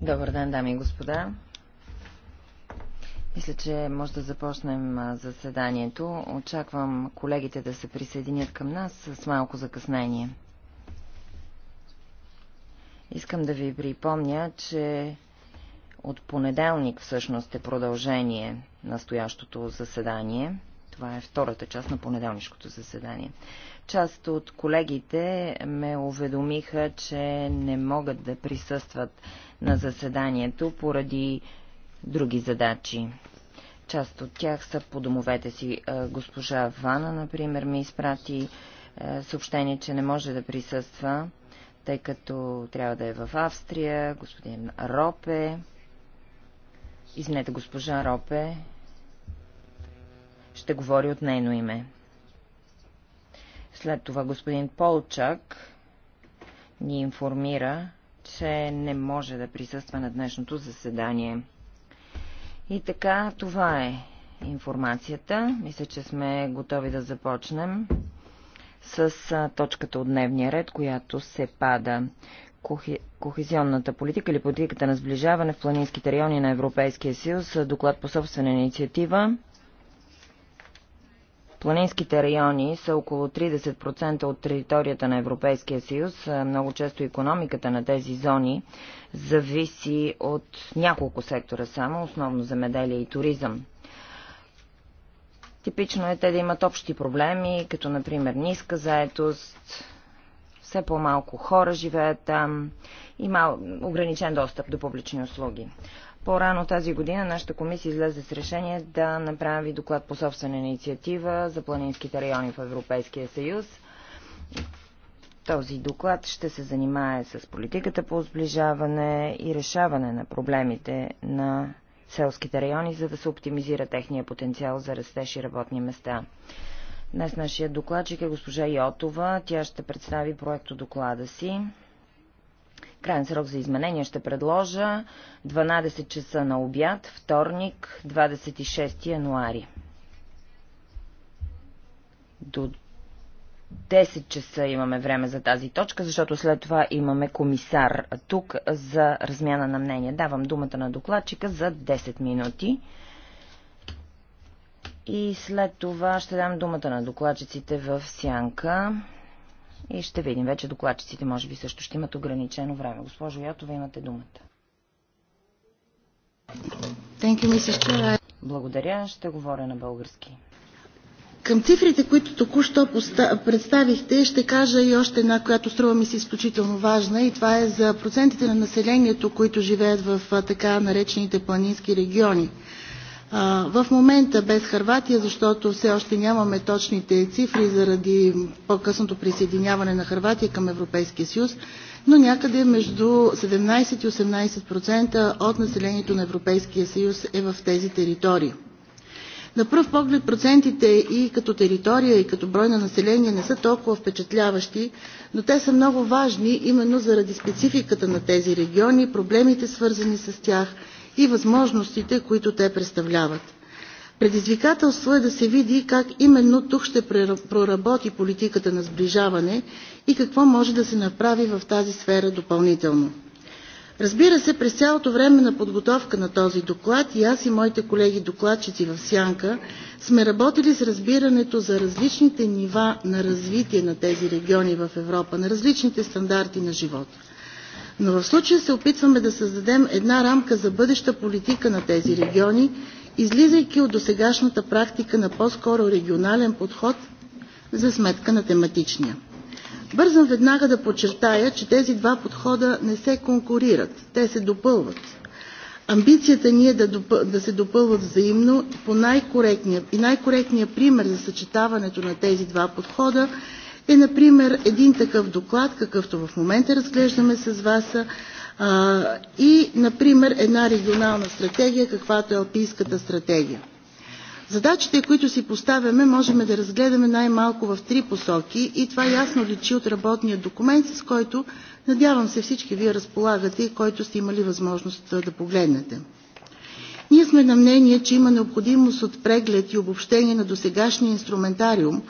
Добър ден, дами и господа. Мисля, че може да започнем заседанието. Очаквам колегите да се присъединят към нас с малко закъснение. Искам да ви припомня, че от понеделник всъщност е продължение настоящото заседание. Това е втората част на понеделнишкото заседание. Част от колегите ме уведомиха, че не могат да присъстват на заседанието поради други задачи. Част от тях са по домовете си. Госпожа Вана, например, ми изпрати е, съобщение, че не може да присъства, тъй като трябва да е в Австрия. Господин Ропе, извинете, госпожа Ропе ще говори от нейно име. След това господин Полчак ни информира, че не може да присъства на днешното заседание. И така, това е информацията. Мисля, че сме готови да започнем с точката от дневния ред, която се пада. Кохезионната политика или политиката на сближаване в планинските райони на Европейския съюз, доклад по собствена инициатива. Планинските райони са около 30% от територията на Европейския съюз. Много често економиката на тези зони зависи от няколко сектора само, основно земеделие и туризъм. Типично е те да имат общи проблеми, като например ниска заетост, все по-малко хора живеят там и мал... ограничен достъп до публични услуги. По-рано тази година нашата комисия излезе с решение да направи доклад по собствена инициатива за планинските райони в Европейския съюз. Този доклад ще се занимае с политиката по сближаване и решаване на проблемите на селските райони, за да се оптимизира техния потенциал за растеж и работни места. Днес нашия докладчик е госпожа Йотова. Тя ще представи проекто доклада си. Крайен срок за изменение ще предложа 12 часа на обяд, вторник, 26 януари. До 10 часа имаме време за тази точка, защото след това имаме комисар тук за размяна на мнение. Давам думата на докладчика за 10 минути. И след това ще дам думата на докладчиците в сянка. И ще видим. Вече докладчиците може би също ще имат ограничено време. Госпожо Ятова, имате думата. You, Благодаря. Ще говоря на български. Към цифрите, които току-що представихте, ще кажа и още една, която струва ми се изключително важна и това е за процентите на населението, които живеят в така наречените планински региони – в момента без Харватия, защото все още нямаме точните цифри заради по-късното присъединяване на Харватия към Европейския съюз, но някъде между 17 и 18% от населението на Европейския съюз е в тези територии. На пръв поглед процентите и като територия, и като брой на население не са толкова впечатляващи, но те са много важни именно заради спецификата на тези региони, проблемите свързани с тях – и възможностите, които те представляват. Предизвикателство е да се види как именно тук ще проработи политиката на сближаване и какво може да се направи в тази сфера допълнително. Разбира се, през цялото време на подготовка на този доклад и аз и моите колеги докладчици в Сянка сме работили с разбирането за различните нива на развитие на тези региони в Европа, на различните стандарти на живота – но в случая се опитваме да създадем една рамка за бъдеща политика на тези региони, излизайки от досегашната практика на по-скоро регионален подход за сметка на тематичния. Бързам веднага да подчертая, че тези два подхода не се конкурират, те се допълват. Амбицията ни е да, допъл... да се допълват взаимно по най-коректния и най-коректният пример за съчетаването на тези два подхода е, например, един такъв доклад, какъвто в момента разглеждаме с вас, а, и, например, една регионална стратегия, каквато е Алпийската стратегия. Задачите, които си поставяме, можем да разгледаме най-малко в три посоки и това ясно личи от работния документ, с който, надявам се, всички вие разполагате и който сте имали възможност да погледнете. Ние сме на мнение, че има необходимост от преглед и обобщение на досегашния инструментариум,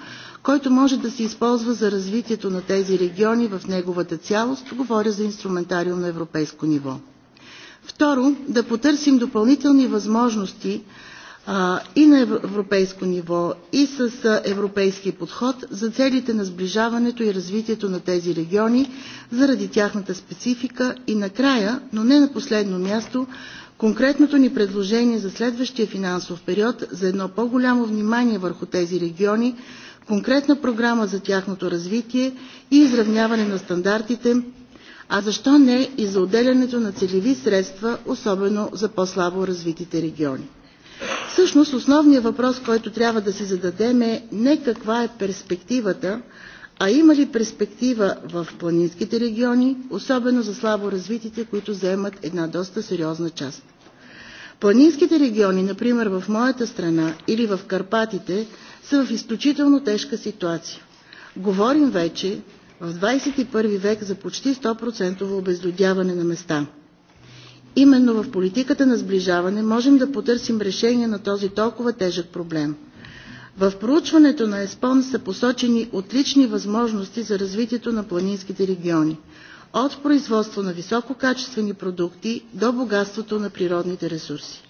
който може да се използва за развитието на тези региони в неговата цялост, говоря за инструментариум на европейско ниво. Второ, да потърсим допълнителни възможности а, и на европейско ниво, и с европейски подход за целите на сближаването и развитието на тези региони, заради тяхната специфика и накрая, но не на последно място, конкретното ни предложение за следващия финансов период за едно по-голямо внимание върху тези региони, конкретна програма за тяхното развитие и изравняване на стандартите, а защо не и за отделянето на целеви средства, особено за по-слабо развитите региони. Всъщност основният въпрос, който трябва да си зададем е не каква е перспективата, а има ли перспектива в планинските региони, особено за слабо развитите, които заемат една доста сериозна част. Планинските региони, например в моята страна или в Карпатите, са в изключително тежка ситуация. Говорим вече в 21 век за почти 100% обезлюдяване на места. Именно в политиката на сближаване можем да потърсим решение на този толкова тежък проблем. В проучването на ЕСПОН са посочени отлични възможности за развитието на планинските региони от производство на висококачествени продукти до богатството на природните ресурси.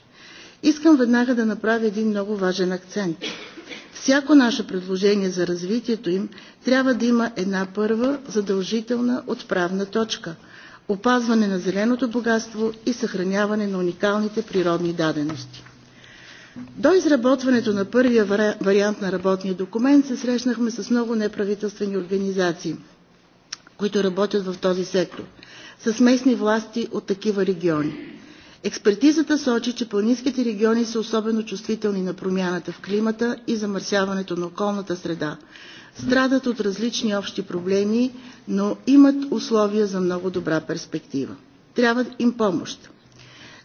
Искам веднага да направя един много важен акцент – Всяко наше предложение за развитието им трябва да има една първа задължителна отправна точка – опазване на зеленото богатство и съхраняване на уникалните природни дадености. До изработването на първия вариант на работния документ се срещнахме с много неправителствени организации, които работят в този сектор, с местни власти от такива региони. Експертизата сочи, че планинските региони са особено чувствителни на промяната в климата и замърсяването на околната среда. Страдат от различни общи проблеми, но имат условия за много добра перспектива. Трябва им помощ.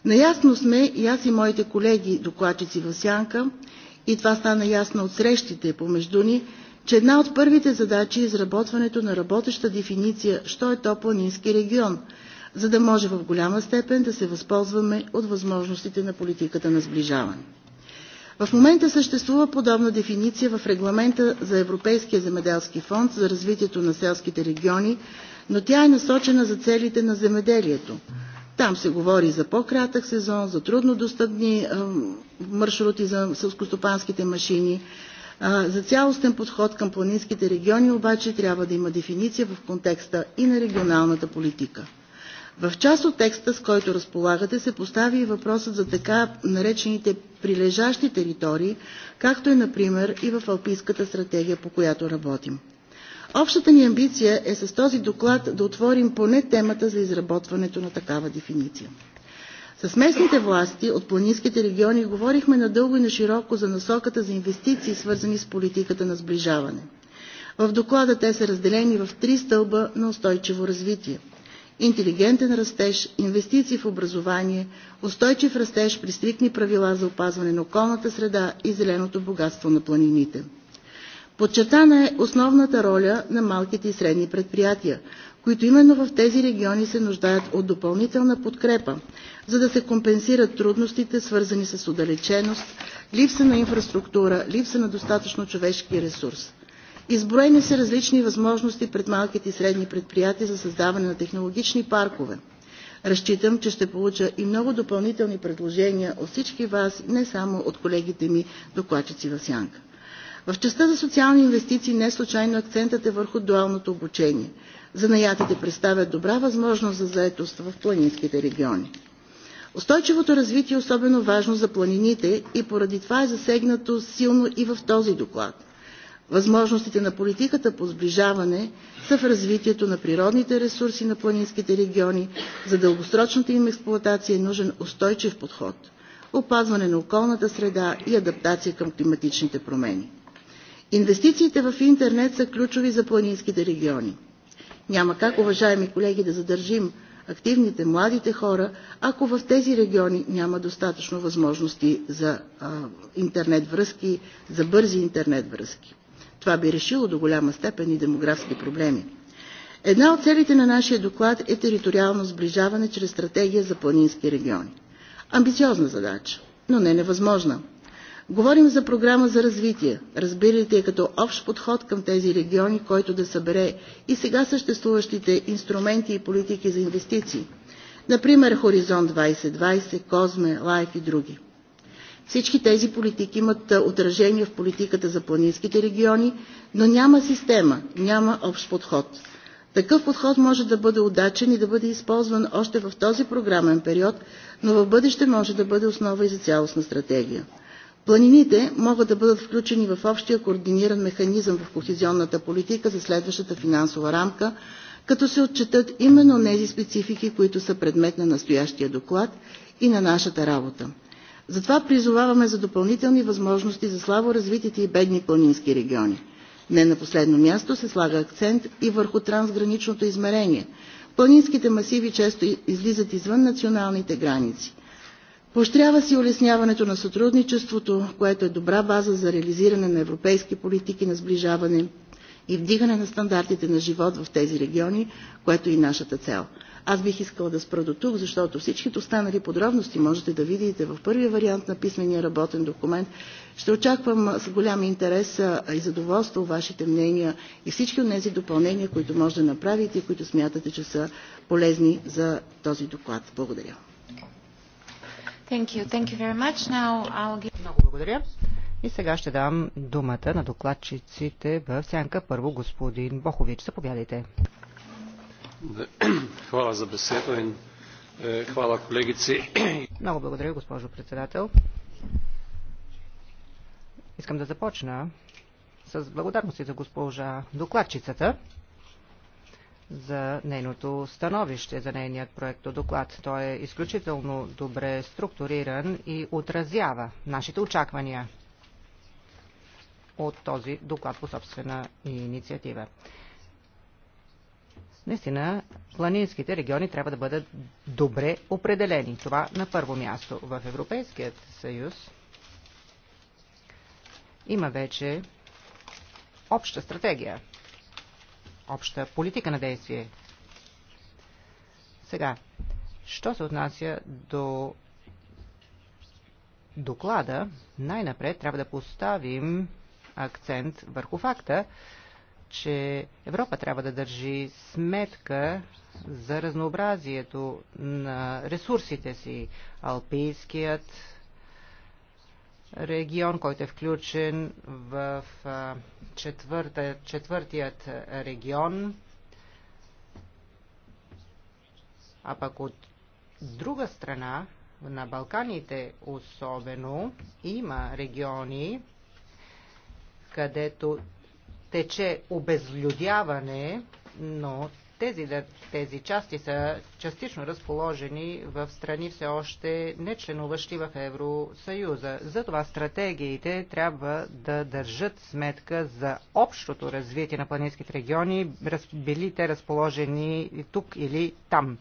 Наясно сме и аз и моите колеги докладчици в Сянка, и това стана ясно от срещите помежду ни, че една от първите задачи е изработването на работеща дефиниция, що е то планински регион – за да може в голяма степен да се възползваме от възможностите на политиката на сближаване. В момента съществува подобна дефиниция в регламента за Европейския земеделски фонд за развитието на селските региони, но тя е насочена за целите на земеделието. Там се говори за по-кратък сезон, за труднодостъпни е, маршрути за селскостопанските машини. Е, за цялостен подход към планинските региони обаче трябва да има дефиниция в контекста и на регионалната политика. В част от текста, с който разполагате, се постави и въпросът за така наречените прилежащи територии, както е, например, и в Алпийската стратегия, по която работим. Общата ни амбиция е с този доклад да отворим поне темата за изработването на такава дефиниция. С местните власти от планинските региони говорихме надълго и на широко за насоката за инвестиции, свързани с политиката на сближаване. В доклада те са разделени в три стълба на устойчиво развитие – интелигентен растеж, инвестиции в образование, устойчив растеж при стрикни правила за опазване на околната среда и зеленото богатство на планините. Подчертана е основната роля на малките и средни предприятия, които именно в тези региони се нуждаят от допълнителна подкрепа, за да се компенсират трудностите, свързани с отдалеченост, липса на инфраструктура, липса на достатъчно човешки ресурс. Изброени са различни възможности пред малките и средни предприятия за създаване на технологични паркове. Разчитам, че ще получа и много допълнителни предложения от всички вас, не само от колегите ми докладчици в Сянка. В частта за социални инвестиции не случайно акцентът е върху дуалното обучение. Занаятите представят добра възможност за заетост в планинските региони. Устойчивото развитие е особено важно за планините и поради това е засегнато силно и в този доклад – Възможностите на политиката по сближаване са в развитието на природните ресурси на планинските региони. За дългосрочната им експлоатация е нужен устойчив подход, опазване на околната среда и адаптация към климатичните промени. Инвестициите в интернет са ключови за планинските региони. Няма как, уважаеми колеги, да задържим активните, младите хора, ако в тези региони няма достатъчно възможности за а, интернет връзки, за бързи интернет връзки. Това би решило до голяма степен и демографски проблеми. Една от целите на нашия доклад е териториално сближаване чрез стратегия за планински региони. Амбициозна задача, но не невъзможна. Говорим за програма за развитие, разбирайте я като общ подход към тези региони, който да събере и сега съществуващите инструменти и политики за инвестиции. Например, Хоризонт 2020, Козме, Лайф и други – всички тези политики имат отражение в политиката за планинските региони, но няма система, няма общ подход. Такъв подход може да бъде удачен и да бъде използван още в този програмен период, но в бъдеще може да бъде основа и за цялостна стратегия. Планините могат да бъдат включени в общия координиран механизъм в кохезионната политика за следващата финансова рамка, като се отчетат именно тези специфики, които са предмет на настоящия доклад и на нашата работа. Затова призоваваме за допълнителни възможности за слабо развитите и бедни планински региони. Не на последно място се слага акцент и върху трансграничното измерение. Планинските масиви често излизат извън националните граници. Поощрява се улесняването на сътрудничеството, което е добра база за реализиране на европейски политики на сближаване и вдигане на стандартите на живот в тези региони, което е и нашата цел – аз бих искала да спра до тук, защото всичките останали подробности можете да видите в първия вариант на писмения работен документ. Ще очаквам с голям интерес и задоволство вашите мнения и всички от тези допълнения, които може да направите и които смятате, че са полезни за този доклад. Благодаря. Thank you. Thank you very much. Now I'll give... Много благодаря. И сега ще дам думата на докладчиците в сянка. Първо господин Бохович. Заповядайте. Е, Много благодаря, госпожо председател. Искам да започна с благодарности за госпожа докладчицата за нейното становище, за нейният проект доклад. Той е изключително добре структуриран и отразява нашите очаквания от този доклад по собствена инициатива. Наистина, планинските региони трябва да бъдат добре определени. Това на първо място. В Европейският съюз има вече обща стратегия, обща политика на действие. Сега, що се отнася до доклада, най-напред трябва да поставим акцент върху факта, че Европа трябва да държи сметка за разнообразието на ресурсите си. Алпийският регион, който е включен в четвърта, четвъртият регион, а пък от друга страна, на Балканите особено, има региони, където тече обезлюдяване, но тези, тези части са частично разположени в страни все още не членуващи в Евросъюза. Затова стратегиите трябва да държат сметка за общото развитие на планинските региони, били те разположени тук или там.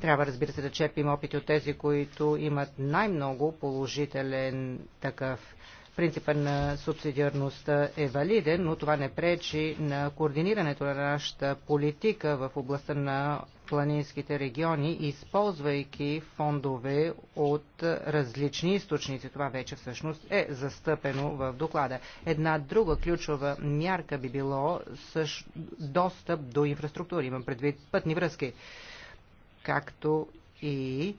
Трябва, разбира се, да чепим опити от тези, които имат най-много положителен такъв принципа на субсидиарността е валиден, но това не пречи на координирането на нашата политика в областта на планинските региони, използвайки фондове от различни източници. Това вече всъщност е застъпено в доклада. Една друга ключова мярка би било достъп до инфраструктури, имам предвид пътни връзки, както и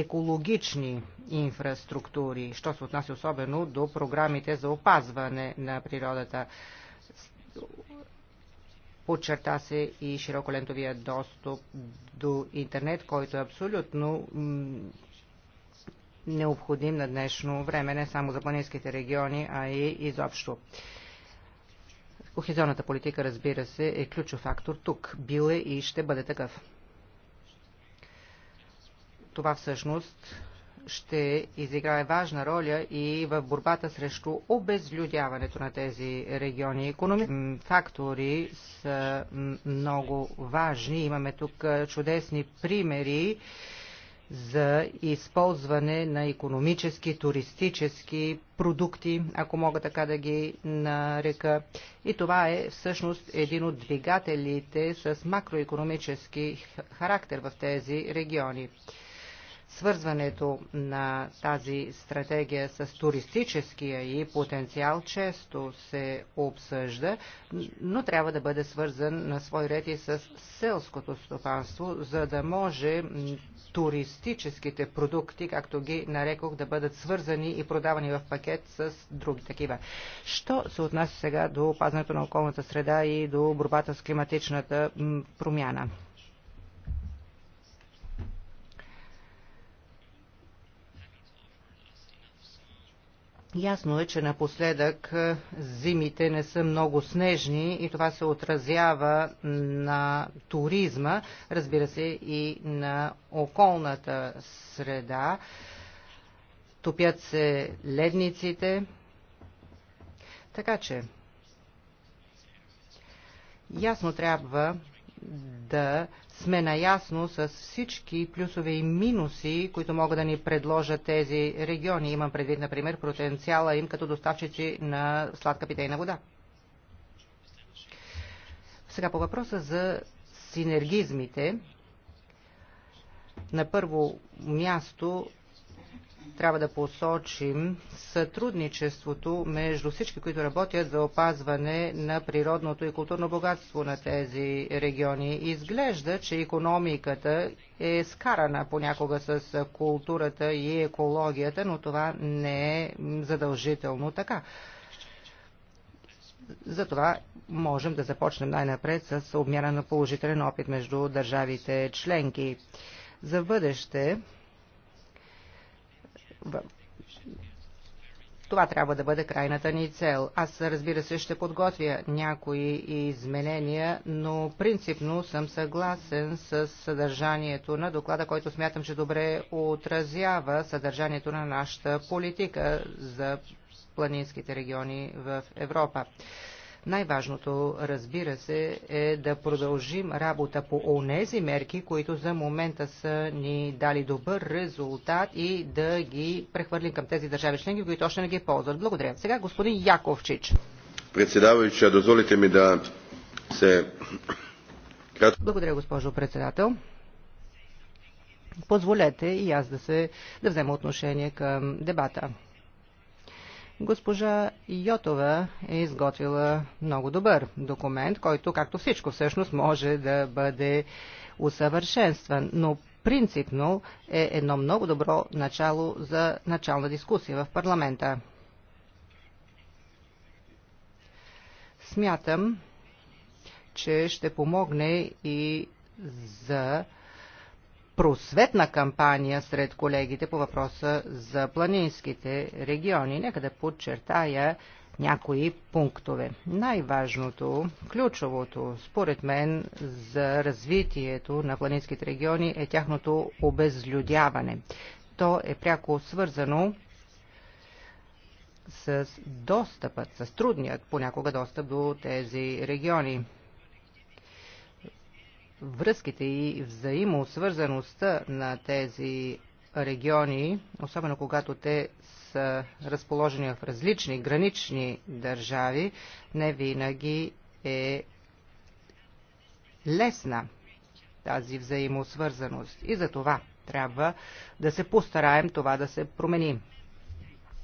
екологични инфраструктури, що се отнася особено до програмите за опазване на природата. Подчерта се и широколентовия достъп до интернет, който е абсолютно необходим на днешно време, не само за планинските региони, а и изобщо. Кохезионната политика, разбира се, е ключов фактор тук. Бил е и ще бъде такъв. Това всъщност ще изиграе важна роля и в борбата срещу обезлюдяването на тези региони. Економи... Фактори са много важни. Имаме тук чудесни примери за използване на економически, туристически продукти, ако мога така да ги нарека. И това е всъщност един от двигателите с макроекономически характер в тези региони свързването на тази стратегия с туристическия и потенциал често се обсъжда, но трябва да бъде свързан на свой ред и с селското стопанство, за да може туристическите продукти, както ги нарекох, да бъдат свързани и продавани в пакет с други такива. Що се отнася сега до опазването на околната среда и до борбата с климатичната промяна? Ясно е, че напоследък е, зимите не са много снежни и това се отразява на туризма, разбира се и на околната среда. Топят се ледниците. Така че, ясно трябва да сме наясно с всички плюсове и минуси, които могат да ни предложат тези региони. Имам предвид, например, потенциала им като доставчици на сладка питейна вода. Сега по въпроса за синергизмите. На първо място трябва да посочим сътрудничеството между всички, които работят за опазване на природното и културно богатство на тези региони. Изглежда, че економиката е скарана понякога с културата и екологията, но това не е задължително така. Затова можем да започнем най-напред с обмяна на положителен опит между държавите членки. За бъдеще това трябва да бъде крайната ни цел. Аз, разбира се, ще подготвя някои изменения, но принципно съм съгласен с съдържанието на доклада, който смятам, че добре отразява съдържанието на нашата политика за планинските региони в Европа. Най-важното, разбира се, е да продължим работа по онези мерки, които за момента са ни дали добър резултат и да ги прехвърлим към тези държави членки, които още не ги ползват. Благодаря. Сега господин Яковчич. Председавайче, дозволите ми да се... Благодаря, госпожо председател. Позволете и аз да, се, да взема отношение към дебата. Госпожа Йотова е изготвила много добър документ, който, както всичко всъщност, може да бъде усъвършенстван. Но принципно е едно много добро начало за начална дискусия в парламента. Смятам, че ще помогне и за просветна кампания сред колегите по въпроса за планинските региони. Нека да подчертая някои пунктове. Най-важното, ключовото, според мен, за развитието на планинските региони е тяхното обезлюдяване. То е пряко свързано с достъпът, с трудният понякога достъп до тези региони връзките и взаимосвързаността на тези региони, особено когато те са разположени в различни гранични държави, не винаги е лесна тази взаимосвързаност. И за това трябва да се постараем това да се промени.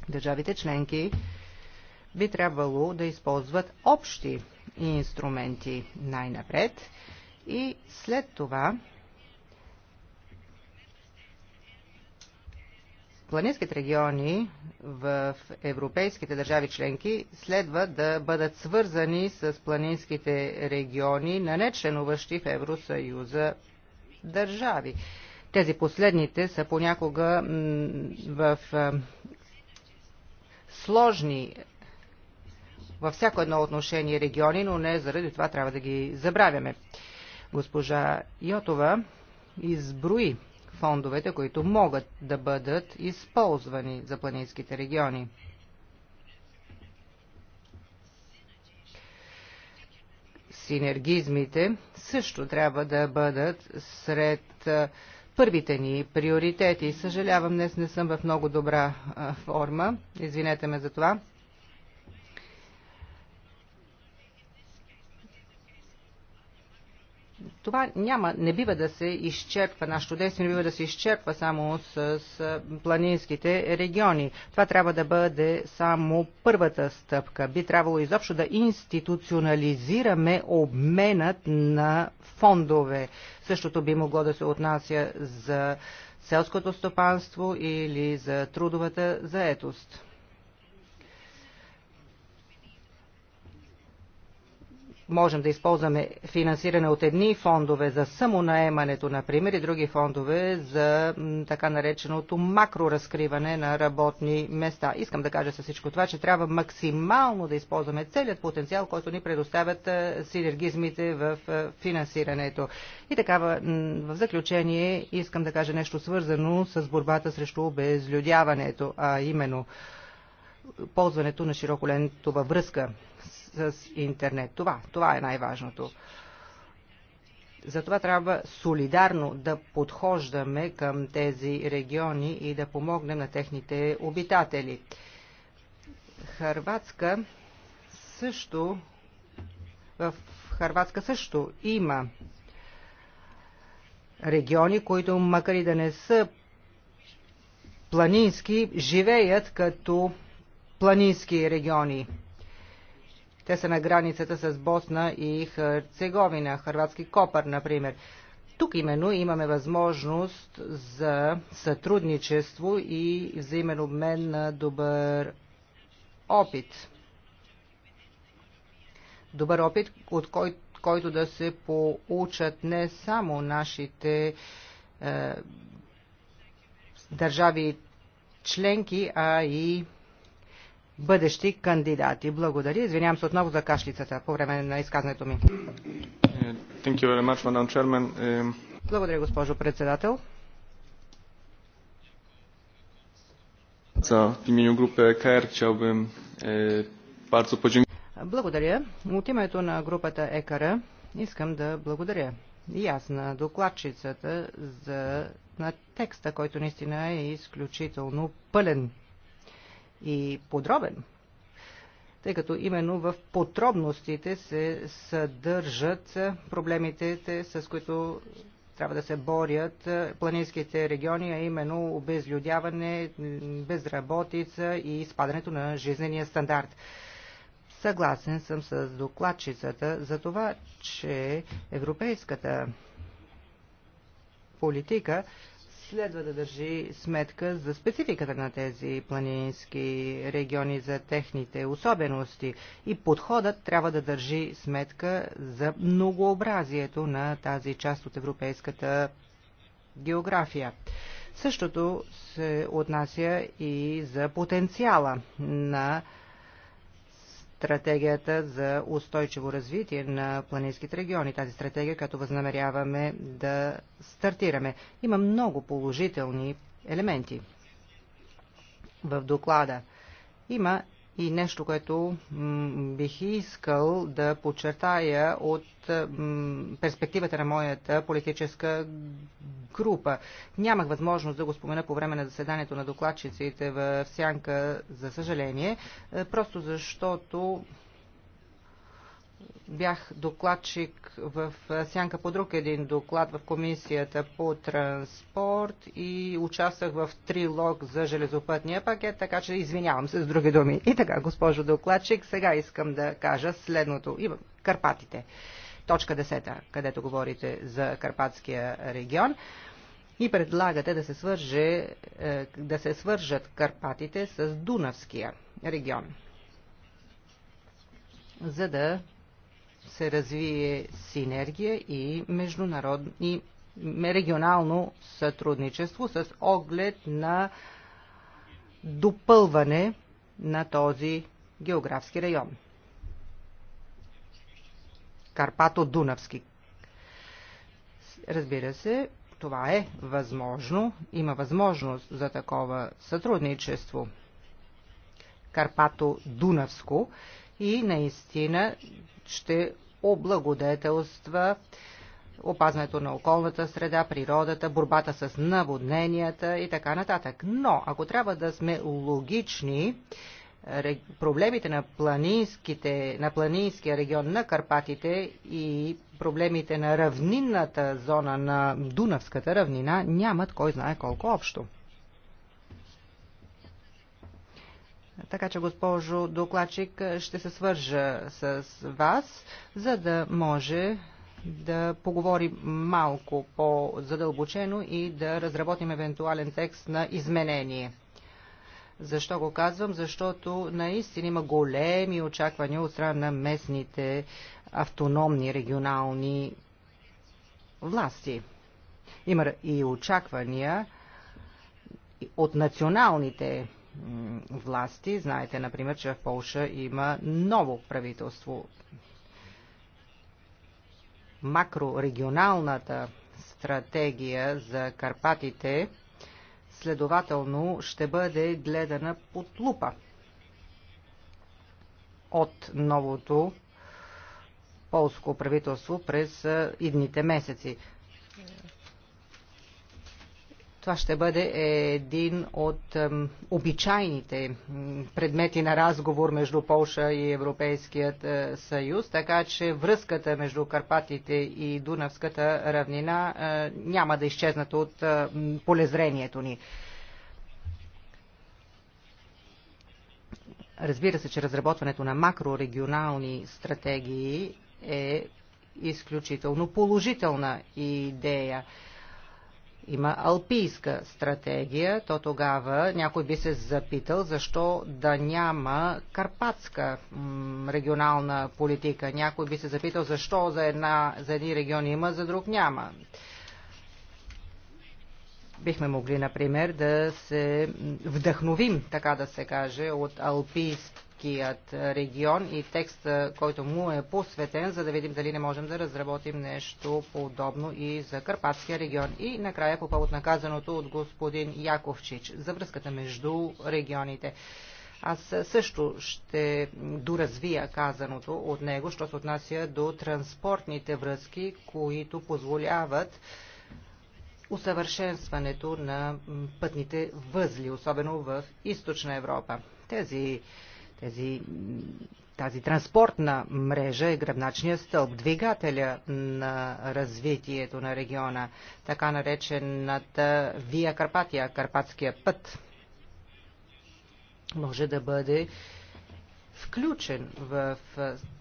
Държавите членки би трябвало да използват общи инструменти най-напред и след това планинските региони в европейските държави членки следва да бъдат свързани с планинските региони на нечленуващи в Евросъюза държави. Тези последните са понякога в сложни във всяко едно отношение региони, но не заради това трябва да ги забравяме. Госпожа Йотова изброи фондовете, които могат да бъдат използвани за планинските региони. Синергизмите също трябва да бъдат сред първите ни приоритети. Съжалявам, днес не съм в много добра форма. Извинете ме за това. Това няма, не бива да се изчерпва, нашето действие не бива да се изчерпва само с, с планинските региони. Това трябва да бъде само първата стъпка. Би трябвало изобщо да институционализираме обменът на фондове. Същото би могло да се отнася за селското стопанство или за трудовата заетост. можем да използваме финансиране от едни фондове за самонаемането, например, и други фондове за така нареченото макроразкриване на работни места. Искам да кажа с всичко това, че трябва максимално да използваме целият потенциал, който ни предоставят синергизмите в финансирането. И такава, в заключение, искам да кажа нещо свързано с борбата срещу обезлюдяването, а именно ползването на широколентова връзка с интернет. Това, това е най-важното. Затова трябва солидарно да подхождаме към тези региони и да помогнем на техните обитатели. Харватска също в Харватска също има региони, които макар и да не са планински, живеят като планински региони. Те са на границата с Босна и Херцеговина, хрватски Копър, например. Тук именно имаме възможност за сътрудничество и взаимен обмен на добър опит. Добър опит, от кой, който да се получат не само нашите е, държави членки, а и бъдещи кандидати. Благодаря. Извинявам се отново за кашлицата по време на изказването ми. Е, благодаря, госпожо председател. W imieniu grupy EKR chciałbym е, Благодаря. От името на групата ЕКР искам да благодаря и аз на докладчицата за на текста, който наистина е изключително пълен и подробен, тъй като именно в подробностите се съдържат проблемите, с които трябва да се борят планинските региони, а именно обезлюдяване, безработица и спадането на жизнения стандарт. Съгласен съм с докладчицата за това, че европейската политика следва да държи сметка за спецификата на тези планински региони, за техните особености и подходът трябва да държи сметка за многообразието на тази част от европейската география. Същото се отнася и за потенциала на стратегията за устойчиво развитие на планинските региони, тази стратегия, която възнамеряваме да стартираме. Има много положителни елементи в доклада. Има и нещо, което бих искал да подчертая от перспективата на моята политическа група. Нямах възможност да го спомена по време на заседанието на докладчиците в Сянка, за съжаление, е, просто защото бях докладчик в сянка по друг един доклад в комисията по транспорт и участвах в трилог за железопътния пакет, така че извинявам се с други думи. И така, госпожо докладчик, сега искам да кажа следното. И Карпатите. Точка 10, където говорите за Карпатския регион и предлагате да се, свърже, е, да се свържат Карпатите с Дунавския регион, за да се развие синергия и международно и регионално сътрудничество с оглед на допълване на този географски район. Карпато-Дунавски. Разбира се, това е възможно, има възможност за такова сътрудничество. Карпато-Дунавско и наистина ще облагодетелства опазването на околната среда, природата, борбата с наводненията и така нататък. Но, ако трябва да сме логични, проблемите на, планинските, на планинския регион на Карпатите и проблемите на равнинната зона на Дунавската равнина нямат кой знае колко общо. Така че, госпожо докладчик, ще се свържа с вас, за да може да поговорим малко по-задълбочено и да разработим евентуален текст на изменение. Защо го казвам? Защото наистина има големи очаквания от страна на местните автономни регионални власти. Има и очаквания от националните власти. Знаете, например, че в Полша има ново правителство. Макрорегионалната стратегия за Карпатите следователно ще бъде гледана под лупа от новото полско правителство през идните месеци. Това ще бъде един от обичайните предмети на разговор между Полша и Европейският е, съюз, така че връзката между Карпатите и Дунавската равнина е, няма да изчезнат от е, полезрението ни. Разбира се, че разработването на макрорегионални стратегии е изключително положителна идея има алпийска стратегия, то тогава някой би се запитал защо да няма карпатска регионална политика. Някой би се запитал защо за, една, за един регион има, за друг няма. Бихме могли, например, да се вдъхновим, така да се каже, от алпийски Балтийският регион и текста, който му е посветен, за да видим дали не можем да разработим нещо подобно и за Карпатския регион. И накрая по повод наказаното от господин Яковчич за връзката между регионите. Аз също ще доразвия казаното от него, що се отнася до транспортните връзки, които позволяват усъвършенстването на пътните възли, особено в източна Европа. Тези тези, тази транспортна мрежа е гръбначният стълб, двигателя на развитието на региона, така наречената Вия Карпатия, Карпатския път. Може да бъде включен в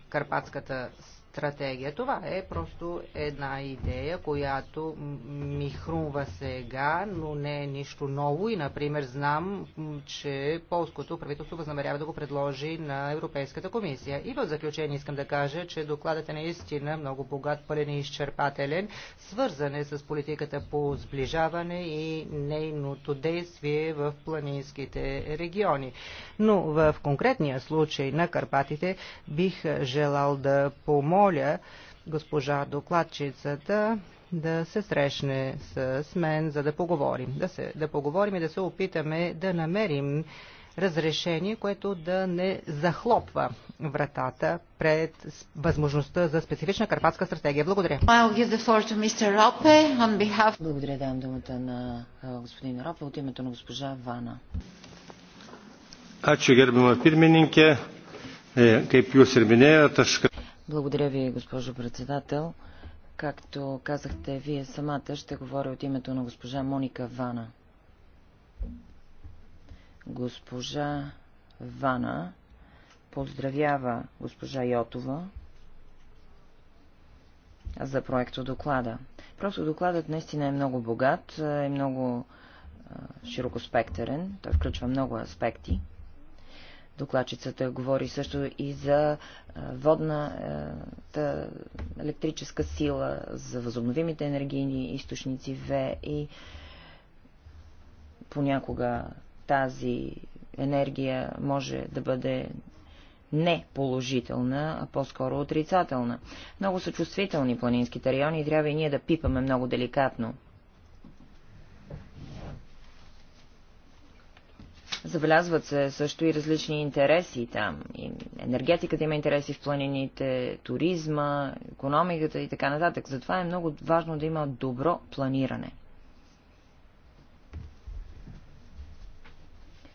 Карпатската стратегия. Това е просто една идея, която ми хрумва сега, но не е нищо ново и, например, знам, че полското правителство възнамерява да го предложи на Европейската комисия. И в заключение искам да кажа, че докладът е наистина много богат, пълен и изчерпателен, свързан е с политиката по сближаване и нейното действие в планинските региони. Но в конкретния случай на Карпатите бих желал да помогна помоля госпожа докладчицата да се срещне с мен, за да поговорим. Да, се, да поговорим и да се опитаме да намерим разрешение, което да не захлопва вратата пред възможността за специфична карпатска стратегия. Благодаря. Благодаря, давам думата на господин Ропе от името на госпожа Вана. Ačiū gerbiamą pirmininkę. Е, kaip jūs ir minėjote, aš благодаря ви, госпожо председател. Както казахте, вие самата ще говоря от името на госпожа Моника Вана. Госпожа Вана поздравява госпожа Йотова за проекто доклада. Просто докладът наистина е много богат, е много широкоспектърен, той включва много аспекти. Докладчицата говори също и за водната електрическа сила, за възобновимите енергийни източници В, и Понякога тази енергия може да бъде не положителна, а по-скоро отрицателна. Много са чувствителни планинските райони и трябва и ние да пипаме много деликатно. Забелязват се също и различни интереси там. И енергетиката има интереси в планините, туризма, економиката и така нататък. Затова е много важно да има добро планиране.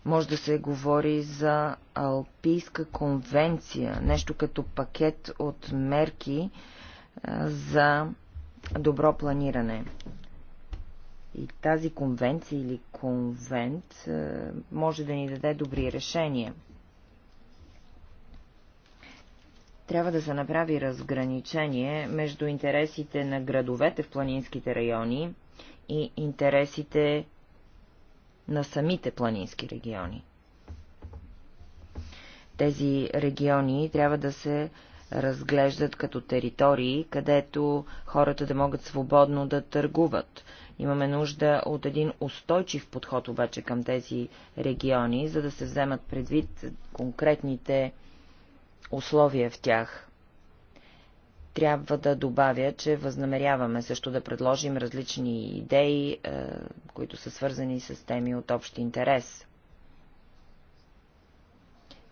Може да се говори за Алпийска конвенция, нещо като пакет от мерки за добро планиране. И тази конвенция или конвент е, може да ни даде добри решения. трябва да се направи разграничение между интересите на градовете в планинските райони и интересите на самите планински региони. Тези региони трябва да се разглеждат като територии, където хората да могат свободно да търгуват Имаме нужда от един устойчив подход обаче към тези региони, за да се вземат предвид конкретните условия в тях. Трябва да добавя, че възнамеряваме също да предложим различни идеи, е, които са свързани с теми от общ интерес.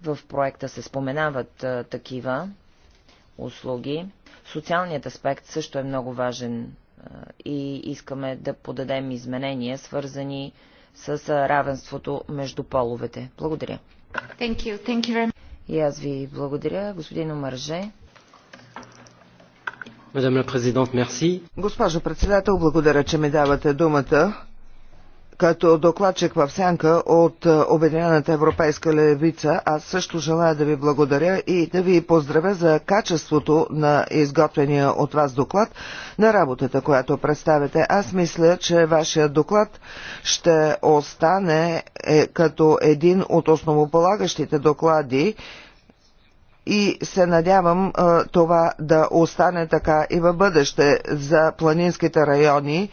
В проекта се споменават е, такива услуги. Социалният аспект също е много важен и искаме да подадем изменения, свързани с равенството между половете. Благодаря. Thank you. Thank you very much. И аз ви благодаря, господин Омърже. Госпожо председател, благодаря, че ми давате думата като докладчик в сянка от е, Обединената европейска левица, аз също желая да ви благодаря и да ви поздравя за качеството на изготвения от вас доклад на работата, която представяте. Аз мисля, че вашия доклад ще остане е, като един от основополагащите доклади и се надявам е, това да остане така и във бъдеще за планинските райони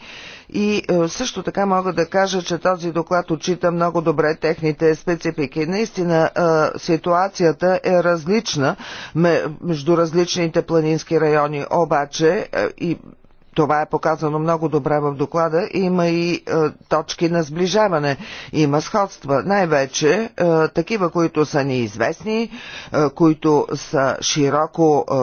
и е, също така мога да кажа, че този доклад отчита много добре техните специфики. Наистина е, ситуацията е различна между различните планински райони, обаче е, и това е показано много добре в доклада. Има и е, точки на сближаване. Има сходства. Най-вече е, такива, които са неизвестни, е, които са широко е,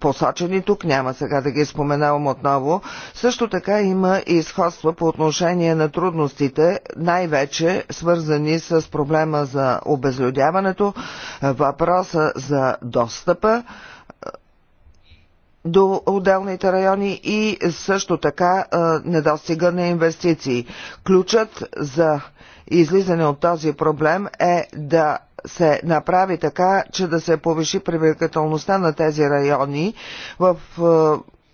посочени тук. Няма сега да ги споменавам отново. Също така има и сходства по отношение на трудностите, най-вече свързани с проблема за обезлюдяването, въпроса за достъпа. Е, до отделните райони и също така недостига на инвестиции. Ключът за излизане от този проблем е да се направи така, че да се повиши привлекателността на тези райони в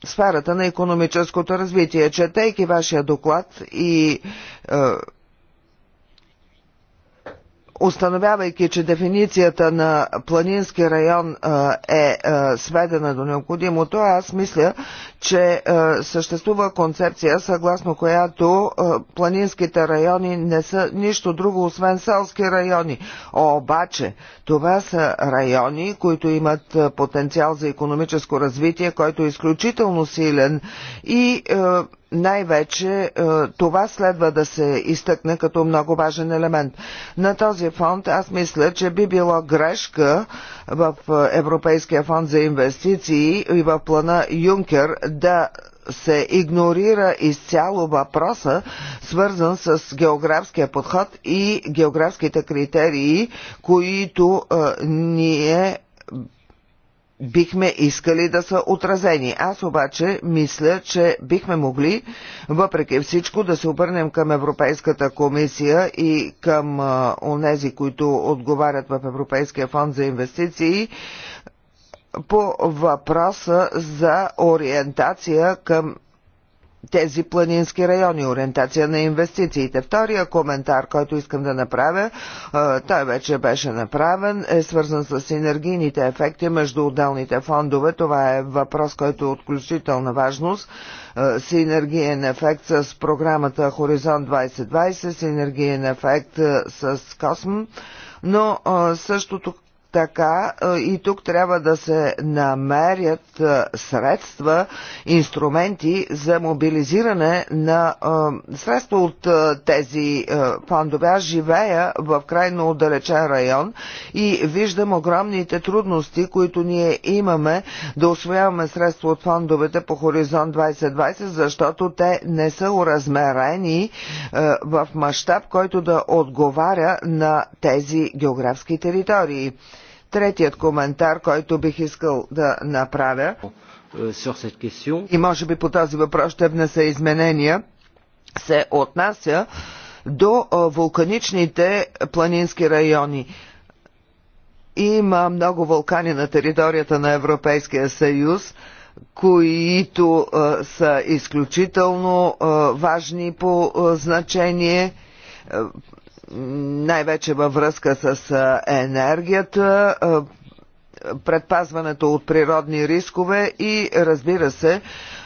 сферата на економическото развитие. Четейки вашия доклад и установявайки, че дефиницията на планински район е сведена до необходимото, аз мисля, че съществува концепция, съгласно която планинските райони не са нищо друго, освен селски райони. Обаче, това са райони, които имат потенциал за економическо развитие, който е изключително силен и най-вече е, това следва да се изтъкне като много важен елемент. На този фонд аз мисля, че би било грешка в е, Европейския фонд за инвестиции и в плана Юнкер да се игнорира изцяло въпроса, свързан с географския подход и географските критерии, които е, ние бихме искали да са отразени. Аз обаче мисля, че бихме могли, въпреки всичко, да се обърнем към Европейската комисия и към онези, които отговарят в Европейския фонд за инвестиции, по въпроса за ориентация към тези планински райони, ориентация на инвестициите. Втория коментар, който искам да направя, той вече беше направен, е свързан с енергийните ефекти между отделните фондове. Това е въпрос, който е от включителна важност. Синергиен ефект с програмата Хоризонт 2020, синергиен ефект с Косм но също тук така е, и тук трябва да се намерят е, средства, инструменти за мобилизиране на е, средства от тези фондове. Аз живея в крайно отдалечен район и виждам огромните трудности, които ние имаме да освояваме средства от фондовете по Хоризонт 2020, защото те не са уразмерени в мащаб, който да отговаря на тези географски територии третият коментар, който бих искал да направя. Е, И може би по този въпрос ще внеса изменения се отнася до е, вулканичните планински райони. Има много вулкани на територията на Европейския съюз, които е, са изключително важни по значение най-вече във връзка с енергията, предпазването от природни рискове и, разбира се,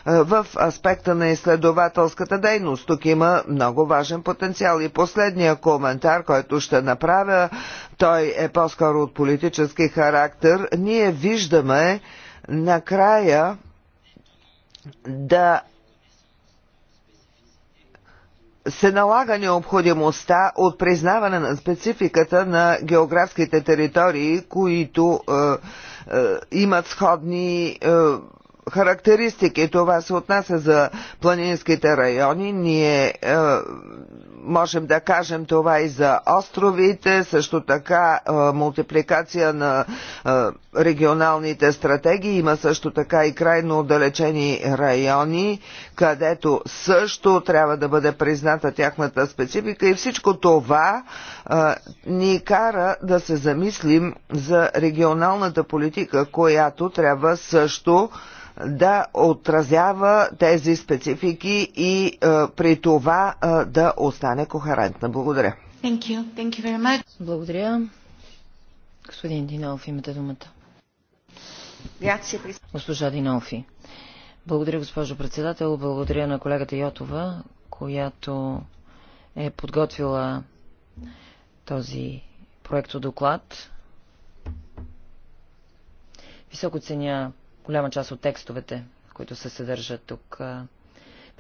в аспекта на изследователската дейност. Тук има много важен потенциал. И последния коментар, който ще направя, той е по-скоро от политически характер. Ние виждаме накрая да се налага необходимостта от признаване на спецификата на географските територии, които е, е, имат сходни е, характеристики. Това се отнася за планинските райони. Ние е, можем да кажем това и за островите, също така мултипликация на регионалните стратегии. Има също така и крайно отдалечени райони, където също трябва да бъде призната тяхната специфика и всичко това ни кара да се замислим за регионалната политика, която трябва също да отразява тези специфики и а, е, при това а, е, да остане кохерентна. Благодаря. Thank you. Thank you very much. Благодаря. Господин Динов, имате думата. Госпожа Динофи. Благодаря, госпожо председател. Благодаря на колегата Йотова, която е подготвила този доклад. Високо ценя голяма част от текстовете, които се съдържат тук.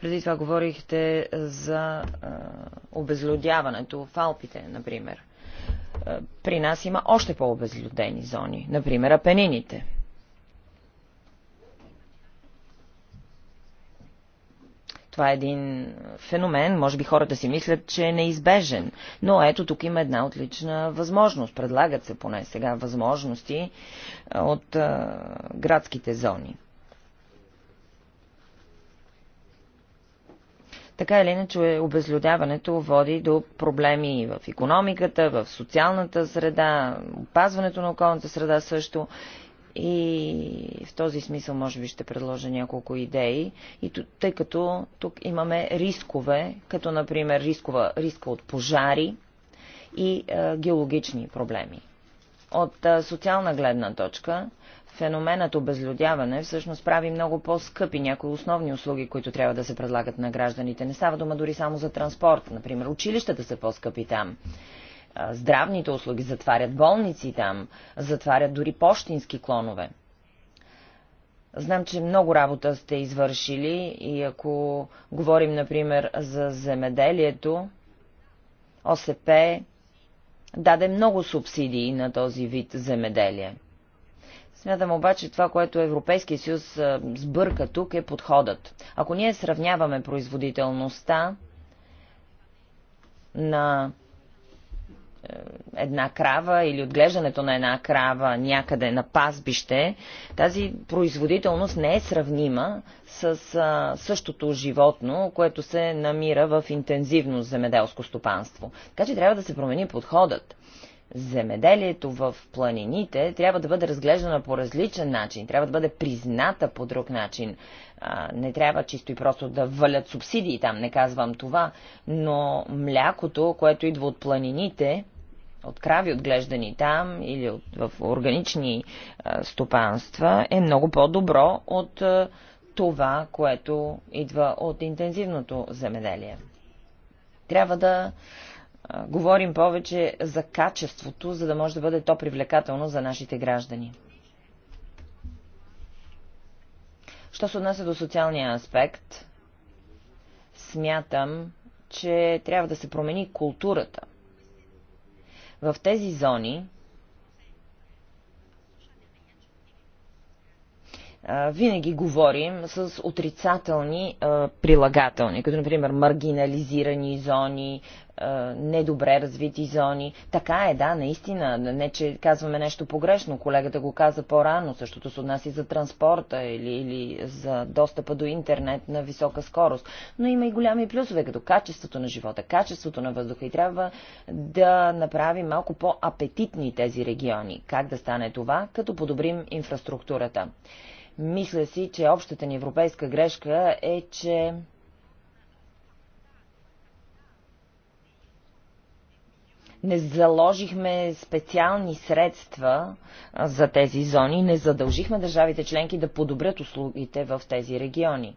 Преди това говорихте за обезлюдяването в Алпите, например. При нас има още по-обезлюдени зони, например Апенините – Това е един феномен, може би хората си мислят, че е неизбежен, но ето тук има една отлична възможност. Предлагат се поне сега възможности от а, градските зони. Така или иначе, обезлюдяването води до проблеми в економиката, в социалната среда, опазването на околната среда също и в този смисъл, може би, ще предложа няколко идеи. И тъй като тук имаме рискове, като, например, рискова, риска от пожари и а, геологични проблеми. От а, социална гледна точка, феноменът обезлюдяване всъщност прави много по-скъпи някои основни услуги, които трябва да се предлагат на гражданите. Не става дума дори само за транспорт. Например, училищата са по-скъпи там здравните услуги, затварят болници там, затварят дори почтински клонове. Знам, че много работа сте извършили и ако говорим, например, за земеделието, ОСП даде много субсидии на този вид земеделие. Смятам обаче това, което Европейския съюз сбърка тук е подходът. Ако ние сравняваме производителността на е, една крава или отглеждането на една крава някъде на пазбище, тази производителност не е сравнима с а, същото животно, което се намира в интензивно земеделско стопанство. Така че трябва да се промени подходът. Земеделието в планините трябва да бъде разглеждано по различен начин, трябва да бъде призната по друг начин. А, не трябва чисто и просто да валят субсидии там, не казвам това, но млякото, което идва от планините, от крави отглеждани там или от, в органични а, стопанства е много по-добро от а, това, което идва от интензивното земеделие. Трябва да а, говорим повече за качеството, за да може да бъде то привлекателно за нашите граждани. Що се отнася до социалния аспект, смятам, че трябва да се промени културата – в тези зони винаги говорим с отрицателни прилагателни, като например маргинализирани зони, недобре развити зони. Така е, да, наистина. Не, че казваме нещо погрешно. Колегата го каза по-рано. Същото се отнася и за транспорта или, или за достъпа до интернет на висока скорост. Но има и голями плюсове, като качеството на живота, качеството на въздуха. И трябва да направим малко по-апетитни тези региони. Как да стане това, като подобрим инфраструктурата. Мисля си, че общата ни европейска грешка е, че не заложихме специални средства за тези зони, не задължихме държавите членки да подобрят услугите в тези региони.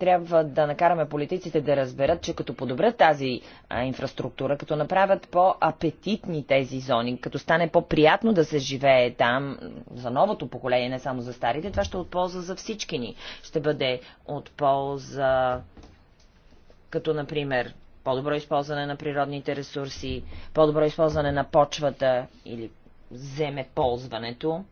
трябва да накараме политиците да разберат, че като подобрят тази а, инфраструктура, като направят по-апетитни тези зони, като стане по-приятно да се живее там за новото поколение, не само за старите, това ще е от полза за всички ни. Ще бъде от полза като, например, по-добро използване на природните ресурси, по-добро използване на почвата или земеползването,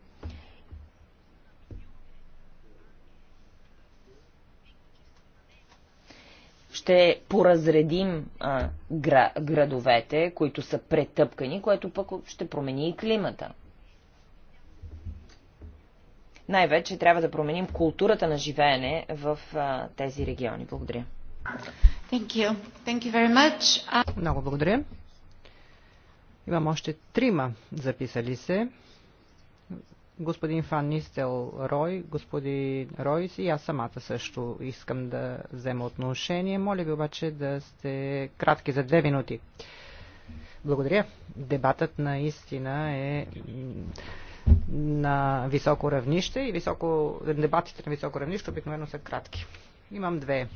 ще поразредим а, гра, градовете, които са претъпкани, което пък ще промени и климата. Най-вече трябва да променим културата на живеене в а, тези региони. Благодаря. Thank you. Thank you very much. Много благодаря. Имам още трима записали се господин Фан Нистел Рой, господин Ройс и аз самата също искам да взема отношение. Моля ви обаче да сте кратки за две минути. Благодаря. Дебатът наистина е на високо равнище и високо... дебатите на високо равнище обикновено са кратки. Имам две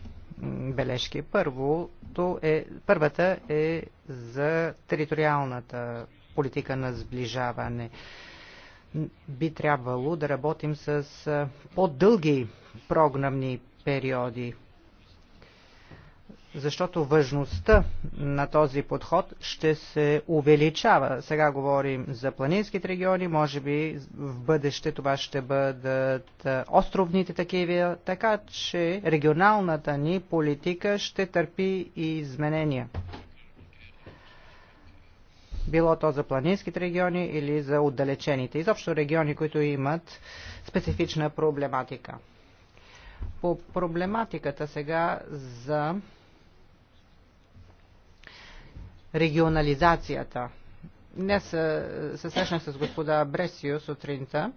бележки. Първото е, първата е за териториалната политика на сближаване би трябвало да работим с по-дълги програмни периоди, защото важността на този подход ще се увеличава. Сега говорим за планинските региони, може би в бъдеще това ще бъдат островните такива, така че регионалната ни политика ще търпи и изменения било то за планинските региони или за отдалечените, изобщо региони, които имат специфична проблематика. По проблематиката сега за регионализацията. Днес се срещнах с господа Бресио сутринта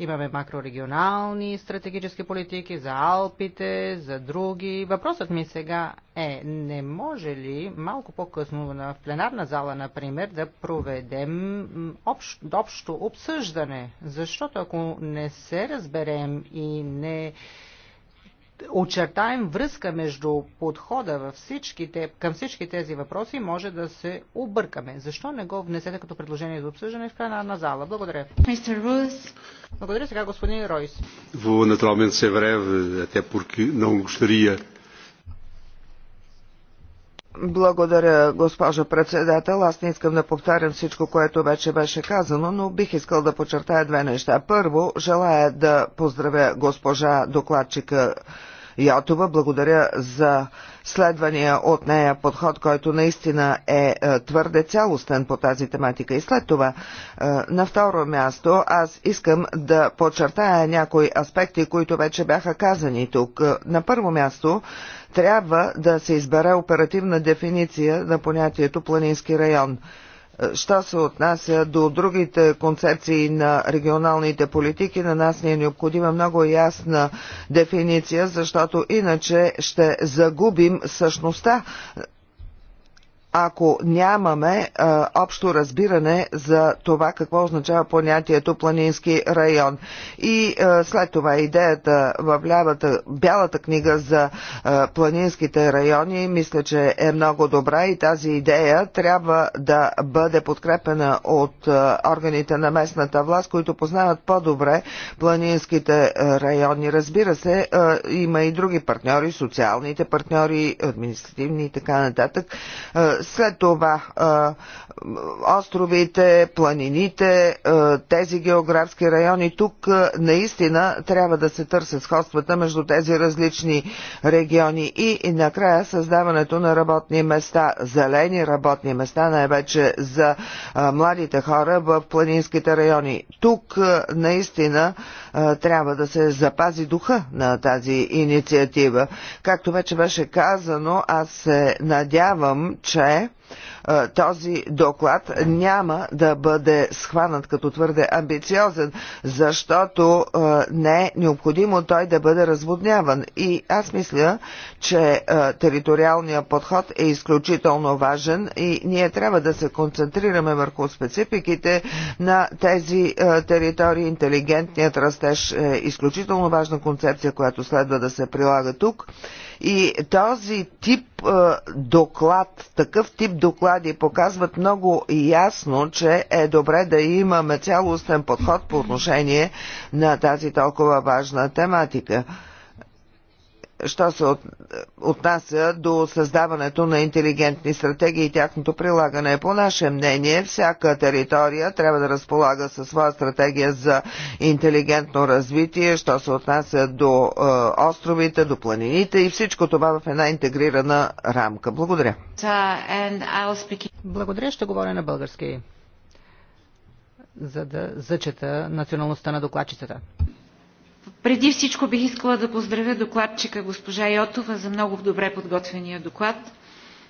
Имаме макрорегионални стратегически политики за Алпите, за други. Въпросът ми сега е, не може ли малко по-късно в пленарна зала, например, да проведем общ, общо обсъждане? Защото ако не се разберем и не очертаем връзка между подхода във всичките, към всички тези въпроси, може да се объркаме. Защо не го внесете като предложение за обсъждане в края на зала? Благодаря. Мистер Рус. Благодаря сега господин Ройс. Vou naturalmente се време, те пурки não gostaria благодаря, госпожо председател. Аз не искам да повтарям всичко, което вече беше казано, но бих искал да подчертая две неща. Първо, желая да поздравя госпожа докладчика Йотова. Благодаря за следвания от нея подход, който наистина е, е твърде цялостен по тази тематика. И след това, е, на второ място, аз искам да подчертая някои аспекти, които вече бяха казани тук. Е, на първо място, трябва да се избере оперативна дефиниция на понятието планински район. Е, що се отнася до другите концепции на регионалните политики, на нас ни не е необходима много ясна дефиниция, защото иначе ще загубим същността ако нямаме а, общо разбиране за това какво означава понятието планински район. И а, след това идеята в лявата, бялата книга за а, планинските райони мисля, че е много добра и тази идея трябва да бъде подкрепена от а, органите на местната власт, които познават по-добре планинските райони. Разбира се, а, има и други партньори, социалните партньори, административни и така нататък. А, след това островите, планините, е, тези географски райони. Тук е, наистина трябва да се търсят сходствата между тези различни региони и, и накрая създаването на работни места, зелени работни места, най-вече за е, младите хора в планинските райони. Тук наистина трябва да се запази духа на тази инициатива. Както вече беше казано, аз се надявам, че този доклад няма да бъде схванат като твърде амбициозен, защото не е необходимо той да бъде разводняван. И аз мисля, че териториалният подход е изключително важен и ние трябва да се концентрираме върху спецификите на тези територии. Интелигентният растеж е изключително важна концепция, която следва да се прилага тук. И този тип е, доклад, такъв тип доклади показват много ясно, че е добре да имаме цялостен подход по отношение на тази толкова важна тематика що се от, отнася до създаването на интелигентни стратегии и тяхното прилагане. По наше мнение, всяка територия трябва да разполага със своя стратегия за интелигентно развитие, що се отнася до е, островите, до планините и всичко това в една интегрирана рамка. Благодаря. Благодаря, ще говоря на български, за да зачета националността на докладчицата. Преди всичко бих искала да поздравя докладчика госпожа Йотова за много добре подготвения доклад.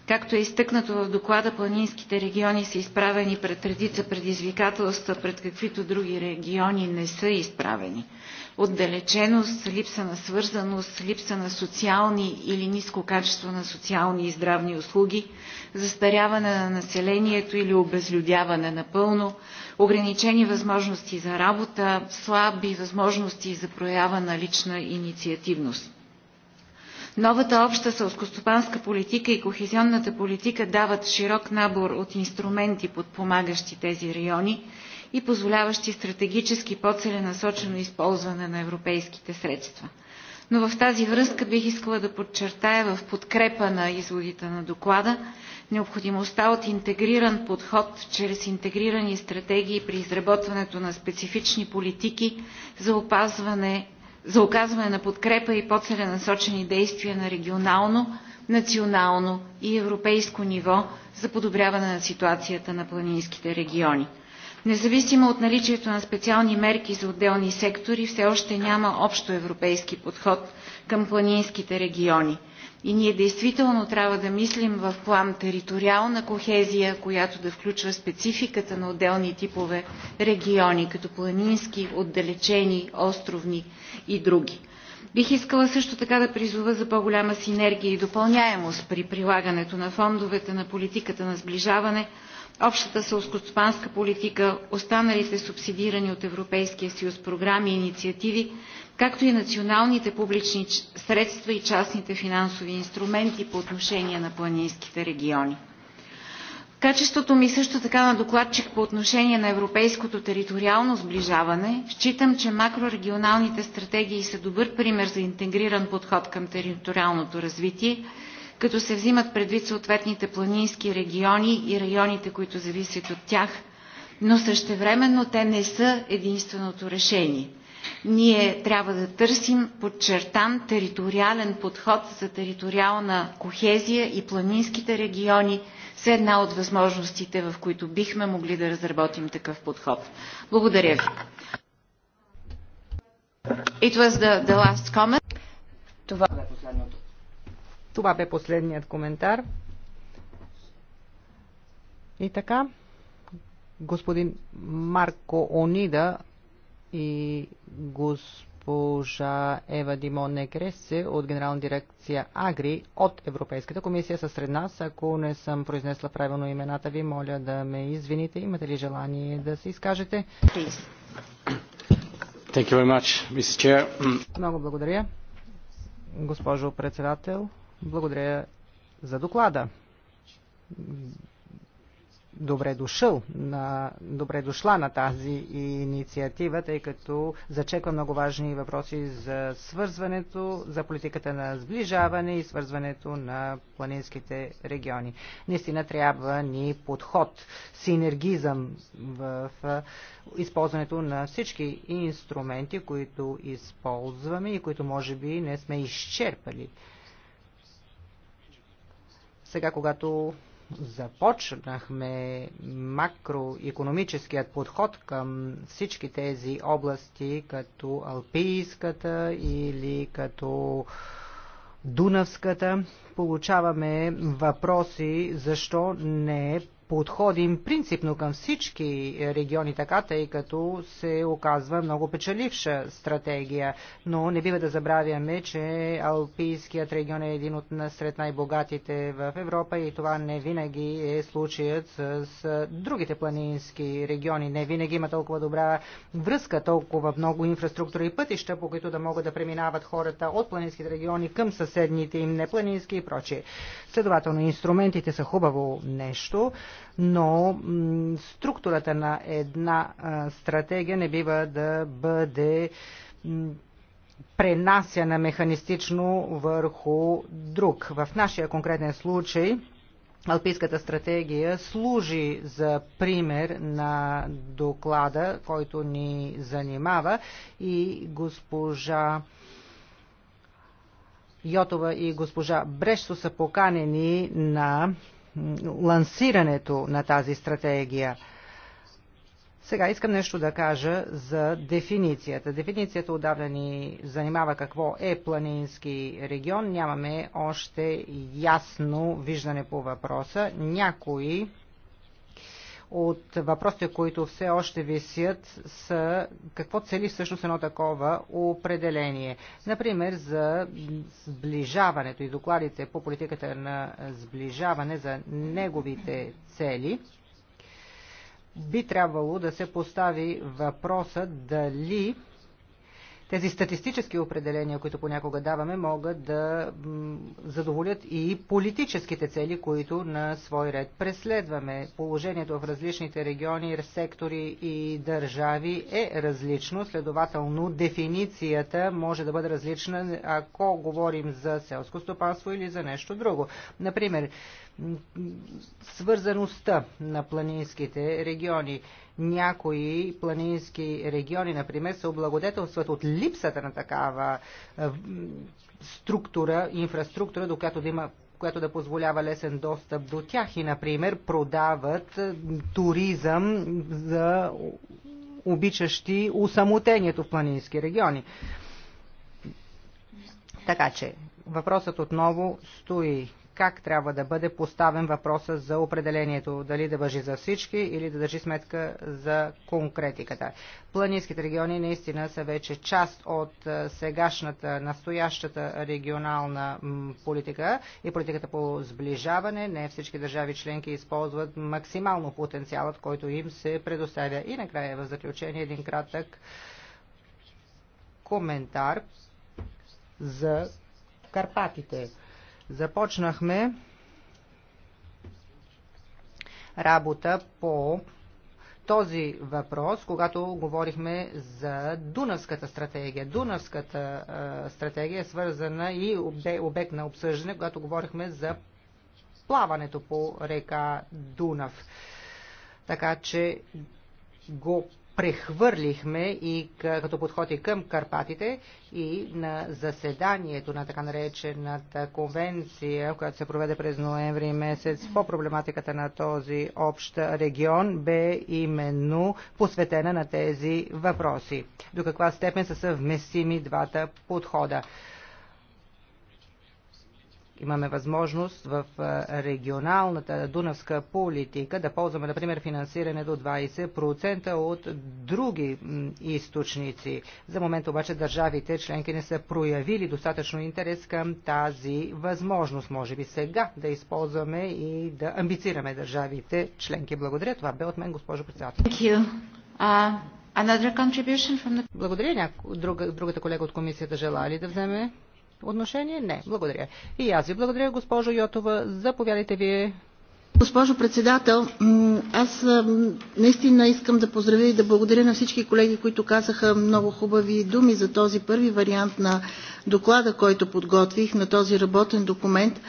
Както е изтъкнато в доклада, планинските региони са изправени пред редица предизвикателства, пред каквито други региони не са изправени. Отдалеченост, липса на свързаност, липса на социални или ниско качество на социални и здравни услуги, застаряване на населението или обезлюдяване напълно, ограничени възможности за работа, слаби възможности за проява на лична инициативност. Новата обща сълскостопанска политика и кохезионната политика дават широк набор от инструменти, подпомагащи тези райони и позволяващи стратегически по-целенасочено използване на европейските средства. Но в тази връзка бих искала да подчертая в подкрепа на изводите на доклада, необходимостта от интегриран подход чрез интегрирани стратегии при изработването на специфични политики за, опазване, за оказване на подкрепа и по-целенасочени действия на регионално, национално и европейско ниво за подобряване на ситуацията на планинските региони. Независимо от наличието на специални мерки за отделни сектори, все още няма общо европейски подход към планинските региони. И ние действително трябва да мислим в план териториална кохезия, която да включва спецификата на отделни типове региони, като планински, отдалечени, островни и други. Бих искала също така да призова за по-голяма синергия и допълняемост при прилагането на фондовете на политиката на сближаване общата селскостопанска политика, останалите субсидирани от Европейския съюз програми и инициативи, както и националните публични средства и частните финансови инструменти по отношение на планинските региони. Качеството ми също така на докладчик по отношение на европейското териториално сближаване, считам, че макрорегионалните стратегии са добър пример за интегриран подход към териториалното развитие – като се взимат предвид съответните планински региони и районите, които зависят от тях, но същевременно те не са единственото решение. Ние трябва да търсим подчертан териториален подход за териториална кохезия и планинските региони са една от възможностите, в които бихме могли да разработим такъв подход. Благодаря ви. It was the, the last comment. Това е последното. Това бе последният коментар. И така, господин Марко Онида и госпожа Ева Димоне Кресе от Генерална дирекция Агри от Европейската комисия са сред нас. Ако не съм произнесла правилно имената ви, моля да ме извините. Имате ли желание да се изкажете? Thank you very much, Chair. Много благодаря, госпожо председател. Благодаря за доклада. Добре дошъл на, добре дошла на тази инициатива, тъй като зачеква много важни въпроси за свързването, за политиката на сближаване и свързването на планинските региони. Наистина трябва ни подход, синергизъм в използването на всички инструменти, които използваме и които може би не сме изчерпали. Сега, когато започнахме макроекономическият подход към всички тези области, като Алпийската или като Дунавската, получаваме въпроси защо не е подходим принципно към всички региони така, тъй като се оказва много печеливша стратегия. Но не бива да забравяме, че Алпийският регион е един от сред най-богатите в Европа и това не винаги е случаят с другите планински региони. Не винаги има толкова добра връзка, толкова много инфраструктура и пътища, по които да могат да преминават хората от планинските региони към съседните им непланински и прочие. Следователно, инструментите са хубаво нещо, но структурата на една стратегия не бива да бъде пренасяна механистично върху друг. В нашия конкретен случай Алпийската стратегия служи за пример на доклада, който ни занимава и госпожа Йотова и госпожа Брешто са поканени на лансирането на тази стратегия. Сега искам нещо да кажа за дефиницията. Дефиницията отдавна ни занимава какво е планински регион. Нямаме още ясно виждане по въпроса. Някои от въпросите, които все още висят, са какво цели всъщност едно такова определение. Например, за сближаването и докладите по политиката на сближаване за неговите цели би трябвало да се постави въпроса дали тези статистически определения, които понякога даваме, могат да задоволят и политическите цели, които на свой ред преследваме. Положението в различните региони, сектори и държави е различно, следователно дефиницията може да бъде различна, ако говорим за селско стопанство или за нещо друго. Например, свързаността на планинските региони. Някои планински региони, например, се облагодетелстват от липсата на такава структура, инфраструктура, до която да има която да позволява лесен достъп до тях и, например, продават туризъм за обичащи усамотението в планински региони. Така че, въпросът отново стои как трябва да бъде поставен въпроса за определението, дали да въжи за всички или да държи сметка за конкретиката. Планинските региони наистина са вече част от сегашната, настоящата регионална политика и политиката по сближаване. Не всички държави членки използват максимално потенциалът, който им се предоставя. И накрая в заключение един кратък коментар за Карпатите. Започнахме работа по този въпрос, когато говорихме за Дунавската стратегия. Дунавската а, стратегия е свързана и обект на обсъждане, когато говорихме за плаването по река Дунав. Така че го прехвърлихме и като подходи към Карпатите и на заседанието на така наречената конвенция, която се проведе през ноември месец по проблематиката на този общ регион, бе именно посветена на тези въпроси. До каква степен са съвместими двата подхода? имаме възможност в регионалната дунавска политика да ползваме, например, финансиране до 20% от други източници. За момент обаче държавите членки не са проявили достатъчно интерес към тази възможност. Може би сега да използваме и да амбицираме държавите членки. Благодаря. Това бе от мен, госпожо председател. Благодаря. друг, другата колега от комисията желали да вземе отношение? Не. Благодаря. И аз ви благодаря, госпожо Йотова. Заповядайте вие. Госпожо председател, аз наистина искам да поздравя и да благодаря на всички колеги, които казаха много хубави думи за този първи вариант на доклада, който подготвих, на този работен документ.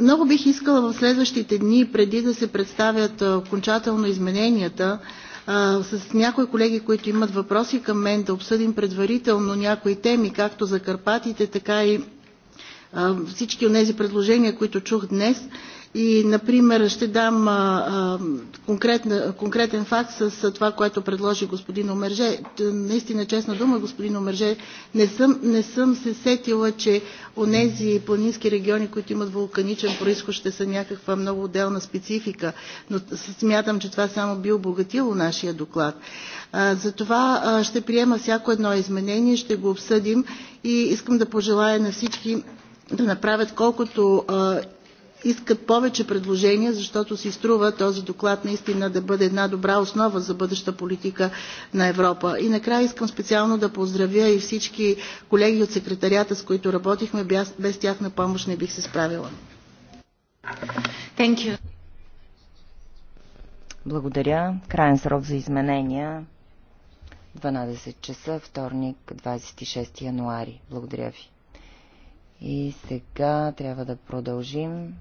Много бих искала в следващите дни, преди да се представят окончателно измененията, а, с някои колеги, които имат въпроси към мен, да обсъдим предварително някои теми, както за Карпатите, така и всички от тези предложения, които чух днес и, например, ще дам а, а, конкретна, конкретен факт с а, това, което предложи господин Омерже. Наистина, честна дума, господин Омерже, не съм, не съм се сетила, че онези планински региони, които имат вулканичен происход, ще са някаква много отделна специфика. Но смятам, че това само би обогатило нашия доклад. А, затова а, ще приема всяко едно изменение, ще го обсъдим и искам да пожелая на всички да направят колкото а, искат повече предложения, защото си струва този доклад наистина да бъде една добра основа за бъдеща политика на Европа. И накрая искам специално да поздравя и всички колеги от секретарията, с които работихме. Без, без тяхна помощ не бих се справила. Thank you. Благодаря. Крайен срок за изменения 12 часа, вторник, 26 януари. Благодаря ви. И сега трябва да продължим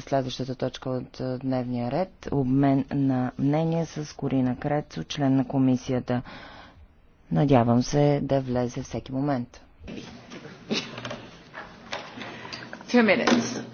с следващата точка от дневния ред. Обмен на мнение с Корина Крецо, член на комисията. Надявам се да влезе всеки момент. minutes.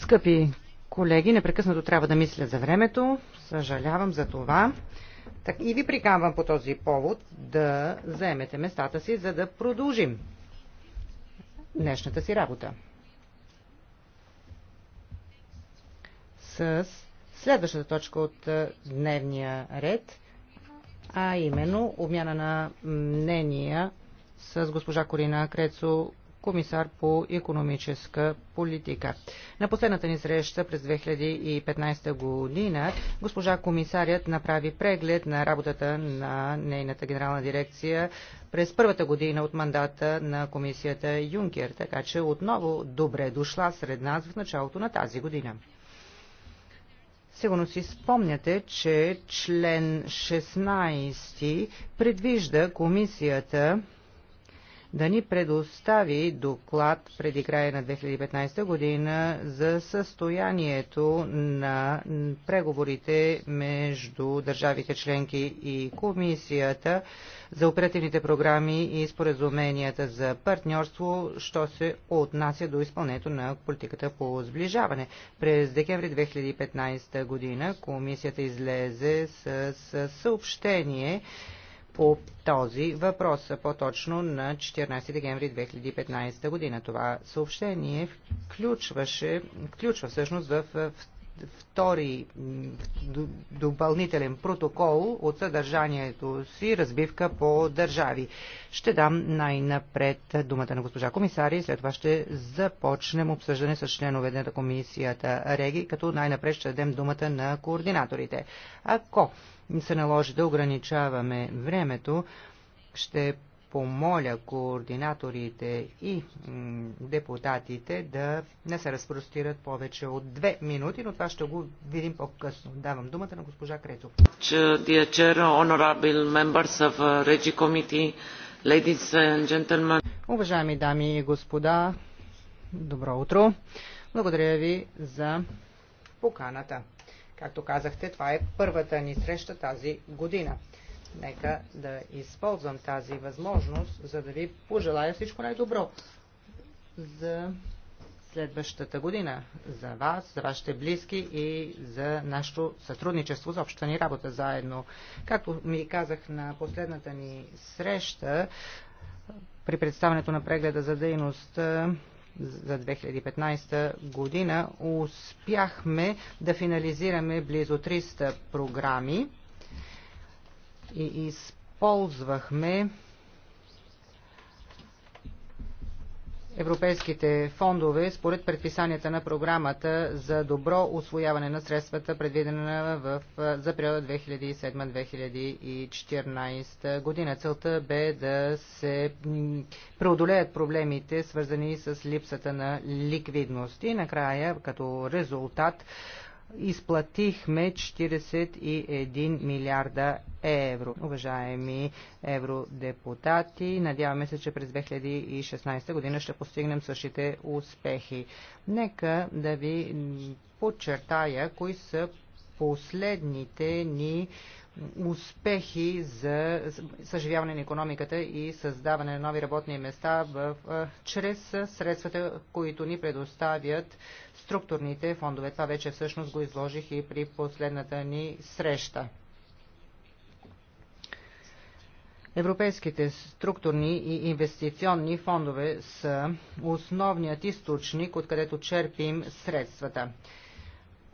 Скъпи колеги, непрекъснато трябва да мисля за времето. Съжалявам за това. Так, и ви приканвам по този повод да заемете местата си, за да продължим днешната си работа. С следващата точка от дневния ред, а именно обмяна на мнения с госпожа Корина Крецо комисар по економическа политика. На последната ни среща през 2015 година госпожа комисарят направи преглед на работата на нейната генерална дирекция през първата година от мандата на комисията Юнкер, така че отново добре дошла сред нас в началото на тази година. Сигурно си спомняте, че член 16 предвижда комисията да ни предостави доклад преди края на 2015 година за състоянието на преговорите между държавите членки и комисията за оперативните програми и споразуменията за партньорство, що се отнася до изпълнението на политиката по сближаване. През декември 2015 година комисията излезе с съобщение, по този въпрос, по-точно на 14 декември 2015 година. Това съобщение включваше, включва всъщност в втори допълнителен протокол от съдържанието си, разбивка по държави. Ще дам най-напред думата на госпожа комисари и след това ще започнем обсъждане с членове на комисията Реги, като най-напред ще дадем думата на координаторите. Ако се наложи да ограничаваме времето, ще помоля координаторите и депутатите да не се разпростират повече от две минути, но това ще го видим по-късно. Давам думата на госпожа Крецов. Uh, Уважаеми дами и господа, добро утро. Благодаря ви за поканата. Както казахте, това е първата ни среща тази година. Нека да използвам тази възможност, за да ви пожелая всичко най-добро за следващата година за вас, за вашите близки и за нашето сътрудничество, за общата ни работа заедно. Както ми казах на последната ни среща, при представането на прегледа за дейност за 2015 година успяхме да финализираме близо 300 програми и използвахме европейските фондове според предписанията на програмата за добро освояване на средствата, предвидена в, за периода 2007-2014 година. Целта бе да се преодолеят проблемите, свързани с липсата на ликвидност. И накрая, като резултат, изплатихме 41 милиарда евро. Уважаеми евродепутати, надяваме се, че през 2016 година ще постигнем същите успехи. Нека да ви подчертая кои са последните ни успехи за съживяване на економиката и създаване на нови работни места в, чрез средствата, които ни предоставят структурните фондове. Това вече всъщност го изложих и при последната ни среща. Европейските структурни и инвестиционни фондове са основният източник, откъдето черпим средствата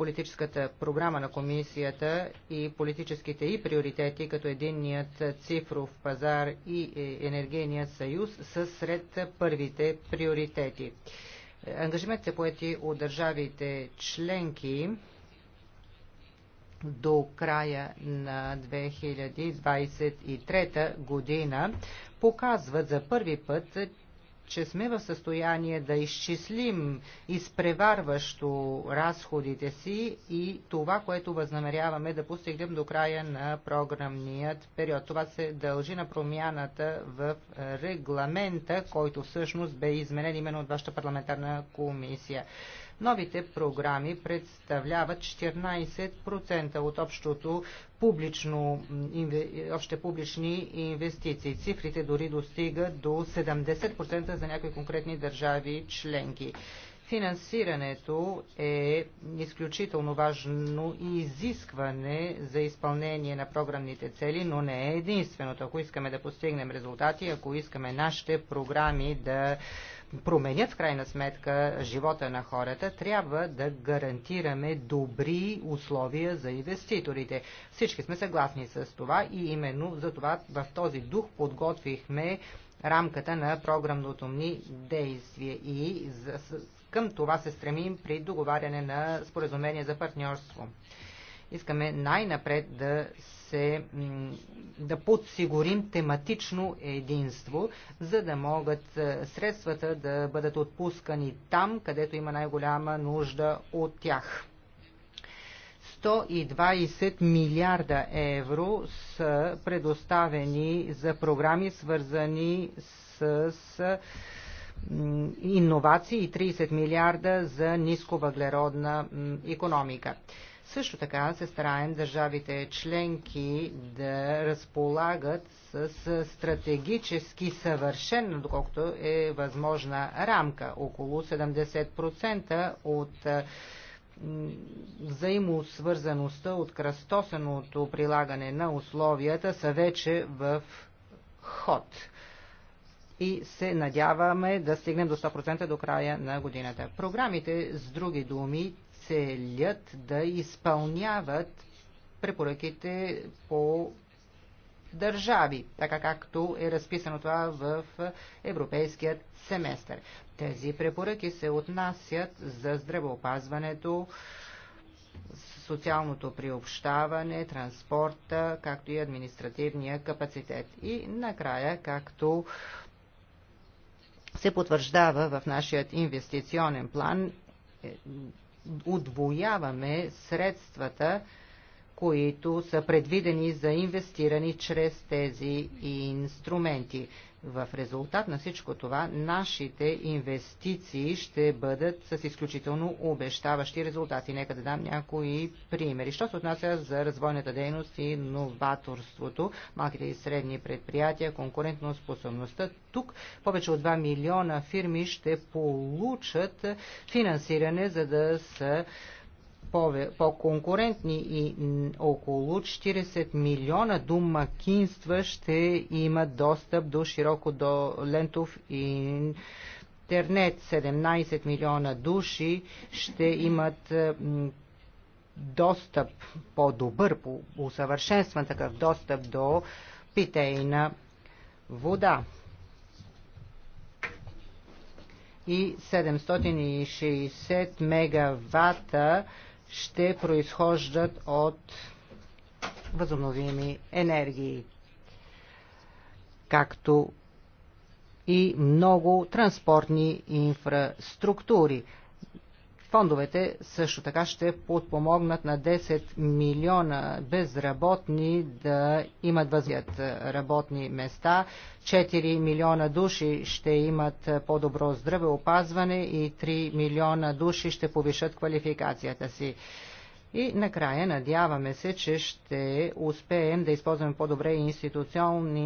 политическата програма на комисията и политическите и приоритети, като единният цифров пазар и е, енергийният съюз, са сред първите приоритети. Ангажиментите поети от държавите членки до края на 2023 година показват за първи път, че сме в състояние да изчислим изпреварващо разходите си и това, което възнамеряваме да постигнем до края на програмният период. Това се дължи на промяната в регламента, който всъщност бе изменен именно от вашата парламентарна комисия. Новите програми представляват 14% от общото публично, общите публични инвестиции. Цифрите дори достигат до 70% за някои конкретни държави членки. Финансирането е изключително важно и изискване за изпълнение на програмните цели, но не е единственото. Ако искаме да постигнем резултати, ако искаме нашите програми да променят в крайна сметка живота на хората, трябва да гарантираме добри условия за инвеститорите. Всички сме съгласни с това и именно за това в този дух подготвихме рамката на програмното ни действие и за, към това се стремим при договаряне на споразумение за партньорство. Искаме най-напред да се да подсигурим тематично единство, за да могат е, средствата да бъдат отпускани там, където има най-голяма нужда от тях. 120 милиарда евро са предоставени за програми, свързани с иновации и 30 милиарда за нисковъглеродна економика. Също така се стараем държавите членки да разполагат с стратегически съвършен, доколкото е възможна рамка. Около 70% от взаимосвързаността от кръстосаното прилагане на условията са вече в ход. И се надяваме да стигнем до 100% до края на годината. Програмите, с други думи, целят да изпълняват препоръките по държави, така както е разписано това в европейският семестър. Тези препоръки се отнасят за здравеопазването, социалното приобщаване, транспорта, както и административния капацитет. И накрая, както се потвърждава в нашият инвестиционен план, е, удвояваме средствата, които са предвидени за инвестирани чрез тези инструменти. В резултат на всичко това, нашите инвестиции ще бъдат с изключително обещаващи резултати. Нека да дам някои примери. Що се отнася за развойната дейност и новаторството, малките и средни предприятия, конкурентно способността, тук повече от 2 милиона фирми ще получат финансиране, за да са по-конкурентни и около 40 милиона домакинства ще имат достъп до широко до лентов и интернет 17 милиона души ще имат е, достъп по-добър, по усъвършенстван такъв достъп до питейна вода. И 760 мегавата ще произхождат от възобновими енергии, както и много транспортни инфраструктури. Фондовете също така ще подпомогнат на 10 милиона безработни да имат възят е, работни места. 4 милиона души ще имат е, по-добро здравеопазване и 3 милиона души ще повишат квалификацията си. И накрая надяваме се, че ще успеем да използваме по-добре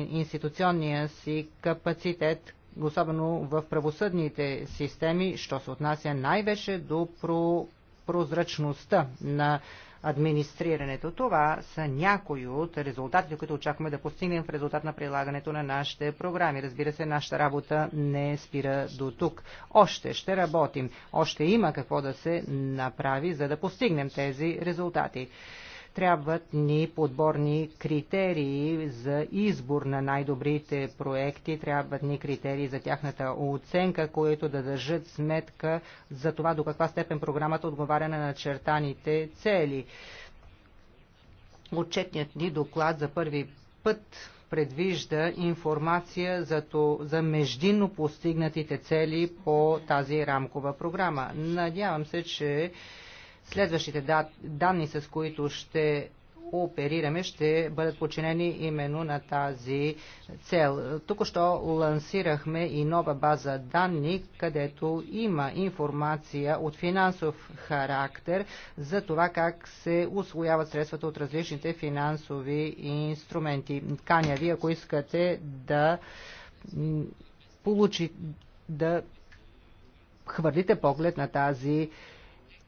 институционния си капацитет особено в правосъдните системи, що се отнася най-вече до про прозрачността на администрирането. Това са някои от резултатите, които очакваме да постигнем в резултат на прилагането на нашите програми. Разбира се, нашата работа не спира до тук. Още ще работим. Още има какво да се направи, за да постигнем тези резултати. Трябват ни подборни критерии за избор на най-добрите проекти, трябват ни критерии за тяхната оценка, които да държат сметка за това до каква степен програмата отговаря на начертаните цели. Отчетният ни доклад за първи път предвижда информация за, то, за междинно постигнатите цели по тази рамкова програма. Надявам се, че Следващите данни, с които ще оперираме, ще бъдат починени именно на тази цел. Тук що лансирахме и нова база данни, където има информация от финансов характер за това как се освояват средствата от различните финансови инструменти. Каня, ви, ако искате да получи, да хвърлите поглед на тази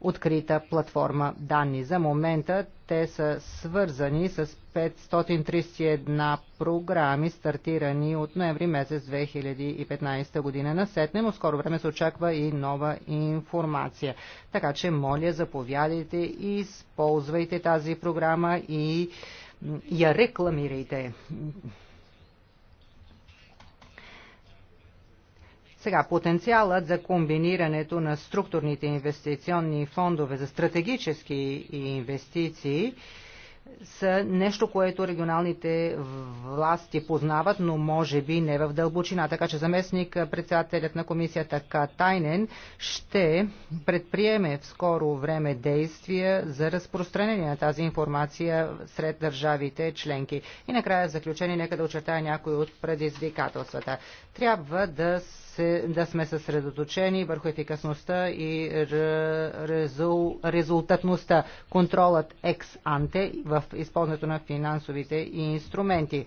открита платформа данни. За момента те са свързани с 531 програми, стартирани от ноември месец 2015 година. На сетне, но скоро време се очаква и нова информация. Така че, моля, заповядайте и използвайте тази програма и я рекламирайте. Сега, потенциалът за комбинирането на структурните инвестиционни фондове за стратегически инвестиции са нещо, което регионалните власти познават, но може би не в дълбочина. Така че заместник председателят на комисията Катайнен ще предприеме в скоро време действия за разпространение на тази информация сред държавите членки. И накрая в заключение нека да очертая някои от предизвикателствата. Трябва да се, да сме съсредоточени върху ефикасността и резул, резултатността. Контролът екс-анте в използването на финансовите инструменти.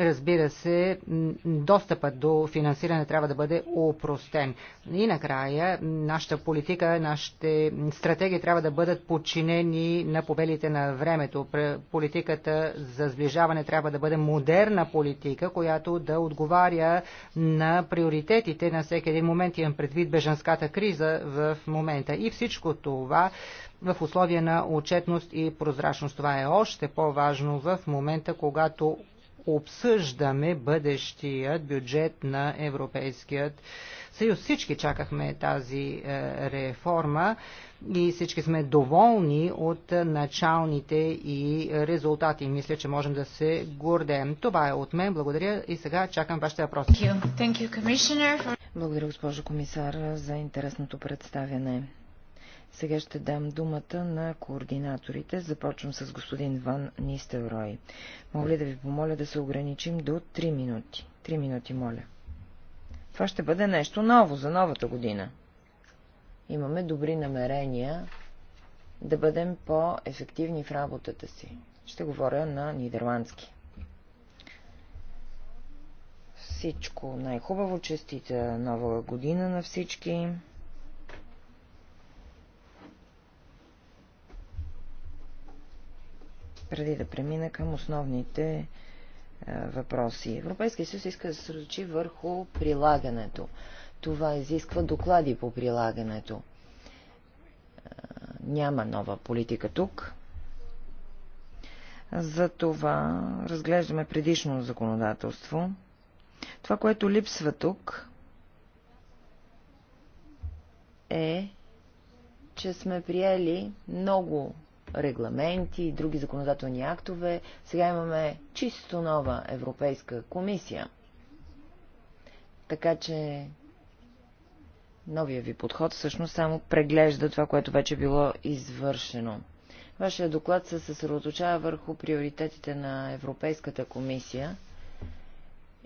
Разбира се, достъпът до финансиране трябва да бъде упростен. И накрая, нашата политика, нашите стратегии трябва да бъдат подчинени на повелите на времето. Политиката за сближаване трябва да бъде модерна политика, която да отговаря на приоритетите на всеки един момент. Имам предвид беженската криза в момента. И всичко това в условия на отчетност и прозрачност. Това е още по-важно в момента, когато обсъждаме бъдещият бюджет на Европейският съюз. Всички чакахме тази е, реформа и всички сме доволни от началните и резултати. Мисля, че можем да се гордеем. Това е от мен. Благодаря и сега чакам вашите въпроси. Thank you. Thank you, Благодаря, госпожо комисар, за интересното представяне. Сега ще дам думата на координаторите. Започвам с господин Ван Нистелрой. Мога ли да ви помоля да се ограничим до 3 минути? 3 минути, моля. Това ще бъде нещо ново за новата година. Имаме добри намерения да бъдем по-ефективни в работата си. Ще говоря на нидерландски. Всичко най-хубаво, честита нова година на всички. преди да премина към основните е, въпроси. Европейския съюз иска да се съсредоточи върху прилагането. Това изисква доклади по прилагането. Е, няма нова политика тук. Затова разглеждаме предишно законодателство. Това, което липсва тук, е, че сме приели много регламенти и други законодателни актове. Сега имаме чисто нова Европейска комисия. Така че новия ви подход всъщност само преглежда това, което вече било извършено. Вашия доклад се съсредоточава върху приоритетите на Европейската комисия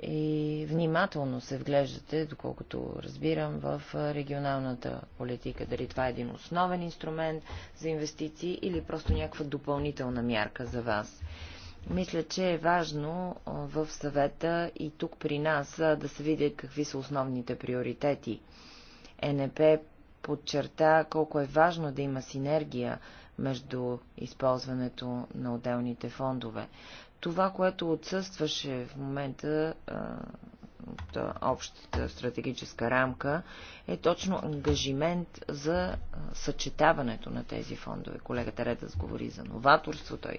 и внимателно се вглеждате, доколкото разбирам, в регионалната политика. Дали това е един основен инструмент за инвестиции или просто някаква допълнителна мярка за вас. Мисля, че е важно в съвета и тук при нас да се види какви са основните приоритети. НП подчерта колко е важно да има синергия между използването на отделните фондове. Това, което отсъстваше в момента от общата стратегическа рамка, е точно ангажимент за съчетаването на тези фондове. Колегата Редас говори за новаторство, той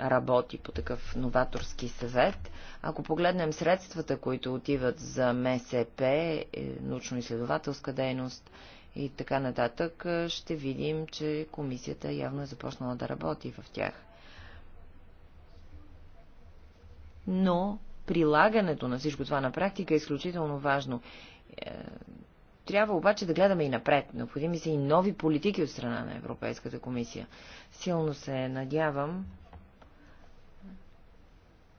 работи по такъв новаторски съвет. Ако погледнем средствата, които отиват за МСП, е, научно-изследователска дейност и така нататък, ще видим, че комисията явно е започнала да работи в тях. но прилагането на всичко това на практика е изключително важно. Е, трябва обаче да гледаме и напред. Необходими са и нови политики от страна на Европейската комисия. Силно се надявам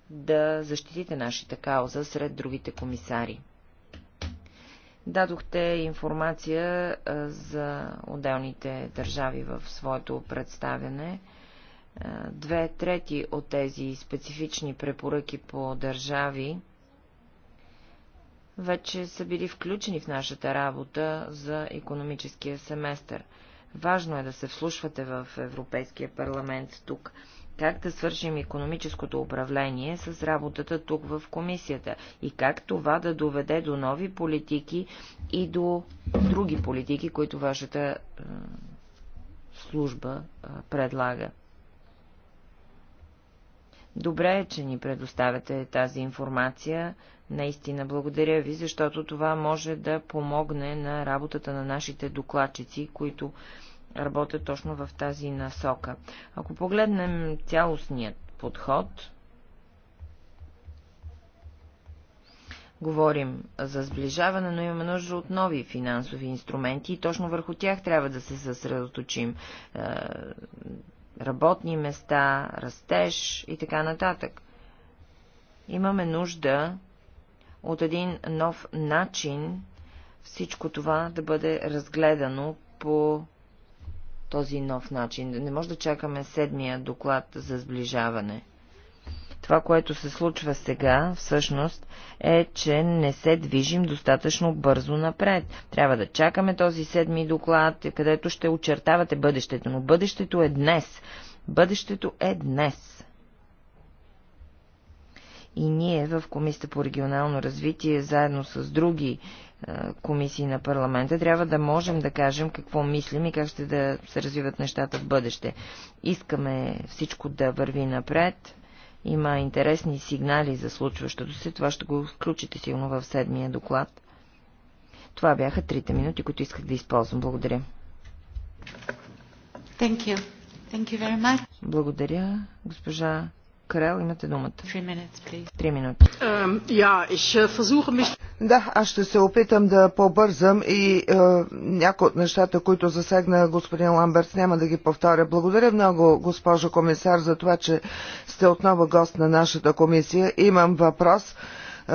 да защитите нашата кауза сред другите комисари. Дадохте информация е, за отделните държави в своето представяне. Е, две трети от тези специфични препоръки по държави вече са били включени в нашата работа за економическия семестър. Важно е да се вслушвате в Европейския парламент тук. Как да свършим економическото управление с работата тук в комисията и как това да доведе до нови политики и до други политики, които вашата е, служба е, предлага. Добре е, че ни предоставяте тази информация. Наистина благодаря ви, защото това може да помогне на работата на нашите докладчици, които работят точно в тази насока. Ако погледнем цялостният подход, Говорим за сближаване, но имаме нужда от нови финансови инструменти и точно върху тях трябва да се съсредоточим. Е, работни места, растеж и така нататък. Имаме нужда от един нов начин всичко това да бъде разгледано по този нов начин. Не може да чакаме седмия доклад за сближаване. Това, което се случва сега, всъщност, е, че не се движим достатъчно бързо напред. Трябва да чакаме този седми доклад, където ще очертавате бъдещето, но бъдещето е днес. Бъдещето е днес. И ние в Комисията по регионално развитие, заедно с други е, комисии на парламента, трябва да можем да кажем какво мислим и как ще да се развиват нещата в бъдеще. Искаме всичко да върви напред, има интересни сигнали за случващото се. Това ще го включите силно в седмия доклад. Това бяха трите минути, които исках да използвам. Благодаря. Thank you. Thank you very much. Благодаря, госпожа Карел, имате думата. Три минути. Да, аз ще се опитам да побързам и е, някои от нещата, които засегна господин Ламберт, няма да ги повторя. Благодаря много, госпожо комисар, за това, че сте отново гост на нашата комисия. Имам въпрос. Е,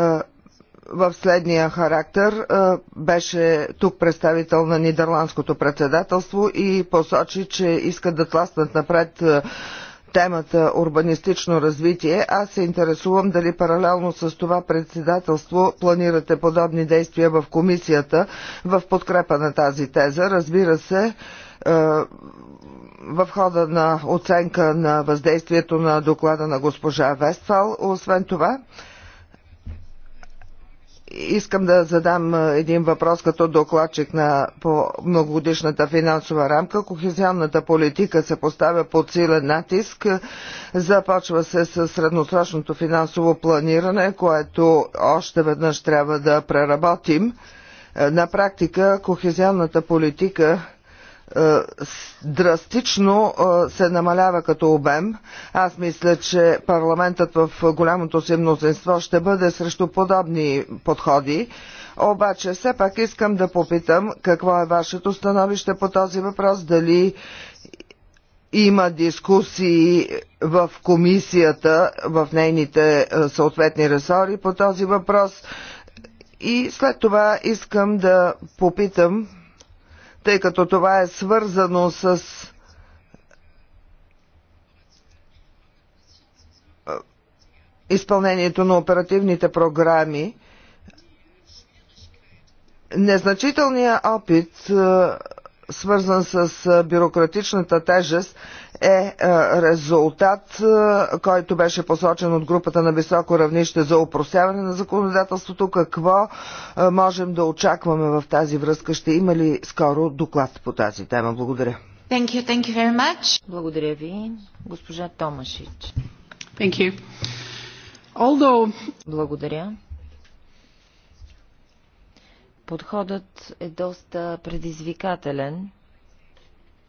в следния характер. Е, беше тук представител на Нидерландското председателство и посочи, че искат да тласнат напред е, темата урбанистично развитие, аз се интересувам дали паралелно с това председателство планирате подобни действия в комисията в подкрепа на тази теза. Разбира се, е, в хода на оценка на въздействието на доклада на госпожа Вестфал. Освен това, искам да задам един въпрос като докладчик на по многогодишната финансова рамка. Кохезионната политика се поставя под силен натиск. Започва се с средносрочното финансово планиране, което още веднъж трябва да преработим. Е, на практика кохезионната политика е, драстично е, се намалява като обем. Аз мисля, че парламентът в голямото си мнозинство ще бъде срещу подобни подходи. Обаче все пак искам да попитам какво е вашето становище по този въпрос, дали има дискусии в комисията, в нейните е, съответни ресори по този въпрос. И след това искам да попитам тъй като това е свързано с изпълнението на оперативните програми, незначителният опит свързан с бюрократичната тежест, е резултат, който беше посочен от групата на високо равнище за упростяване на законодателството. Какво можем да очакваме в тази връзка? Ще има ли скоро доклад по тази тема? Благодаря. Thank you, thank you very much. Благодаря ви, госпожа Томашич. Thank you. Although... Благодаря. Подходът е доста предизвикателен,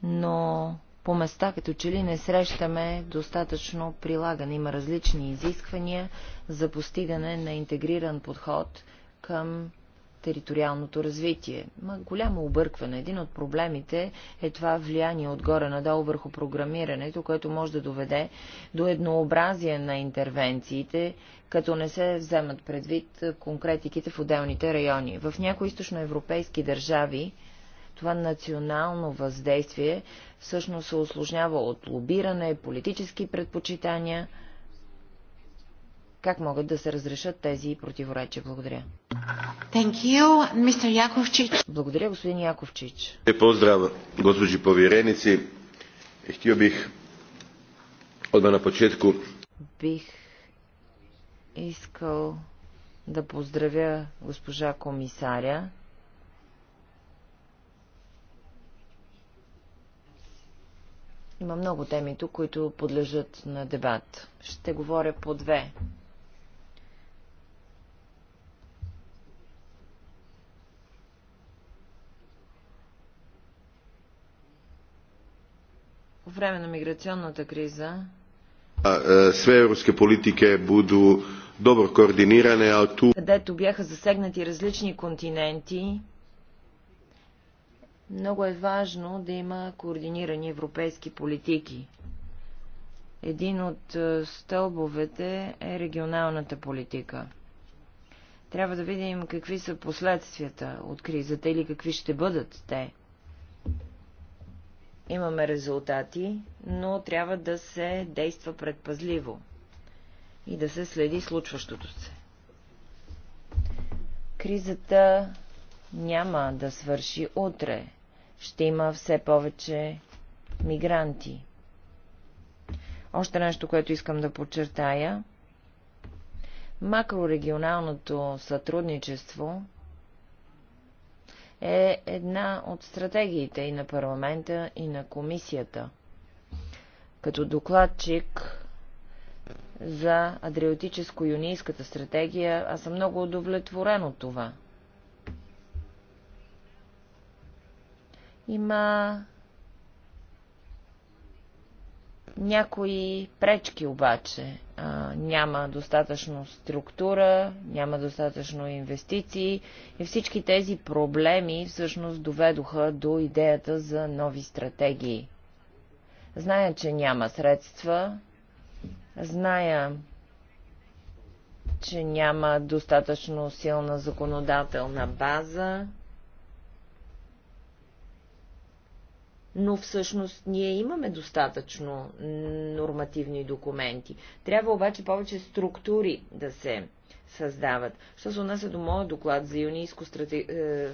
но по места като че ли не срещаме достатъчно прилагане. Има различни изисквания за постигане на интегриран подход към териториалното развитие. Ма голямо объркване. Един от проблемите е това влияние отгоре надолу върху програмирането, което може да доведе до еднообразие на интервенциите, като не се вземат предвид конкретиките в отделните райони. В някои източноевропейски държави това национално въздействие всъщност се осложнява от лобиране, политически предпочитания – как могат да се разрешат тези противоречия. Благодаря. Thank you, Mr. Яковчич. Благодаря, господин Яковчич. Е Поздрав, госпожи повереници. Е, хтио бих отма на почетку. Бих искал да поздравя госпожа комисаря. Има много теми тук, които подлежат на дебат. Ще говоря по две. По време на миграционната криза sve europske е, буду budu dobro koordinirane, ali Където бяха засегнати различни континенти, много е важно да има координирани европейски политики. Един от е, стълбовете е регионалната политика. Трябва да видим какви са последствията от кризата или какви ще бъдат те. Имаме резултати, но трябва да се действа предпазливо и да се следи случващото се. Кризата няма да свърши утре. Ще има все повече мигранти. Още нещо, което искам да подчертая. Макрорегионалното сътрудничество е една от стратегиите и на парламента, и на комисията. Като докладчик за Адриотическо-юнийската стратегия, аз съм много удовлетворен от това. Има някои пречки обаче. А, няма достатъчно структура, няма достатъчно инвестиции и всички тези проблеми всъщност доведоха до идеята за нови стратегии. Зная, че няма средства, зная, че няма достатъчно силна законодателна база, но всъщност ние имаме достатъчно нормативни документи. Трябва обаче повече структури да се създават. Що се отнася до моят доклад за, стратег... Е,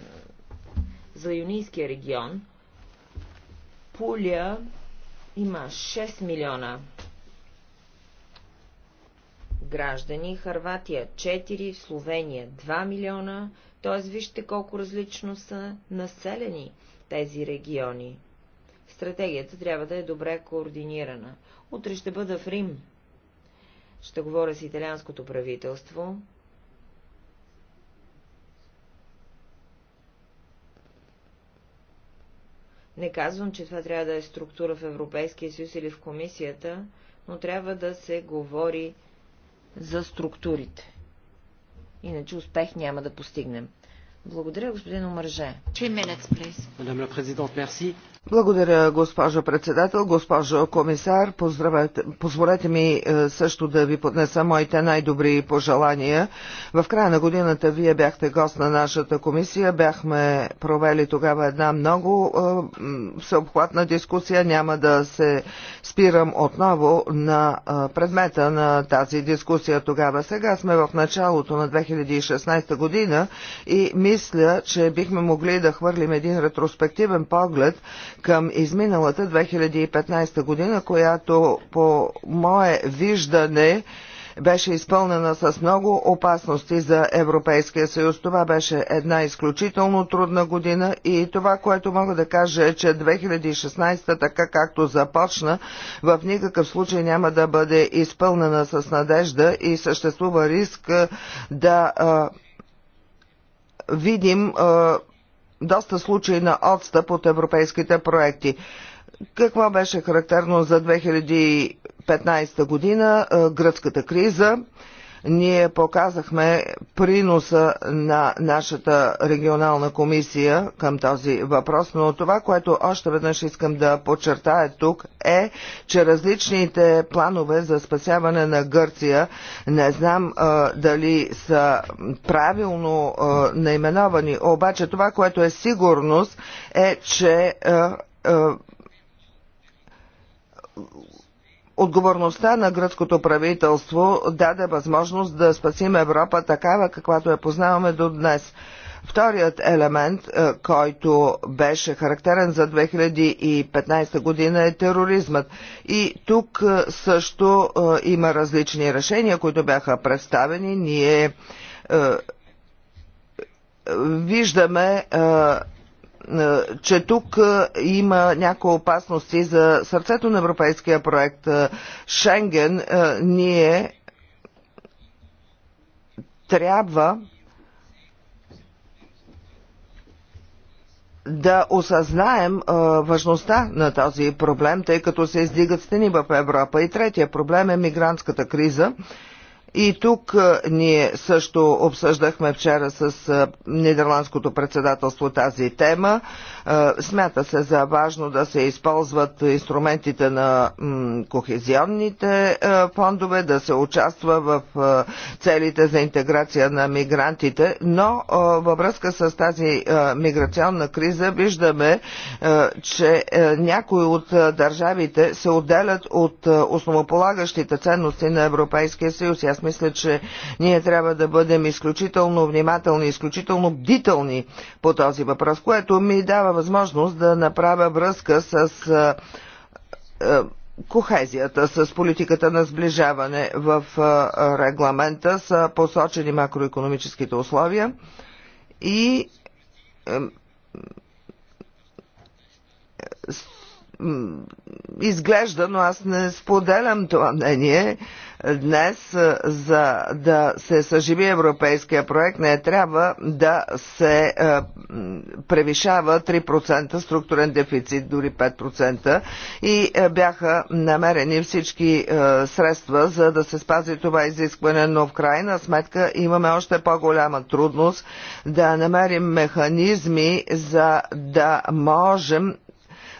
за юнийския регион, Пуля има 6 милиона граждани, Харватия 4, Словения 2 милиона, т.е. вижте колко различно са населени тези региони. Стратегията трябва да е добре координирана. Утре ще бъда в Рим. Ще говоря с италианското правителство. Не казвам, че това трябва да е структура в Европейския съюз или в комисията, но трябва да се говори за структурите. Иначе успех няма да постигнем. Благодаря, господин Омърже. Благодаря, госпожо председател, госпожо комисар. Позволете ми е, също да ви поднеса моите най-добри пожелания. В края на годината вие бяхте гост на нашата комисия. Бяхме провели тогава една много е, всеобхватна дискусия. Няма да се спирам отново на е, предмета на тази дискусия тогава. Сега сме в началото на 2016 година и мисля, че бихме могли да хвърлим един ретроспективен поглед към изминалата 2015 година, която по мое виждане беше изпълнена с много опасности за Европейския съюз. Това беше една изключително трудна година и това, което мога да кажа е, че 2016 така както започна, в никакъв случай няма да бъде изпълнена с надежда и съществува риск да а, видим а, доста случаи на отстъп от европейските проекти. Какво беше характерно за 2015 година? Гръцката криза. Ние показахме приноса на нашата регионална комисия към този въпрос, но това, което още веднъж искам да подчертая тук е, че различните планове за спасяване на Гърция, не знам а, дали са правилно а, наименовани, обаче това, което е сигурност е, че а, Отговорността на гръцкото правителство даде възможност да спасим Европа такава, каквато я познаваме до днес. Вторият елемент, е, който беше характерен за 2015 година е тероризмът. И тук е, също е, има различни решения, които бяха представени. Ние виждаме е, че тук е, има някои опасности за сърцето на европейския проект е, Шенген. Ние трябва да осъзнаем а, важността на този проблем, тъй като се издигат стени в Европа. И третия проблем е мигрантската криза. А, и тук ние също обсъждахме вчера с Нидерландското председателство тази тема. Е, смята се за важно да се използват инструментите на кохезионните е, фондове, да се участва в е, целите за интеграция на мигрантите, но във връзка с тази миграционна криза виждаме, че някои от държавите се отделят от основополагащите ценности на Европейския съюз. Аз мисля, че ние трябва да бъдем изключително внимателни, изключително бдителни по този въпрос, което ми дава възможност да направя връзка с кохезията с политиката на сближаване в регламента с посочени макроекономическите условия и изглежда, но аз не споделям това мнение, днес, е, за да се съживи европейския проект, не трябва да се е, превишава 3% структурен дефицит, дори 5% и е, бяха намерени всички средства, за да се спази това изискване, но в крайна сметка имаме още по-голяма трудност да намерим механизми, за да можем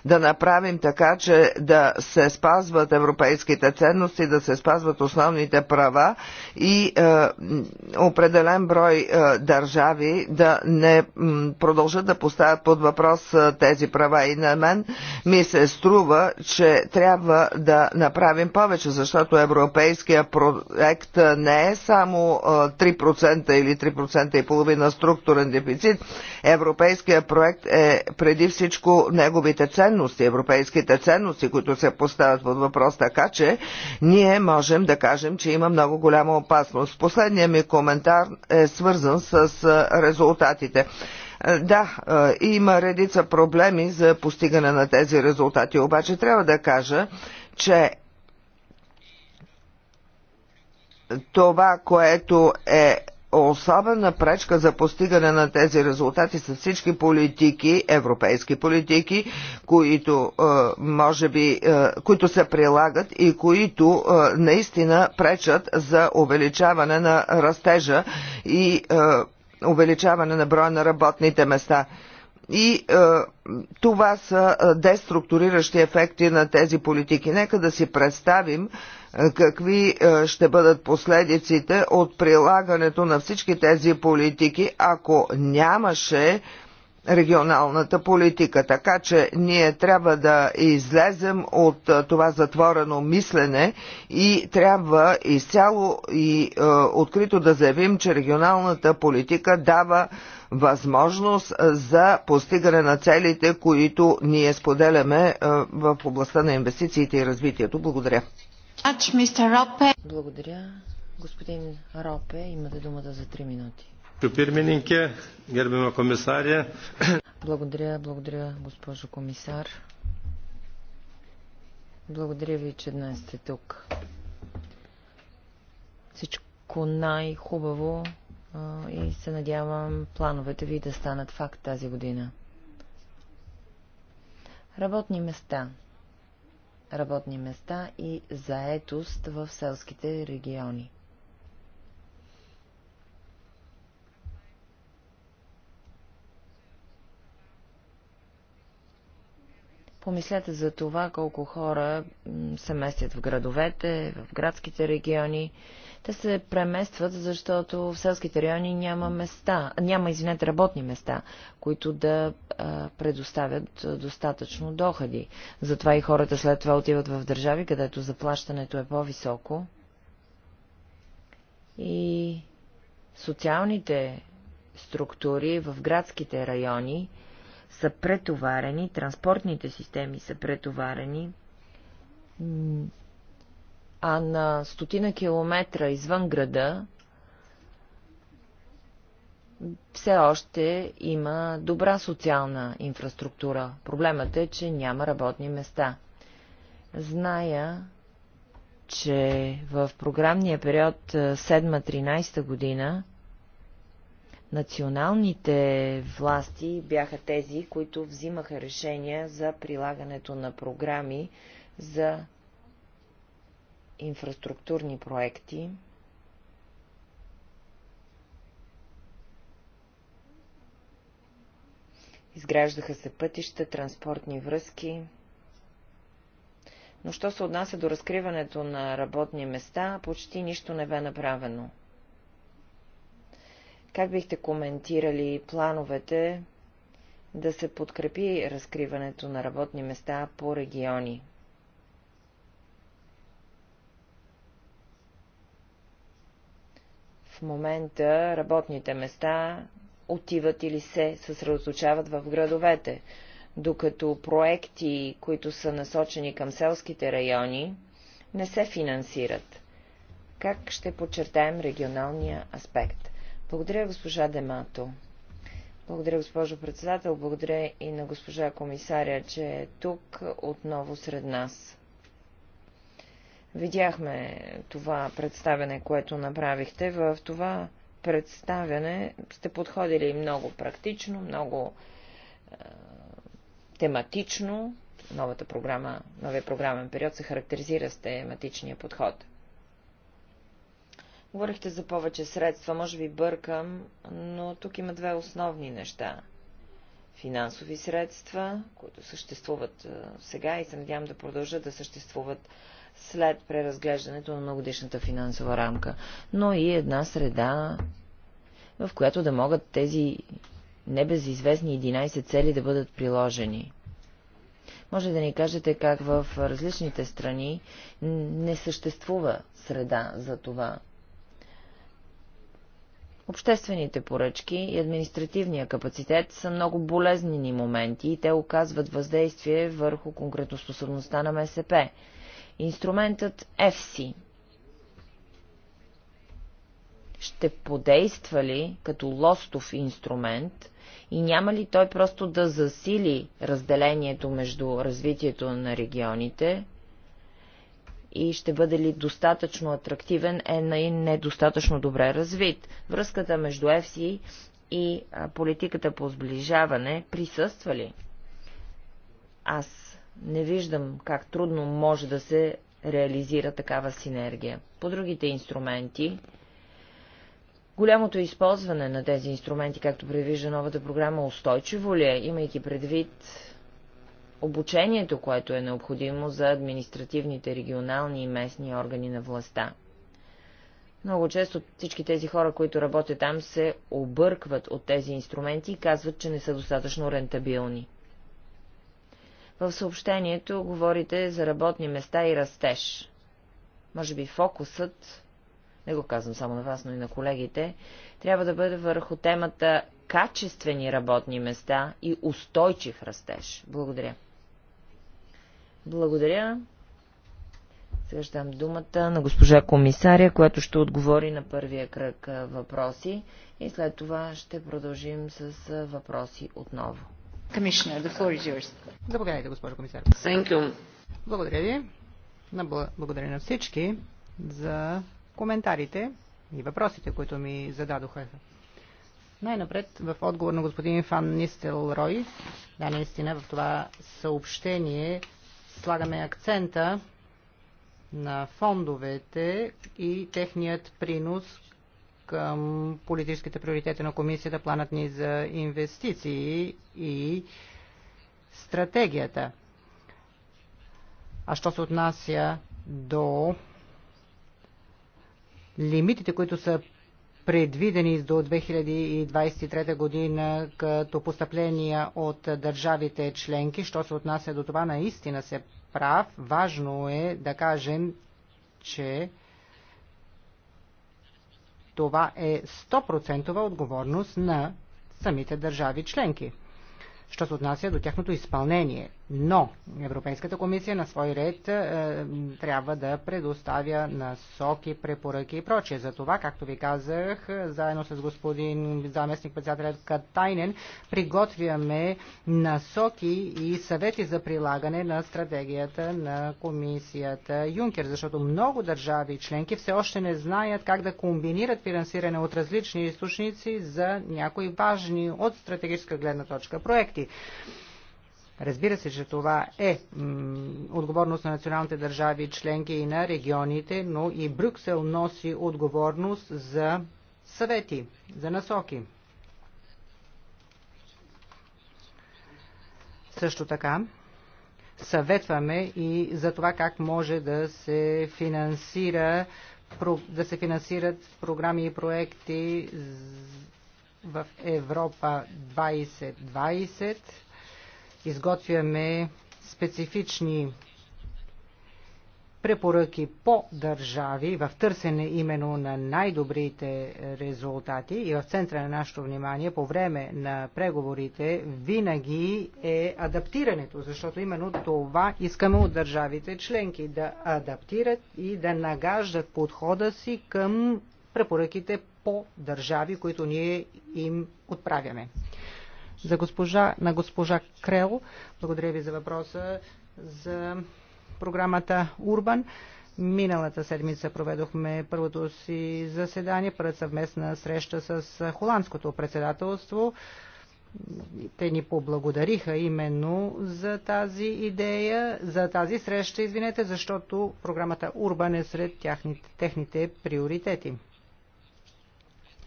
да направим така, че да се спазват европейските ценности, да се спазват основните права и е, определен брой е, държави да не продължат да поставят под въпрос е, тези права. И на мен ми се струва, че трябва да направим повече, защото европейския проект не е само 3% е, или 3% и половина структурен дефицит. Европейския проект е преди всичко неговите ценности ценности, европейските ценности, които се поставят под въпрос, така че ние можем да кажем, че има много голяма опасност. Последният ми коментар е свързан с резултатите. Да, има редица проблеми за постигане на тези резултати, обаче трябва да кажа, че това, което е Особена пречка за постигане на тези резултати са всички политики, европейски политики, които е, може би, е, които се прилагат и които е, наистина пречат за увеличаване на растежа и увеличаване на броя на работните места. И е, това са деструктуриращи ефекти на тези политики. Нека да си представим, какви е, ще бъдат последиците от прилагането на всички тези политики, ако нямаше регионалната политика. Така че ние трябва да излезем от е, това затворено мислене и трябва изцяло и е, открито да заявим, че регионалната политика дава възможност за постигане на целите, които ние споделяме е, в областта на инвестициите и развитието. Благодаря. Благодаря. Господин Ропе, имате думата за 3 минути. Благодаря, благодаря, госпожо комисар. Благодаря ви, че днес сте тук. Всичко най-хубаво и се надявам плановете ви да станат факт тази година. Работни места – работни места и заетост в селските региони. Помислете за това колко хора се местят в градовете, в градските региони те се преместват, защото в селските райони няма места, няма, извинете, работни места, които да а, предоставят достатъчно доходи. Затова и хората след това отиват в държави, където заплащането е по-високо и социалните структури в градските райони са претоварени, транспортните системи са претоварени, а на стотина километра извън града все още има добра социална инфраструктура. Проблемът е, че няма работни места. Зная, че в програмния период 7-13 година националните власти бяха тези, които взимаха решения за прилагането на програми за инфраструктурни проекти, Изграждаха се пътища, транспортни връзки. Но що се отнася до разкриването на работни места, почти нищо не бе направено. Как бихте коментирали плановете да се подкрепи разкриването на работни места по региони? В момента работните места отиват или се съсредоточават в градовете, докато проекти, които са насочени към селските райони, не се финансират. Как ще подчертаем регионалния аспект? Благодаря, госпожа Демато. Благодаря, госпожо председател. Благодаря и на госпожа комисаря, че е тук отново сред нас. Видяхме това представяне, което направихте. В това представяне сте подходили много практично, много е, тематично. Новата програма, новия програмен период се характеризира с тематичния подход. Говорихте за повече средства, може би бъркам, но тук има две основни неща. Финансови средства, които съществуват сега и се надявам да продължат да съществуват след преразглеждането на многодишната финансова рамка, но и една среда, в която да могат тези небезизвестни 11 цели да бъдат приложени. Може да ни кажете как в различните страни не съществува среда за това. Обществените поръчки и административния капацитет са много болезнени моменти и те оказват въздействие върху конкретоспособността на МСП. Инструментът FC ще подейства ли като лостов инструмент и няма ли той просто да засили разделението между развитието на регионите и ще бъде ли достатъчно атрактивен е на недостатъчно добре развит. Връзката между ЕФСИ и политиката по сближаване присъства ли? Аз не виждам как трудно може да се реализира такава синергия. По другите инструменти, голямото използване на тези инструменти, както предвижда новата програма, устойчиво ли е, имайки предвид обучението, което е необходимо за административните, регионални и местни органи на властта. Много често всички тези хора, които работят там, се объркват от тези инструменти и казват, че не са достатъчно рентабилни. В съобщението говорите за работни места и растеж. Може би фокусът, не го казвам само на вас, но и на колегите, трябва да бъде върху темата качествени работни места и устойчив растеж. Благодаря. Благодаря. Сега ще дам думата на госпожа комисаря, която ще отговори на първия кръг въпроси и след това ще продължим с въпроси отново. Заповядайте, госпожо комисар. Благодаря ви. Благодаря на всички за коментарите и въпросите, които ми зададоха. Най-напред, в отговор на господин Фан Нистел Рой, да, наистина в това съобщение слагаме акцента на фондовете и техният принос към политическите приоритети на комисията, планът ни за инвестиции и стратегията. А що се отнася до лимитите, които са предвидени до 2023 година като постъпления от държавите членки. Що се отнася до това, наистина се прав. Важно е да кажем, че това е 100% отговорност на самите държави членки, що се отнася до тяхното изпълнение. Но Европейската комисия на свой ред е, трябва да предоставя насоки, препоръки и прочие. За това, както ви казах, заедно с господин заместник председателят Катайнен, приготвяме насоки и съвети за прилагане на стратегията на комисията Юнкер, защото много държави и членки все още не знаят как да комбинират финансиране от различни източници за някои важни от стратегическа гледна точка проекти. Разбира се, че това е отговорност на националните държави, членки и на регионите, но и Брюксел носи отговорност за съвети, за насоки. Също така, съветваме и за това как може да се финансира да се финансират програми и проекти в Европа 2020 изготвяме специфични препоръки по държави в търсене именно на най-добрите резултати и в центъра на нашето внимание по време на преговорите винаги е адаптирането, защото именно това искаме от държавите членки да адаптират и да нагаждат подхода си към препоръките по държави, които ние им отправяме. За госпожа, на госпожа Крел, благодаря ви за въпроса за програмата Урбан. Миналата седмица проведохме първото си заседание, пред съвместна среща с холандското председателство. Те ни поблагодариха именно за тази идея, за тази среща, извинете, защото програмата Урбан е сред тяхните, техните приоритети.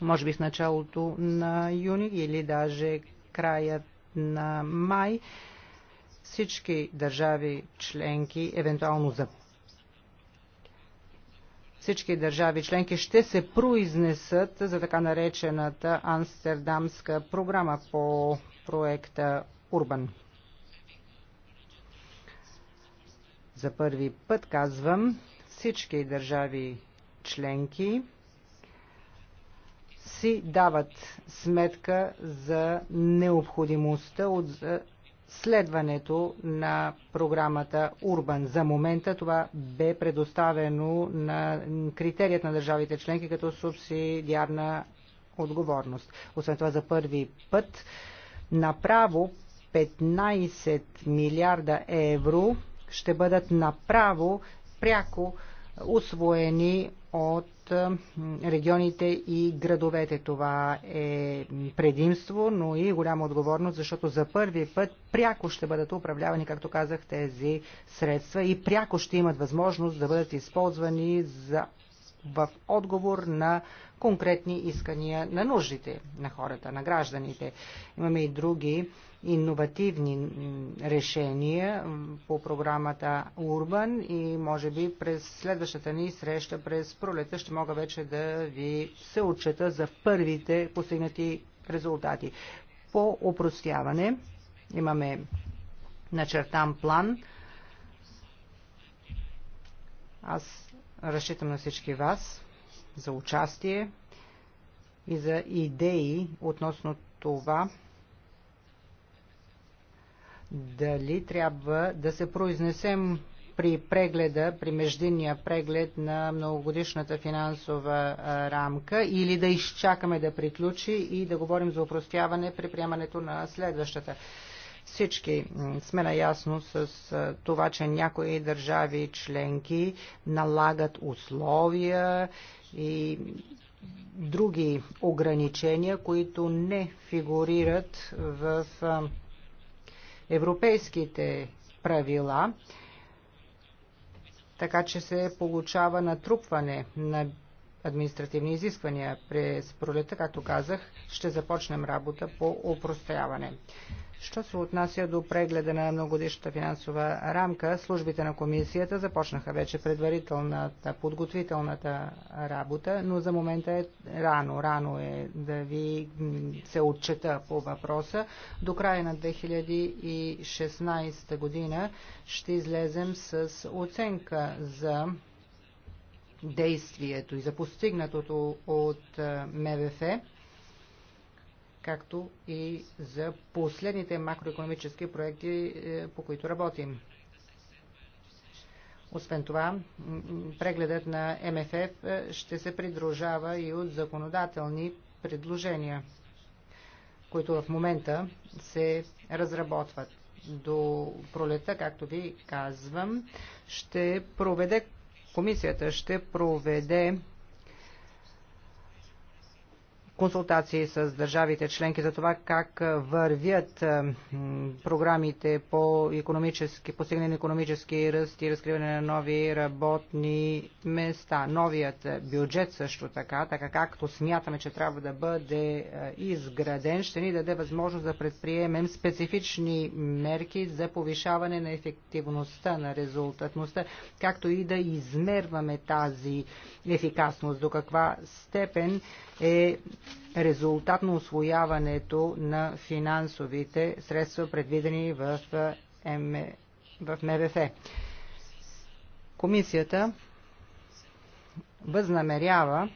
Може би в началото на юни или даже Края на май всички държави членки, евентуално за всички държави членки ще се произнесат за така наречената Амстердамска програма по проекта Урбан. За първи път казвам всички държави членки си дават сметка за необходимостта от следването на програмата Урбан. За момента това бе предоставено на критерият на държавите членки като субсидиарна отговорност. Освен това за първи път направо 15 милиарда евро ще бъдат направо пряко освоени от регионите и градовете. Това е предимство, но и голяма отговорност, защото за първи път пряко ще бъдат управлявани, както казах, тези средства и пряко ще имат възможност да бъдат използвани за в отговор на конкретни искания на нуждите на хората, на гражданите. Имаме и други иновативни решения по програмата Урбан и може би през следващата ни среща през пролета ще мога вече да ви се отчета за първите постигнати резултати. По опростяване имаме начертан план. Аз Разчитам на всички вас за участие и за идеи относно това дали трябва да се произнесем при прегледа, при междинния преглед на многогодишната финансова рамка или да изчакаме да приключи и да говорим за упростяване при приемането на следващата. Всички сме наясно с това, че някои държави членки налагат условия и други ограничения, които не фигурират в европейските правила, така че се получава натрупване на административни изисквания през пролета, както казах, ще започнем работа по упростяване. Що се отнася до прегледа на многодишната финансова рамка, службите на комисията започнаха вече предварителната, подготвителната работа, но за момента е рано. Рано е да ви се отчета по въпроса. До края на 2016 година ще излезем с оценка за действието и за постигнатото от е, МВФ както и за последните макроекономически проекти, е, по които работим. Освен това, прегледът на МФФ е, ще се придружава и от законодателни предложения, които в момента се разработват. До пролета, както ви казвам, ще проведе комисията ще проведе консултации с държавите членки за това как вървят програмите по економически, постигнен економически ръст и разкриване на нови работни места. Новият бюджет също така, така както смятаме, че трябва да бъде изграден, ще ни даде възможност да предприемем специфични мерки за повишаване на ефективността, на резултатността, както и да измерваме тази ефикасност, до каква степен е резултат на освояването на финансовите средства, предвидени в, е, М... в МВФ. Комисията възнамерява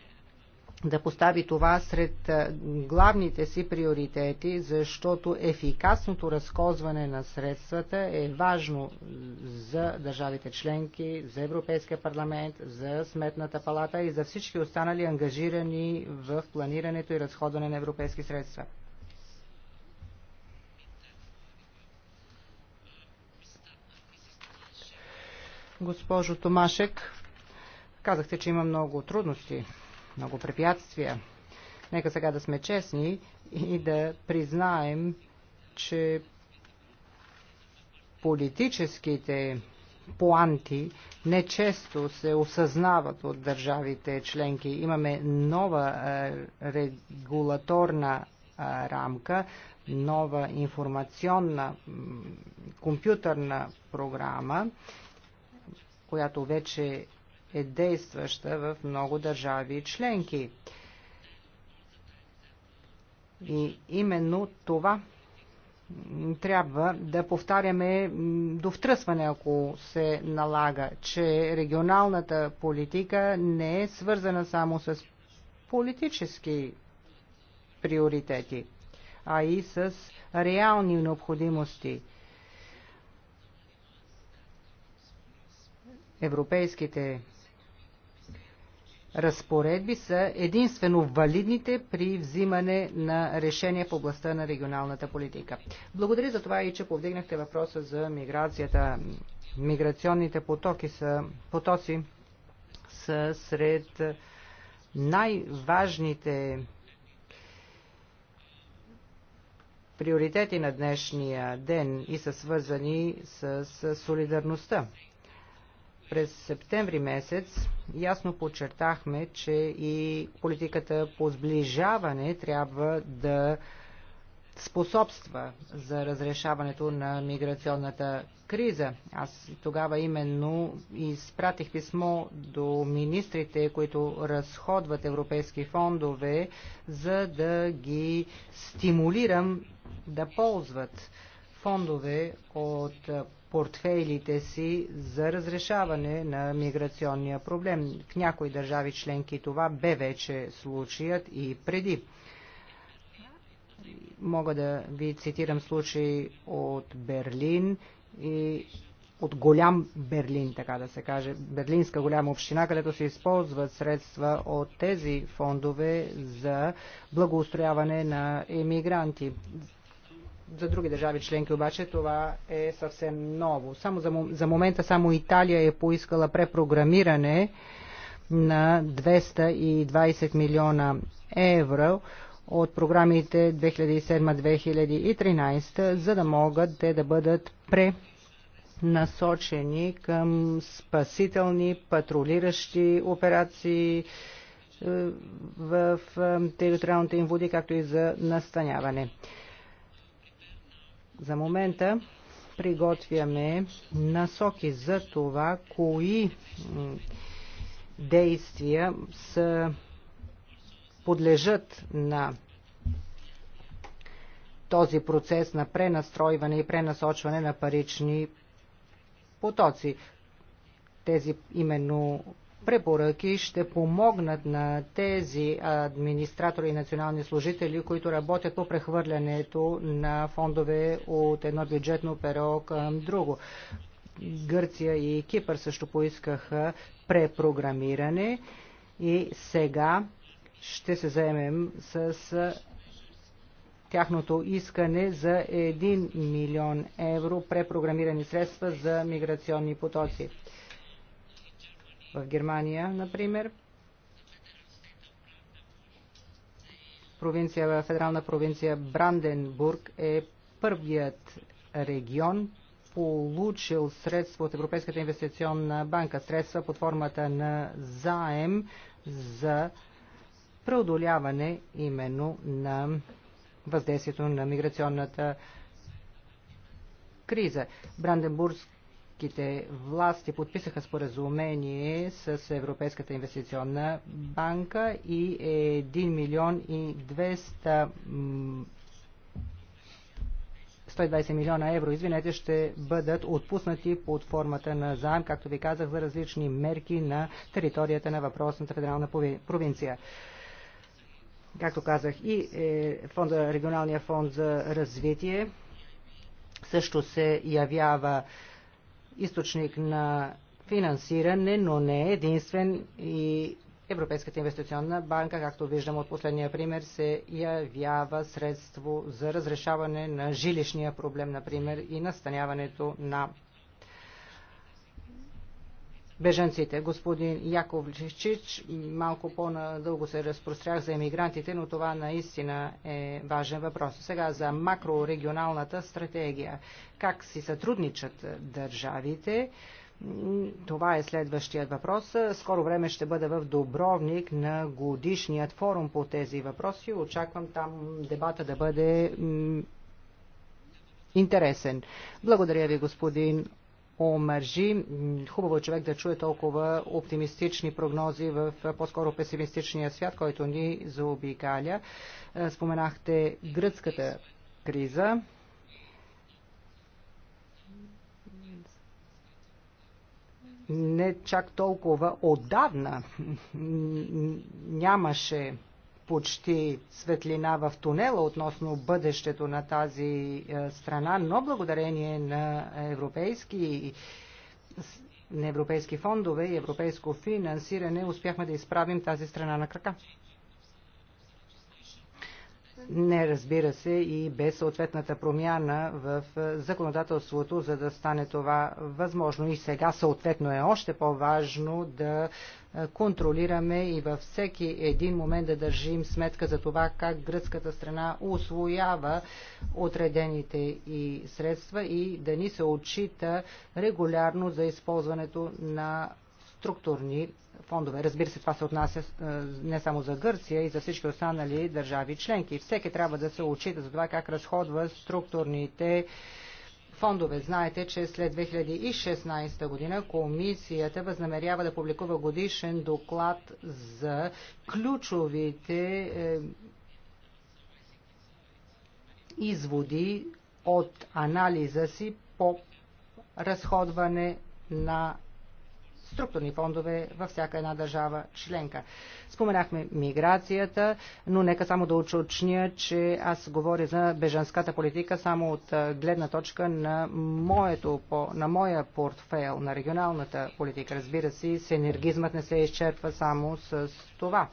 да постави това сред главните си приоритети, защото ефикасното разкозване на средствата е важно за държавите членки, за Европейския парламент, за Сметната палата и за всички останали ангажирани в планирането и разходване на европейски средства. Госпожо Томашек, казахте, че има много трудности много препятствия. Нека сега да сме честни и да признаем, че политическите планти нечесто се осъзнават от държавите членки. Имаме нова е, регулаторна е, рамка, нова информационна компютърна програма, която вече е действаща в много държави и членки. И именно това трябва да повтаряме до втръсване, ако се налага, че регионалната политика не е свързана само с политически приоритети, а и с реални необходимости. Европейските разпоредби са единствено валидните при взимане на решения в областта на регионалната политика. Благодаря за това и че повдигнахте въпроса за миграцията. Миграционните потоки са, потоци са сред най-важните приоритети на днешния ден и са свързани с солидарността. През септември месец ясно подчертахме, че и политиката по сближаване трябва да способства за разрешаването на миграционната криза. Аз тогава именно изпратих писмо до министрите, които разходват европейски фондове, за да ги стимулирам да ползват фондове от портфейлите си за разрешаване на миграционния проблем. В някои държави членки това бе вече случаят и преди. Мога да ви цитирам случаи от Берлин и от голям Берлин, така да се каже, берлинска голяма община, където се използват средства от тези фондове за благоустрояване на емигранти за други държави членки обаче това е съвсем ново. Само за, за момента само Италия е поискала препрограмиране на 220 милиона евро от програмите 2007-2013, за да могат те да бъдат пренасочени към спасителни, патрулиращи операции е, в е, териториалните им води, както и за настаняване. За момента приготвяме насоки за това, кои действия са, подлежат на този процес на пренастройване и пренасочване на парични потоци. Тези именно препоръки ще помогнат на тези администратори и национални служители, които работят по прехвърлянето на фондове от едно бюджетно перо към друго. Гърция и Кипър също поискаха препрограмиране и сега ще се заемем с тяхното искане за 1 милион евро препрограмирани средства за миграционни потоци в Германия, например, провинция, федерална провинция Бранденбург е първият регион, получил средства от Европейската инвестиционна банка, средства под формата на заем за преодоляване именно на въздействието на миграционната криза. Бранденбургск гръцките власти подписаха споразумение с Европейската инвестиционна банка и 1 е милион и 200 120 милиона евро, извинете, ще бъдат отпуснати под формата на заем, както ви казах, за различни мерки на територията на въпросната федерална провинция. Както казах, и е, фонда, регионалния фонд за развитие също се явява източник на финансиране, но не е единствен и Европейската инвестиционна банка, както виждам от последния пример, се явява средство за разрешаване на жилищния проблем, например, и настаняването на беженците. Господин Яковличич, малко по-надълго се разпрострях за емигрантите, но това наистина е важен въпрос. Сега за макрорегионалната стратегия. Как си сътрудничат държавите? Това е следващият въпрос. Скоро време ще бъда в Добровник на годишният форум по тези въпроси. Очаквам там дебата да бъде интересен. Благодаря ви, господин омържи. Хубаво е човек да чуе толкова оптимистични прогнози в по-скоро песимистичния свят, който ни заобикаля. Споменахте гръцката криза. не чак толкова отдавна нямаше почти светлина в тунела относно бъдещето на тази е, страна, но благодарение на европейски на европейски фондове и европейско финансиране успяхме да изправим тази страна на крака не разбира се и без съответната промяна в законодателството, за да стане това възможно. И сега съответно е още по-важно да контролираме и във всеки един момент да държим сметка за това как гръцката страна освоява отредените и средства и да ни се отчита регулярно за използването на структурни фондове. Разбира се, това се отнася е, не само за Гърция и за всички останали държави членки. Всеки трябва да се очита за това как разходва структурните фондове. Знаете, че след 2016 година комисията възнамерява да публикува годишен доклад за ключовите е, изводи от анализа си по разходване на структурни фондове във всяка една държава членка. Споменахме миграцията, но нека само да очучня, че аз говоря за бежанската политика само от гледна точка на, моето, на моя портфейл, на регионалната политика. Разбира се, синергизмът не се изчерпва само с това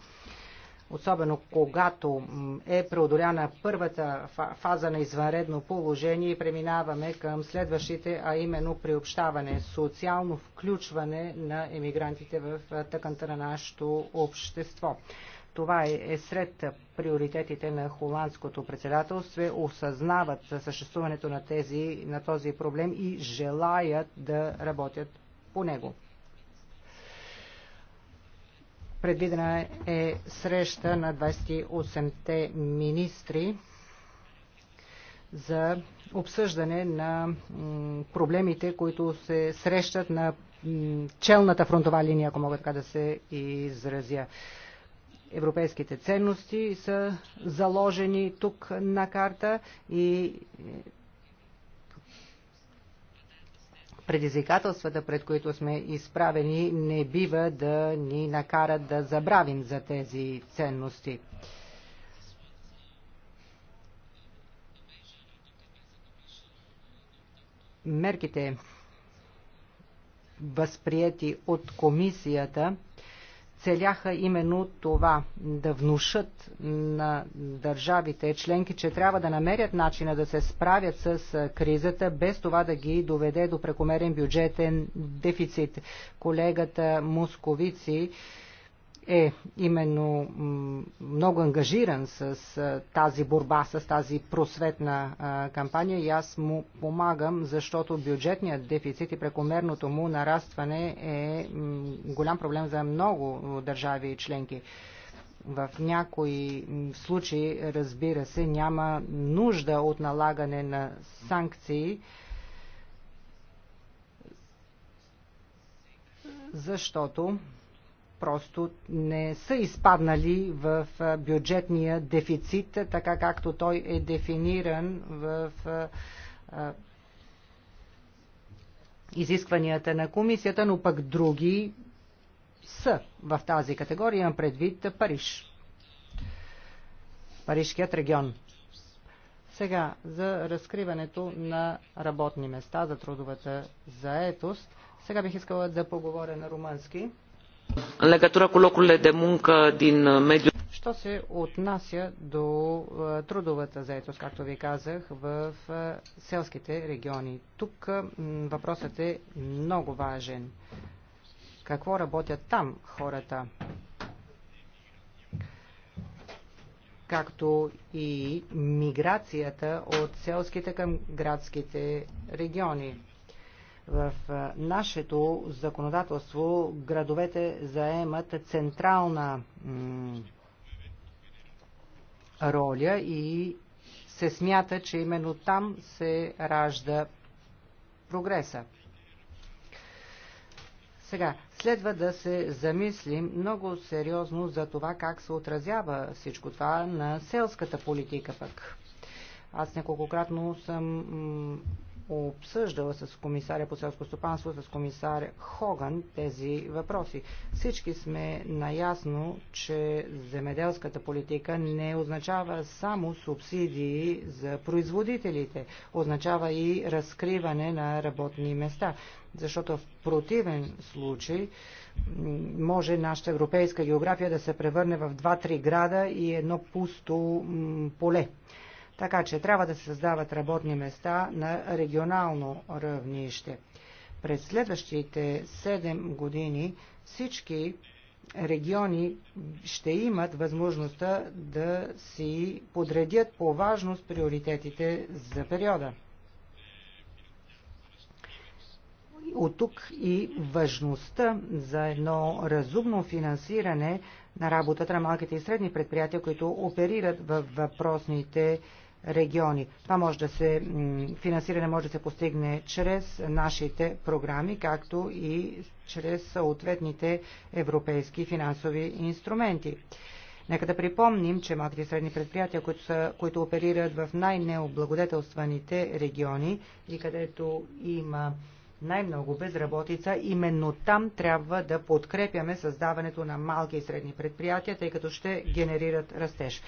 особено когато е преодоляна първата фаза на извънредно положение и преминаваме към следващите, а именно приобщаване, социално включване на емигрантите в тъканта на нашето общество. Това е, е, сред приоритетите на холандското председателство. Осъзнават съществуването на, тези, на този проблем и желаят да работят по него. Предвидена е среща на 28-те министри за обсъждане на проблемите, които се срещат на челната фронтова линия, ако мога така да се изразя. Европейските ценности са заложени тук на карта и предизвикателствата, пред които сме изправени, не бива да ни накарат да забравим за тези ценности. Мерките, възприяти от комисията, целяха именно това да внушат на държавите членки, че трябва да намерят начина да се справят с кризата, без това да ги доведе до прекомерен бюджетен дефицит. Колегата Московици е именно много ангажиран с тази борба, с тази просветна кампания и аз му помагам, защото бюджетният дефицит и прекомерното му нарастване е голям проблем за много държави и членки. В някои случаи, разбира се, няма нужда от налагане на санкции, защото просто не са изпаднали в бюджетния дефицит, така както той е дефиниран в изискванията на комисията, но пък други са в тази категория, имам предвид Париж. Парижкият регион. Сега, за разкриването на работни места за трудовата заетост. Сега бих искала да поговоря на румънски în legătură cu locurile de muncă din uh, mediul Що се отнася до е, трудовата заетост, както ви казах, в е, селските региони. Тук въпросът е много важен. Какво работят там хората? както и миграцията от селските към градските региони. В нашето законодателство градовете заемат централна роля и се смята, че именно там се ражда прогреса. Сега, следва да се замислим много сериозно за това как се отразява всичко това на селската политика пък. Аз неколкократно съм обсъждала с комисаря по селско стопанство, с комисар Хоган тези въпроси. Всички сме наясно, че земеделската политика не означава само субсидии за производителите, означава и разкриване на работни места. Защото в противен случай може нашата европейска география да се превърне в 2-3 града и едно пусто поле. Така че трябва да се създават работни места на регионално равнище. През следващите 7 години всички региони ще имат възможността да си подредят по важност приоритетите за периода. От тук и важността за едно разумно финансиране на работата на малките и средни предприятия, които оперират във въпросните региони. Това може да се, финансиране може да се постигне чрез нашите програми, както и чрез съответните европейски финансови инструменти. Нека да припомним, че малките и средни предприятия, които, са, които оперират в най-необлагодетелстваните региони и където има най-много безработица, именно там трябва да подкрепяме създаването на малки и средни предприятия, тъй като ще генерират растеж.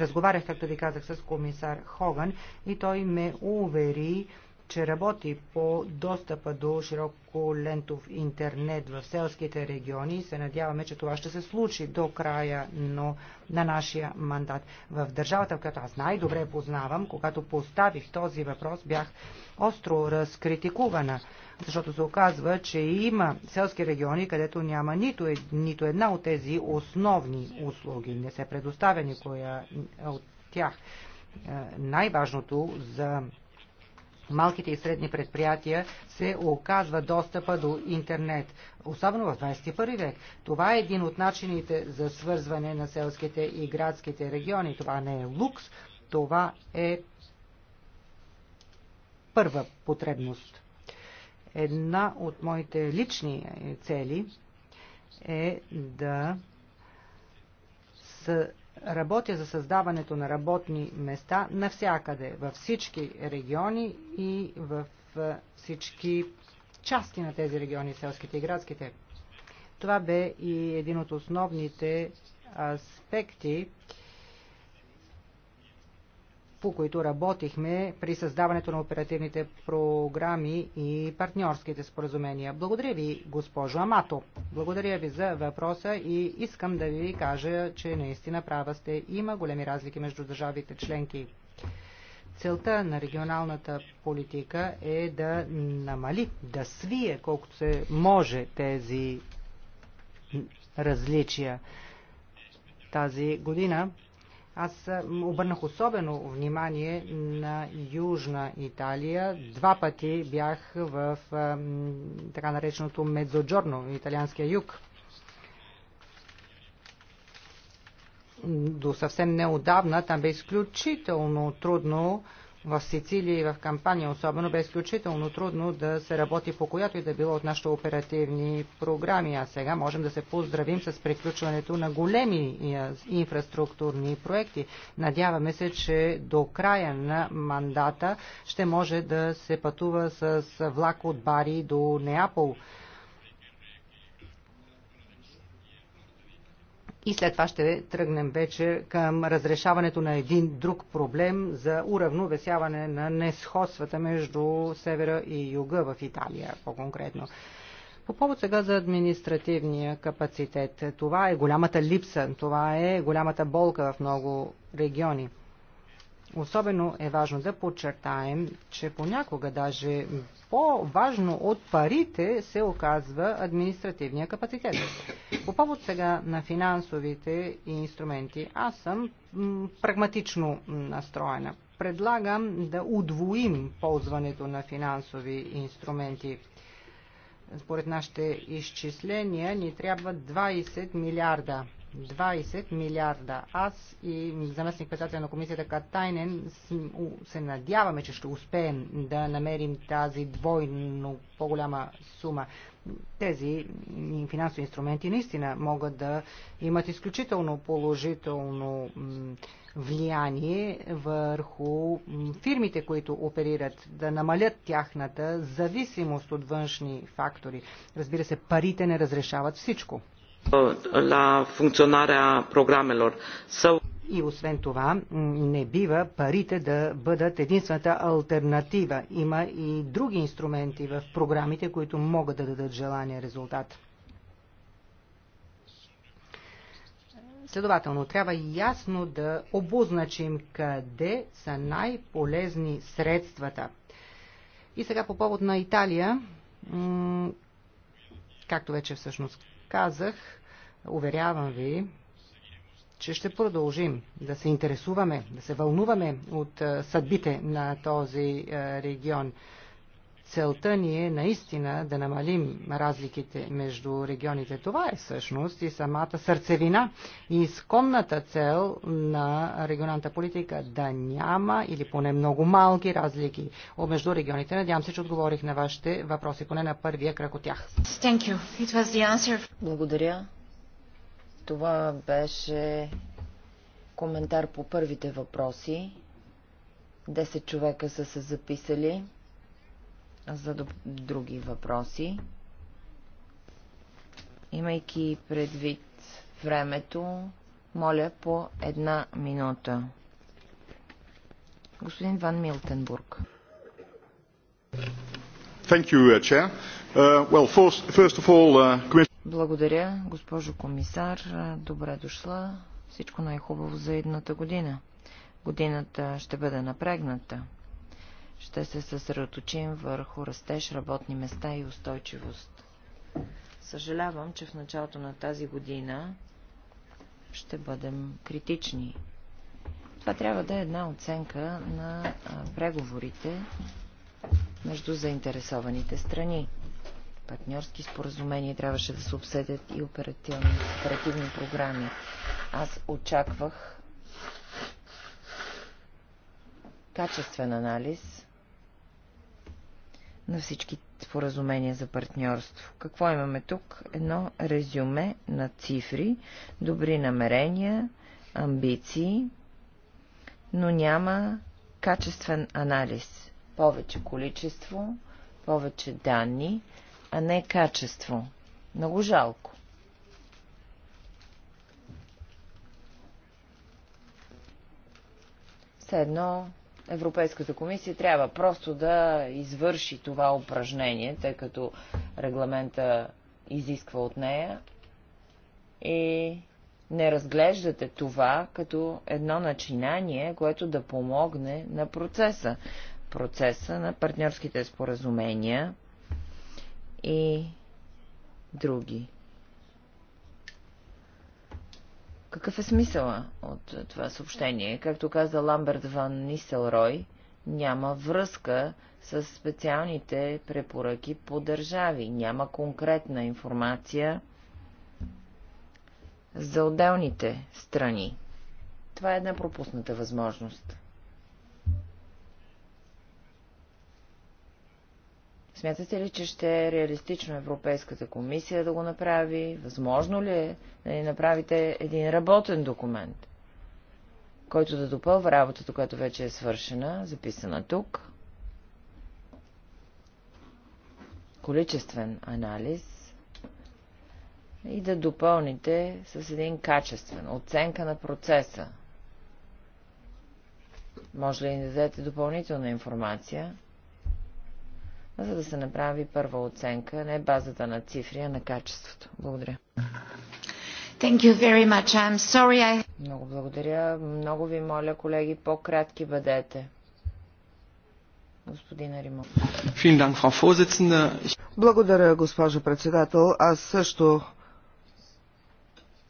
Разговарях, както ви казах, с комисар Хоган и той ме увери, че работи по достъпа до широко лентов интернет в селските региони и се надяваме, че това ще се случи до края но, на нашия мандат. В държавата, в която аз най-добре познавам, когато поставих този въпрос, бях остро разкритикувана, защото се оказва, че има селски региони, където няма нито, нито една от тези основни услуги. Не се предоставя никоя от тях. Е, най-важното за малките и средни предприятия се оказва достъпа до интернет, особено в 21 век. Това е един от начините за свързване на селските и градските региони. Това не е лукс, това е първа потребност. Една от моите лични цели е да работя за създаването на работни места навсякъде, във всички региони и в всички части на тези региони, селските и градските. Това бе и един от основните аспекти, по които работихме при създаването на оперативните програми и партньорските споразумения. Благодаря ви, госпожо Амато. Благодаря ви за въпроса и искам да ви кажа, че наистина права сте. Има големи разлики между държавите членки. Целта на регионалната политика е да намали, да свие колкото се може тези различия. Тази година аз обърнах особено внимание на Южна Италия. Два пъти бях в така нареченото Медзоджорно, италианския юг. До съвсем неодавна там бе изключително трудно в Сицилия и в Кампания особено бе изключително трудно да се работи по която и да било от нашите оперативни програми. А сега можем да се поздравим с приключването на големи инфраструктурни проекти. Надяваме се, че до края на мандата ще може да се пътува с влак от Бари до Неапол. И след това ще тръгнем вече към разрешаването на един друг проблем за уравновесяване на несходствата между севера и юга в Италия по-конкретно. По повод сега за административния капацитет. Това е голямата липса, това е голямата болка в много региони. Особено е важно да подчертаем, че понякога даже по-важно от парите се оказва административния капацитет. По повод сега на финансовите инструменти, аз съм прагматично настроена. Предлагам да удвоим ползването на финансови инструменти. Според нашите изчисления ни трябва 20 милиарда 20 милиарда. Аз и заместник председател на комисията Катайнен се надяваме, че ще успеем да намерим тази двойно по-голяма сума. Тези финансови инструменти наистина могат да имат изключително положително влияние върху фирмите, които оперират, да намалят тяхната зависимост от външни фактори. Разбира се, парите не разрешават всичко la funcționarea programelor. Să... И освен това, не бива парите да бъдат единствената альтернатива. Има и други инструменти в програмите, които могат да дадат желания резултат. Следователно, трябва ясно да обозначим къде са най-полезни средствата. И сега по повод на Италия, както вече всъщност Казах, уверявам ви, че ще продължим да се интересуваме, да се вълнуваме от съдбите на този регион. Целта ни е наистина да намалим разликите между регионите. Това е всъщност и самата сърцевина и изконната цел на регионалната политика да няма или поне много малки разлики между регионите. Надявам се, че отговорих на вашите въпроси, поне на първия кръг от тях. Благодаря. Това беше коментар по първите въпроси. Десет човека са се записали за други въпроси. Имайки предвид времето, моля по една минута. Господин Ван Милтенбург. You, uh, uh, well, first, first all, uh... Благодаря, госпожо комисар. Uh, добре дошла. Всичко най-хубаво за едната година. Годината ще бъде напрегната. Ще се съсредоточим върху растеж, работни места и устойчивост. Съжалявам, че в началото на тази година ще бъдем критични. Това трябва да е една оценка на преговорите между заинтересованите страни. Партньорски споразумения трябваше да се обсъдят и оперативни, оперативни програми. Аз очаквах качествен анализ на всички споразумения за партньорство. Какво имаме тук? Едно резюме на цифри, добри намерения, амбиции, но няма качествен анализ. Повече количество, повече данни, а не качество. Много жалко. Все едно Европейската комисия трябва просто да извърши това упражнение, тъй като регламента изисква от нея и не разглеждате това като едно начинание, което да помогне на процеса, процеса на партньорските споразумения и други. Какъв е смисъла от това съобщение? Както каза Ламберт Ван Ниселрой, няма връзка с специалните препоръки по държави, няма конкретна информация за отделните страни. Това е една пропусната възможност. Смятате ли, че ще е реалистично Европейската комисия да го направи? Възможно ли е да ни направите един работен документ, който да допълва работата, която вече е свършена, записана тук? Количествен анализ и да допълните с един качествен оценка на процеса. Може ли да дадете допълнителна информация? за да се направи първа оценка, не базата на цифри, а на качеството. Благодаря. Thank you very much. I'm sorry I... Много благодаря. Много ви моля, колеги, по-кратки бъдете. Господин Благодаря, госпожо председател. Аз също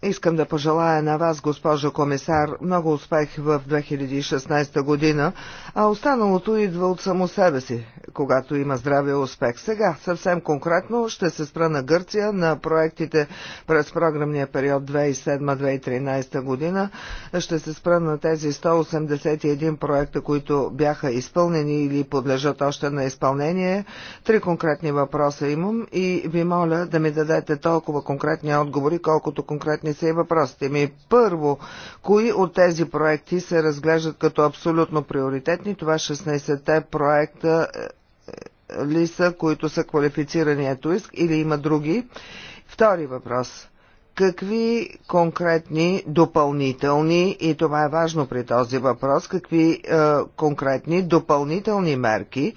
Искам да пожелая на вас, госпожо комисар, много успех в 2016 година, а останалото идва от само себе си, когато има здраве успех. Сега съвсем конкретно ще се спра на Гърция, на проектите през програмния период 2007-2013 година. Ще се спра на тези 181 проекта, които бяха изпълнени или подлежат още на изпълнение. Три конкретни въпроса имам и ви моля да ми дадете толкова конкретни отговори, колкото конкретни са и въпросите ми. Първо, кои от тези проекти се разглеждат като абсолютно приоритетни? Това 16-те проекта е, е, ли са, които са квалифицирани ето иск или има други? Втори въпрос. Какви конкретни допълнителни, и това е важно при този въпрос, какви е, конкретни допълнителни мерки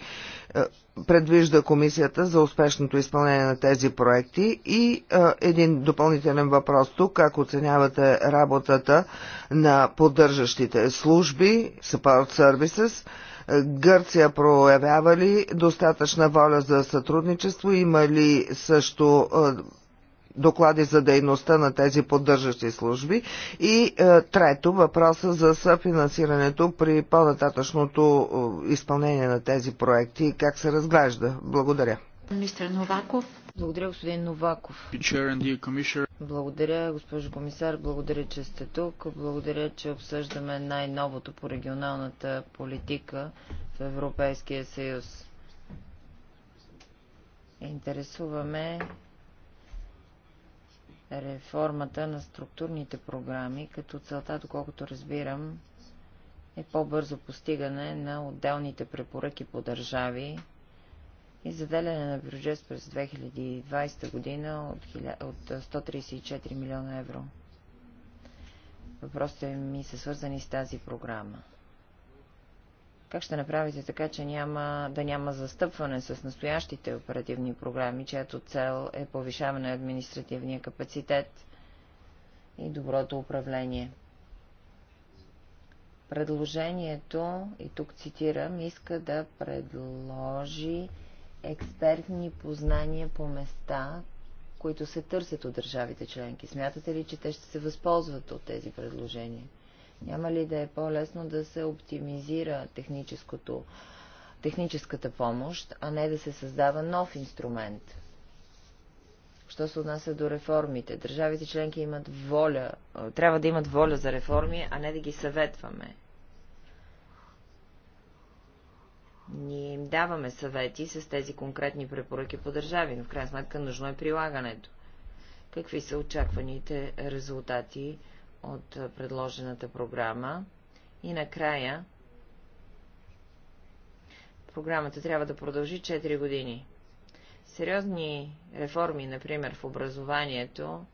е, предвижда комисията за успешното изпълнение на тези проекти? И а, един допълнителен въпрос тук, как оценявате работата на поддържащите служби, support services, Гърция проявява ли достатъчна воля за сътрудничество? Има ли също доклади за дейността на тези поддържащи служби. И е, трето, въпроса за съфинансирането при по-нататъчното е, изпълнение на тези проекти и как се разглежда. Благодаря. Мистер Новаков. Благодаря, господин Новаков. Благодаря, госпожо комисар. Благодаря, че сте тук. Благодаря, че обсъждаме най-новото по регионалната политика в Европейския съюз. Интересуваме реформата на структурните програми, като целта, доколкото разбирам, е по-бързо постигане на отделните препоръки по държави и заделяне на бюджет през 2020 година от 134 милиона евро. Въпросите ми са свързани с тази програма. Как ще направите така, че няма, да няма застъпване с настоящите оперативни програми, чиято цел е повишаване на административния капацитет и доброто управление? Предложението, и тук цитирам, иска да предложи експертни познания по места, които се търсят от държавите членки. Смятате ли, че те ще се възползват от тези предложения? Няма ли да е по-лесно да се оптимизира техническото, техническата помощ, а не да се създава нов инструмент? Що се отнася до реформите? Държавите членки имат воля, трябва да имат воля за реформи, а не да ги съветваме. Ние им даваме съвети с тези конкретни препоръки по държави, но в крайна сметка нужно е прилагането. Какви са очакваните резултати от предложената програма. И накрая програмата трябва да продължи 4 години. Сериозни реформи, например в образованието,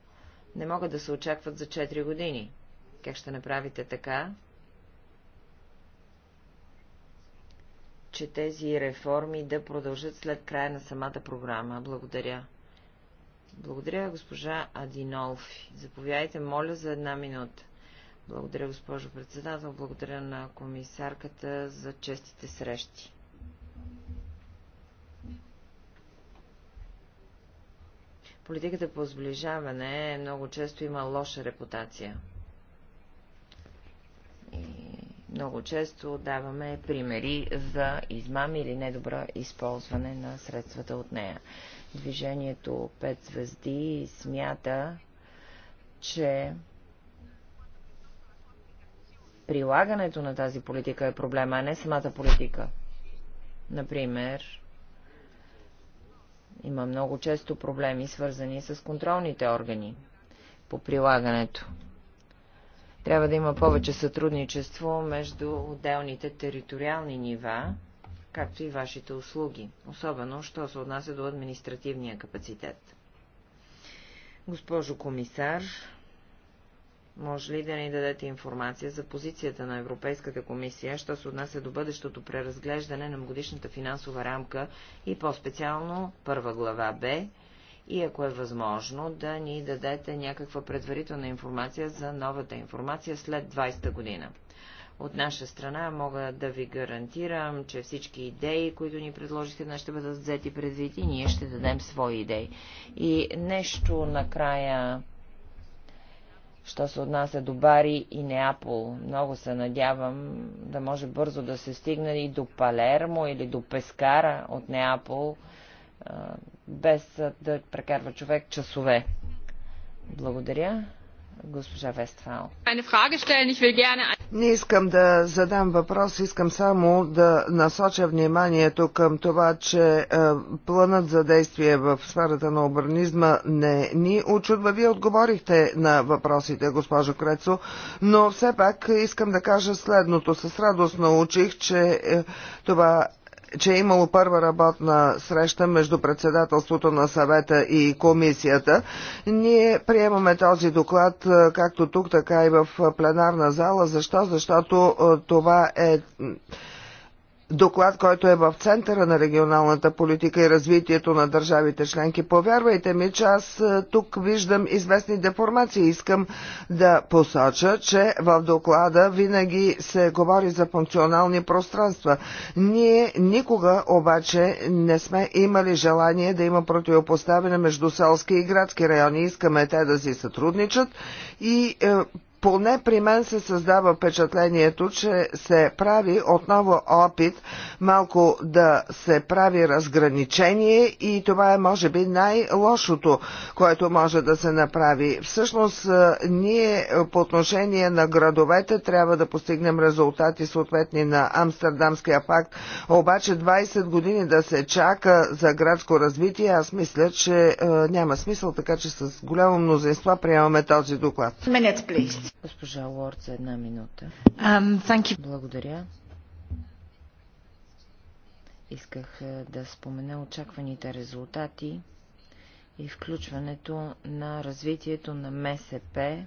не могат да се очакват за 4 години. Как ще направите така, че тези реформи да продължат след края на самата програма? Благодаря. Благодаря, госпожа Адинолфи. Заповядайте, моля, за една минута. Благодаря, госпожо председател. Благодаря на комисарката за честите срещи. Политиката по сближаване много често има лоша репутация. И много често даваме примери за измами или недобро използване на средствата от нея движението 5 звезди смята, че прилагането на тази политика е проблема, а не самата политика. Например, има много често проблеми, свързани с контролните органи по прилагането. Трябва да има повече сътрудничество между отделните териториални нива, както и вашите услуги, особено, що се отнася до административния капацитет. Госпожо комисар, може ли да ни дадете информация за позицията на Европейската комисия, що се отнася до бъдещото преразглеждане на годишната финансова рамка и по-специално първа глава Б, и ако е възможно да ни дадете някаква предварителна информация за новата информация след 20-та година? От наша страна мога да ви гарантирам, че всички идеи, които ни предложихте днес, ще бъдат взети предвид и ние ще дадем свои идеи. И нещо накрая що се отнася до Бари и Неапол. Много се надявам да може бързо да се стигне и до Палермо или до Пескара от Неапол, без да прекарва човек часове. Благодаря госпожа Вестфал. Не искам да задам въпрос, искам само да насоча вниманието към това, че е, планът за действие в сферата на обранизма не ни очудва. Вие отговорихте на въпросите, госпожо Крецо, но все пак искам да кажа следното. С радост научих, че е, това че е имало първа работна среща между председателството на съвета и комисията. Ние приемаме този доклад е, както тук, така и в пленарна зала. Защо? Защото е, това е доклад, който е в центъра на регионалната политика и развитието на държавите членки. Повярвайте ми, че аз е, тук виждам известни деформации. Искам да посоча, че в доклада винаги се говори за функционални пространства. Ние никога обаче не сме имали желание да има противопоставяне между селски и градски райони. Искаме те да си сътрудничат и е, поне при мен се създава впечатлението, че се прави отново опит малко да се прави разграничение и това е може би най-лошото, което може да се направи. Всъщност ние по отношение на градовете трябва да постигнем резултати съответни на Амстердамския пакт, обаче 20 години да се чака за градско развитие, аз мисля, че няма смисъл, така че с голямо мнозинство приемаме този доклад. Minutes, please. Госпожа Лорд за една минута. Um, Благодаря. Исках е, да спомена очакваните резултати и включването на развитието на МСП,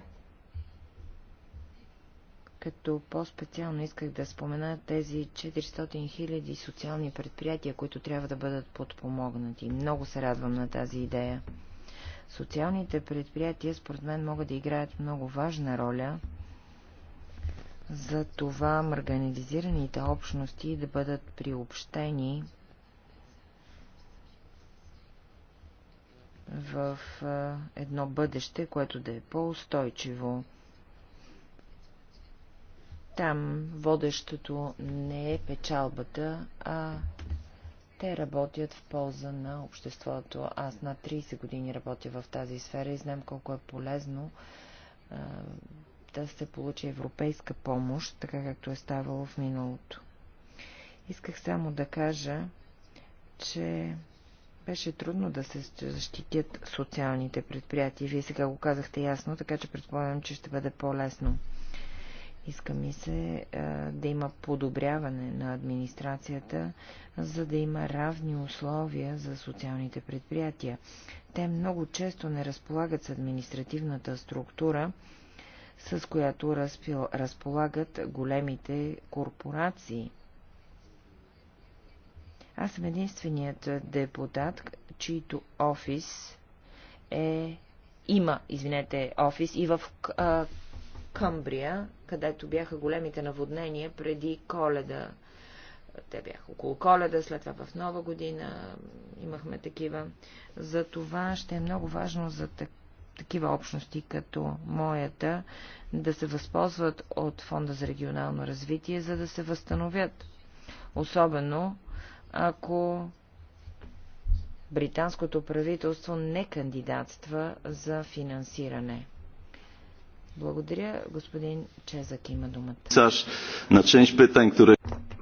като по-специално исках да спомена тези 400 хиляди социални предприятия, които трябва да бъдат подпомогнати. Много се радвам на тази идея. Социалните предприятия, според мен, могат да играят много важна роля за това марганизираните общности да бъдат приобщени в едно бъдеще, което да е по-устойчиво. Там водещото не е печалбата, а те работят в полза на обществото. Аз над 30 години работя в тази сфера и знам колко е полезно а, да се получи европейска помощ, така както е ставало в миналото. Исках само да кажа, че беше трудно да се защитят социалните предприятия. Вие сега го казахте ясно, така че предполагам, че ще бъде по-лесно. Иска ми се да има подобряване на администрацията, за да има равни условия за социалните предприятия. Те много често не разполагат с административната структура, с която разпил, разполагат големите корпорации. Аз съм единственият депутат, чийто офис е... Има, извинете, офис и в а, Къмбрия, където бяха големите наводнения преди коледа. Те бяха около коледа, след това в нова година имахме такива. За това ще е много важно за такива общности като моята да се възползват от Фонда за регионално развитие, за да се възстановят. Особено ако британското правителство не кандидатства за финансиране. Благодаря. Господин Чезък има думата.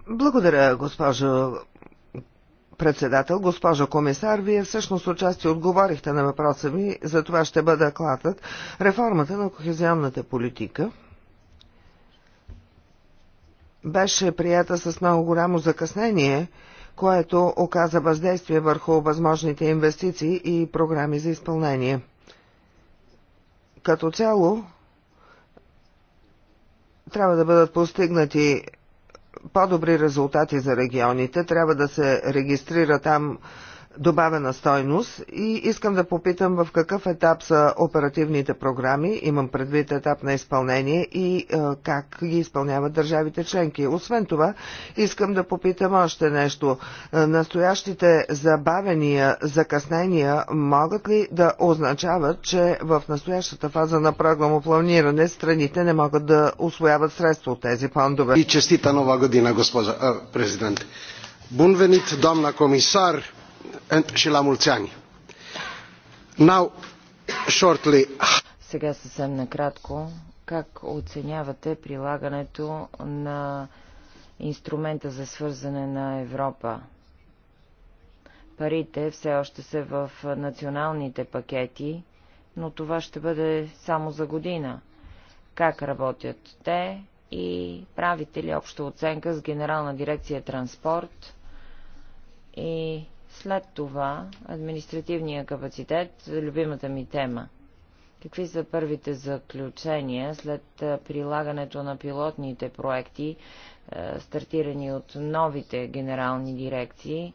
Благодаря, госпожо председател, госпожо комисар, вие всъщност участие отговорихте на въпроса ми, за това ще бъда клатът. Реформата на кохезионната политика беше прията с много голямо закъснение, което оказа въздействие върху възможните инвестиции и програми за изпълнение. Като цяло, трябва да бъдат постигнати по-добри резултати за регионите, трябва да се регистрира там добавена стойност и искам да попитам в какъв етап са оперативните програми, имам предвид етап на изпълнение и е, как ги изпълняват държавите членки. Освен това, искам да попитам още нещо. Е, настоящите забавения, закъснения могат ли да означават, че в настоящата фаза на програмо планиране страните не могат да освояват средства от тези фондове? И честита нова година, госпожа е, президент. Бунвенит, домна комисар, și la mulți ani. Now, shortly... Сега съвсем накратко, как оценявате прилагането на инструмента за свързане на Европа? Парите все още са в националните пакети, но това ще бъде само за година. Как работят те и правите ли обща оценка с Генерална дирекция транспорт и след това административния капацитет, любимата ми тема. Какви са първите заключения след прилагането на пилотните проекти, стартирани от новите генерални дирекции?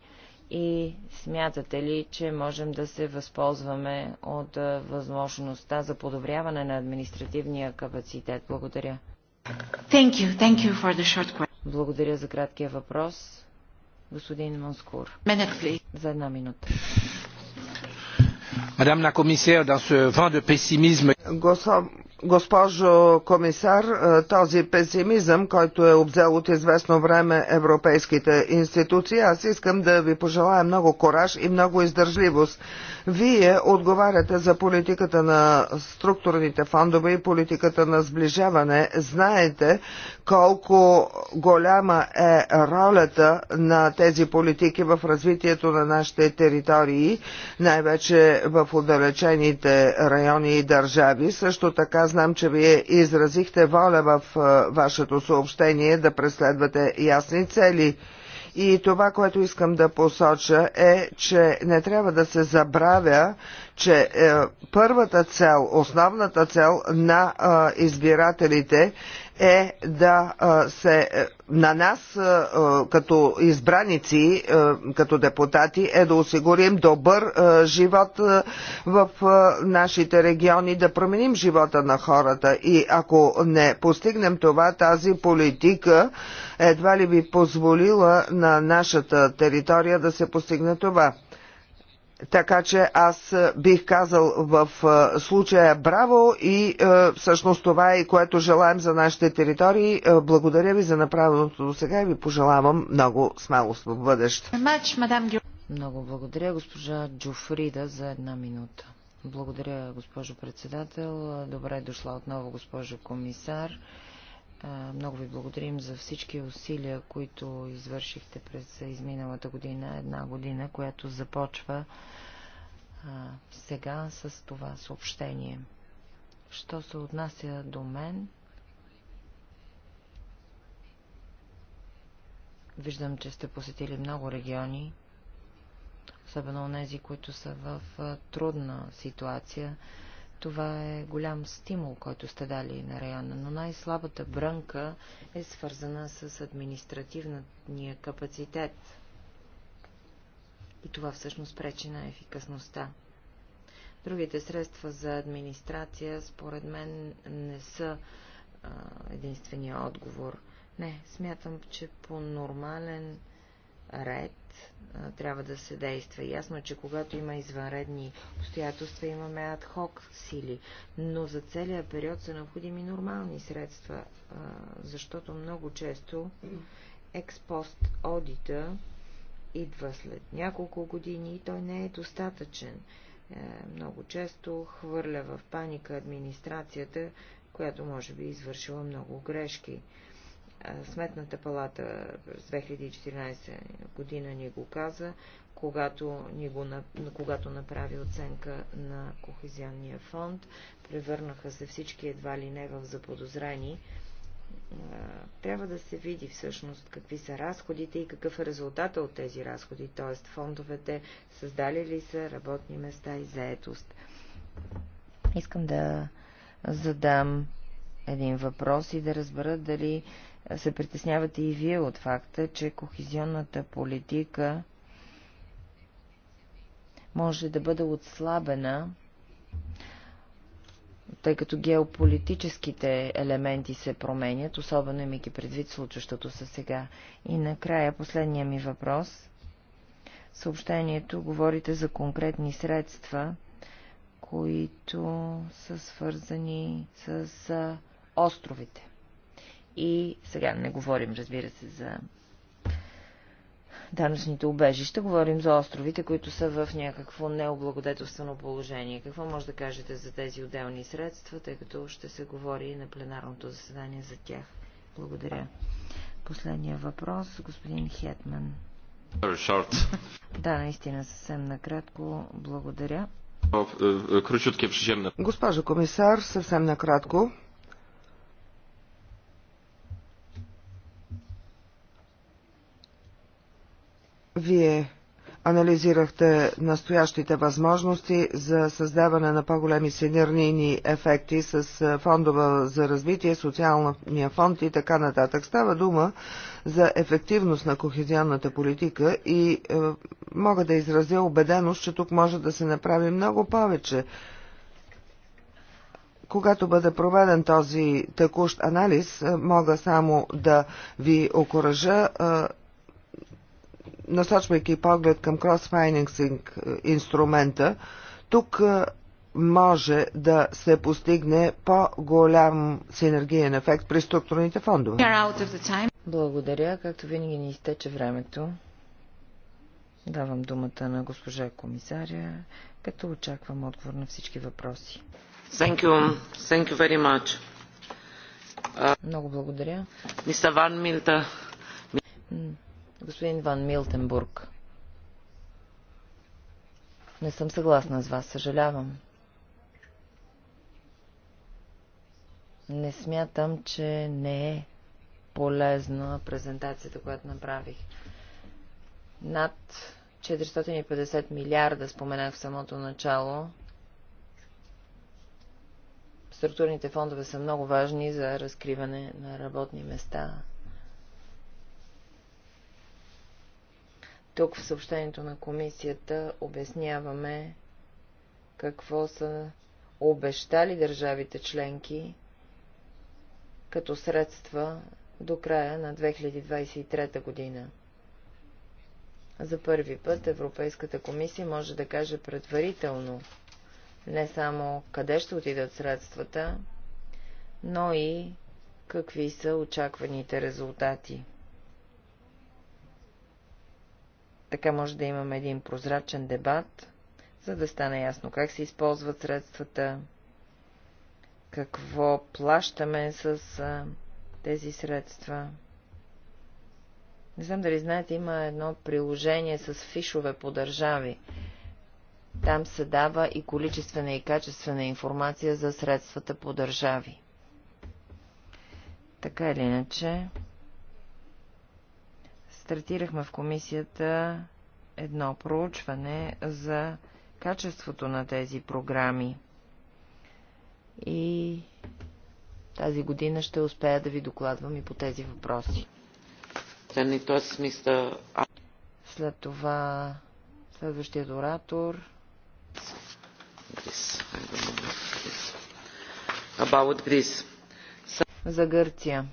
И смятате ли, че можем да се възползваме от възможността за подобряване на административния капацитет? Благодаря. Thank you. Thank you for the short question. Благодаря за краткия въпрос господин Монскур. Е За една минута. Мадам на комисар, dans ce vent de pessimisme... Госпожо комисар, е, този песимизъм, който е обзел от известно време европейските институции, аз искам да ви пожелая много кораж и много издържливост. Вие отговаряте за политиката на структурните фондове и политиката на сближаване. Знаете колко голяма е ролята на тези политики в развитието на нашите територии, най-вече в отдалечените райони и държави. Също така знам, че вие изразихте воля в е, вашето съобщение да преследвате ясни цели – и това, което искам да посоча е, че не трябва да се забравя, че е, първата цел, основната цел на е, избирателите е да е, се на нас е, е, като избраници, е, като депутати е да осигурим добър живот в нашите региони, да променим живота на хората. И ако не постигнем това, тази политика едва ли би позволила на нашата територия да се постигне това. Така че аз е, бих казал в е, случая браво и е, всъщност това е и което желаем за нашите територии. Благодаря ви за направеното до сега и ви пожелавам много смелост в бъдеще. Много благодаря, госпожа Джофрида, за една минута. Благодаря, госпожо председател. Добре дошла отново, госпожо комисар. Много ви благодарим за всички усилия, които извършихте през изминалата година, една година, която започва а, сега с това съобщение. Що се отнася до мен, виждам, че сте посетили много региони, особено тези, които са в трудна ситуация. Това е голям стимул, който сте дали на района, но най-слабата брънка е свързана с административния капацитет. И това всъщност пречи на ефикасността. Другите средства за администрация, според мен, не са единствения отговор. Не, смятам, че по нормален ред трябва да се действа. Ясно е, че когато има извънредни обстоятелства, имаме адхок сили, но за целия период са необходими нормални средства, защото много често експост одита идва след няколко години и той не е достатъчен. Е, много често хвърля в паника администрацията, която може би извършила много грешки. Сметната палата през 2014 година ни го каза, когато, ни го, когато направи оценка на Кохезионния фонд. Превърнаха се всички едва ли не в заподозрени. Трябва да се види всъщност какви са разходите и какъв е резултата от тези разходи, т.е. фондовете създали ли са работни места и заетост. Искам да задам един въпрос и да разбера дали се притеснявате и вие от факта, че кохезионната политика може да бъде отслабена, тъй като геополитическите елементи се променят, особено имайки предвид случващото се сега. И накрая последния ми въпрос. Съобщението говорите за конкретни средства, които са свързани с островите и сега не говорим, разбира се, за данъчните убежища, говорим за островите, които са в някакво необлагодетелствено положение. Какво може да кажете за тези отделни средства, тъй като ще се говори и на пленарното заседание за тях? Благодаря. Последния въпрос, господин Хетман. Да, наистина съвсем накратко. Благодаря. Е, е, е, Госпожо комисар, съвсем накратко. Вие анализирахте настоящите възможности за създаване на по-големи синернийни ефекти с фондова за развитие, социалния фонд и така нататък. Става дума за ефективност на кохезионната политика и е, мога да изразя убеденост, че тук може да се направи много повече. Когато бъде проведен този текущ анализ, мога само да ви окоръжа е, насочвайки поглед към кросфайнансинг инструмента, тук може да се постигне по-голям синергиен ефект при структурните фондове. Благодаря. Както винаги ни изтече времето. Давам думата на госпожа комисаря, като очаквам отговор на всички въпроси. Thank you. Thank you very much. Uh, Много благодаря. Мистер Ван Милта. Господин Ван Милтенбург. Не съм съгласна с вас, съжалявам. Не смятам, че не е полезна презентацията, която направих. Над 450 милиарда, споменах в самото начало. Структурните фондове са много важни за разкриване на работни места Тук в съобщението на комисията обясняваме какво са обещали държавите членки като средства до края на 2023 година. За първи път Европейската комисия може да каже предварително не само къде ще отидат средствата, но и какви са очакваните резултати. Така може да имаме един прозрачен дебат, за да стане ясно как се използват средствата, какво плащаме с а, тези средства. Не знам дали знаете, има едно приложение с фишове по държави. Там се дава и количествена и качествена информация за средствата по държави. Така или иначе, стартирахме в комисията едно проучване за качеството на тези програми. И тази година ще успея да ви докладвам и по тези въпроси. След това следващият оратор. За Гърция.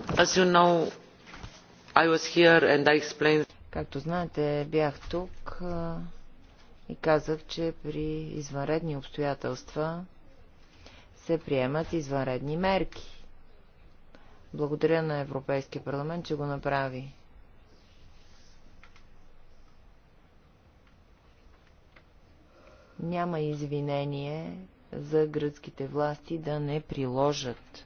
As you know, I was here and I explained... Както знаете, бях тук и казах, че при извънредни обстоятелства се приемат извънредни мерки. Благодаря на Европейския парламент, че го направи. Няма извинение за гръцките власти да не приложат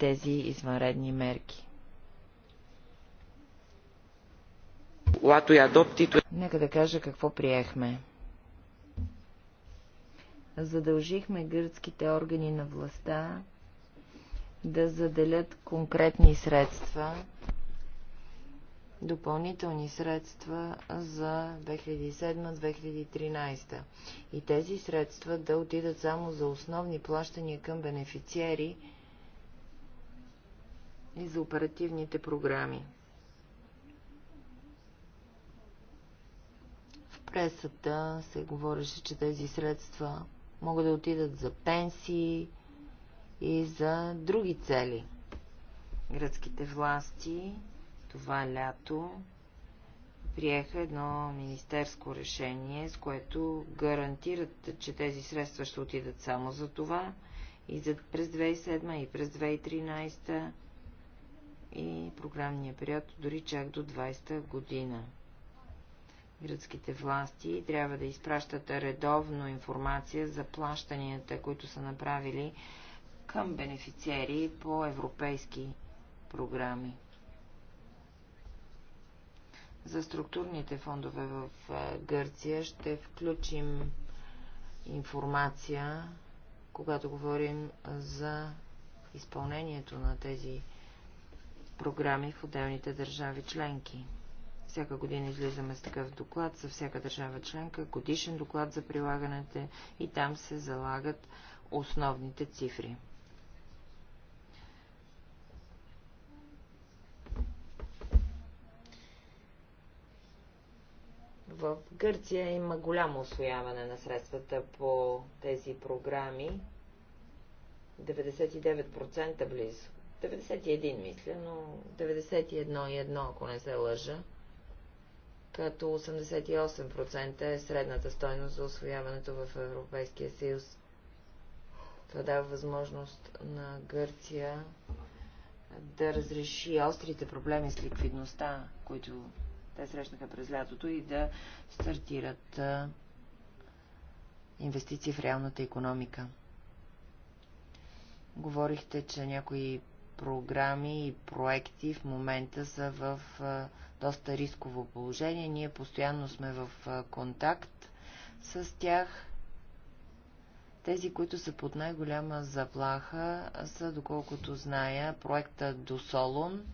тези извънредни мерки. Нека да кажа какво приехме. Задължихме гръцките органи на властта да заделят конкретни средства, допълнителни средства за 2007-2013 и тези средства да отидат само за основни плащания към бенефициери, и за оперативните програми. В пресата се говореше, че тези средства могат да отидат за пенсии и за други цели. Гръцките власти това лято приеха едно министерско решение, с което гарантират, че тези средства ще отидат само за това и за през 2007 и през 2013 и програмния период дори чак до 20-та година. Гръцките власти трябва да изпращат редовно информация за плащанията, които са направили към бенефициери по европейски програми. За структурните фондове в Гърция ще включим информация, когато говорим за изпълнението на тези програми в отделните държави членки. Всяка година излизаме с такъв доклад за всяка държава членка, годишен доклад за прилагането и там се залагат основните цифри. В Гърция има голямо освояване на средствата по тези програми. 99% близо. 91 мисля, но 91 и 1, ако не се лъжа, като 88% е средната стойност за освояването в Европейския съюз. Това дава възможност на Гърция да разреши острите проблеми с ликвидността, които те срещнаха през лятото и да стартират инвестиции в реалната економика. Говорихте, че някои програми и проекти в момента са в доста рисково положение. Ние постоянно сме в контакт с тях. Тези, които са под най-голяма заплаха, са, доколкото зная, проекта Досолон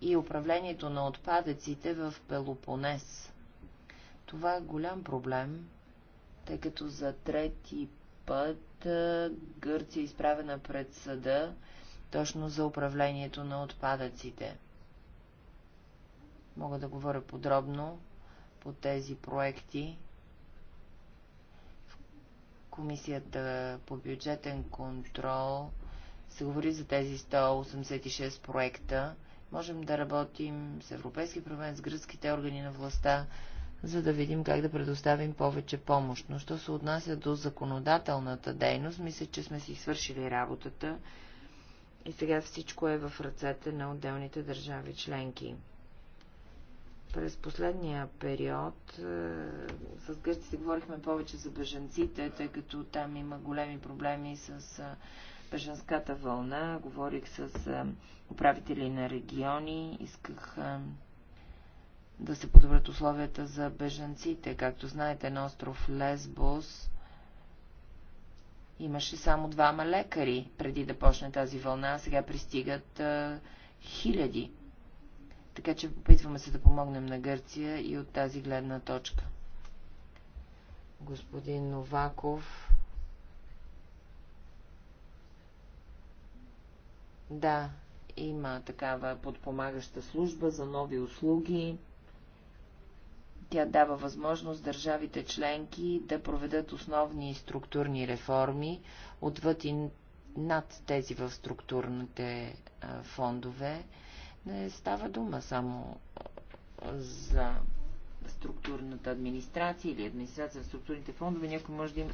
и управлението на отпадъците в Пелопонес. Това е голям проблем, тъй като за трети път Гърция е изправена пред съда точно за управлението на отпадъците. Мога да говоря подробно по тези проекти. В Комисията по бюджетен контрол се говори за тези 186 проекта. Можем да работим с Европейски парламент, с гръцките органи на властта, за да видим как да предоставим повече помощ. Но що се отнася до законодателната дейност, мисля, че сме си свършили работата и сега всичко е в ръцете на отделните държави членки. През последния период е, с гърците говорихме повече за бежанците, тъй като там има големи проблеми с е, бежанската вълна. Говорих с е, управители на региони, исках да се подобрят условията за бежанците. Както знаете, на остров Лесбос Имаше само двама лекари преди да почне тази вълна, а сега пристигат а, хиляди. Така че опитваме се да помогнем на Гърция и от тази гледна точка. Господин Новаков. Да, има такава подпомагаща служба за нови услуги. Тя дава възможност държавите членки да проведат основни структурни реформи отвъд и над тези в структурните фондове. Не става дума само за структурната администрация или администрация в структурните фондове. Някой може да има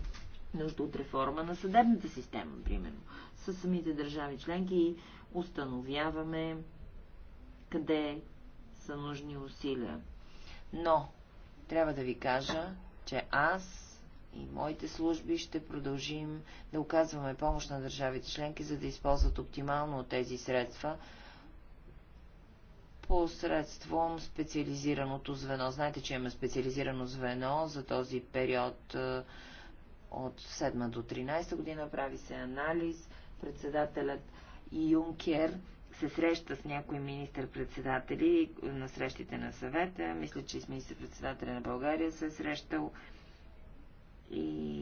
нужда от реформа на съдебната система, примерно. С самите държави членки установяваме къде са нужни усилия. Но трябва да ви кажа, че аз и моите служби ще продължим да оказваме помощ на държавите членки, за да използват оптимално тези средства посредством специализираното звено. Знаете, че имаме специализирано звено за този период е, от 7 до 13 година. Прави се анализ. Председателят Юнкер се среща с някои министър-председатели на срещите на съвета. Мисля, че с министър-председателя на България се е срещал. И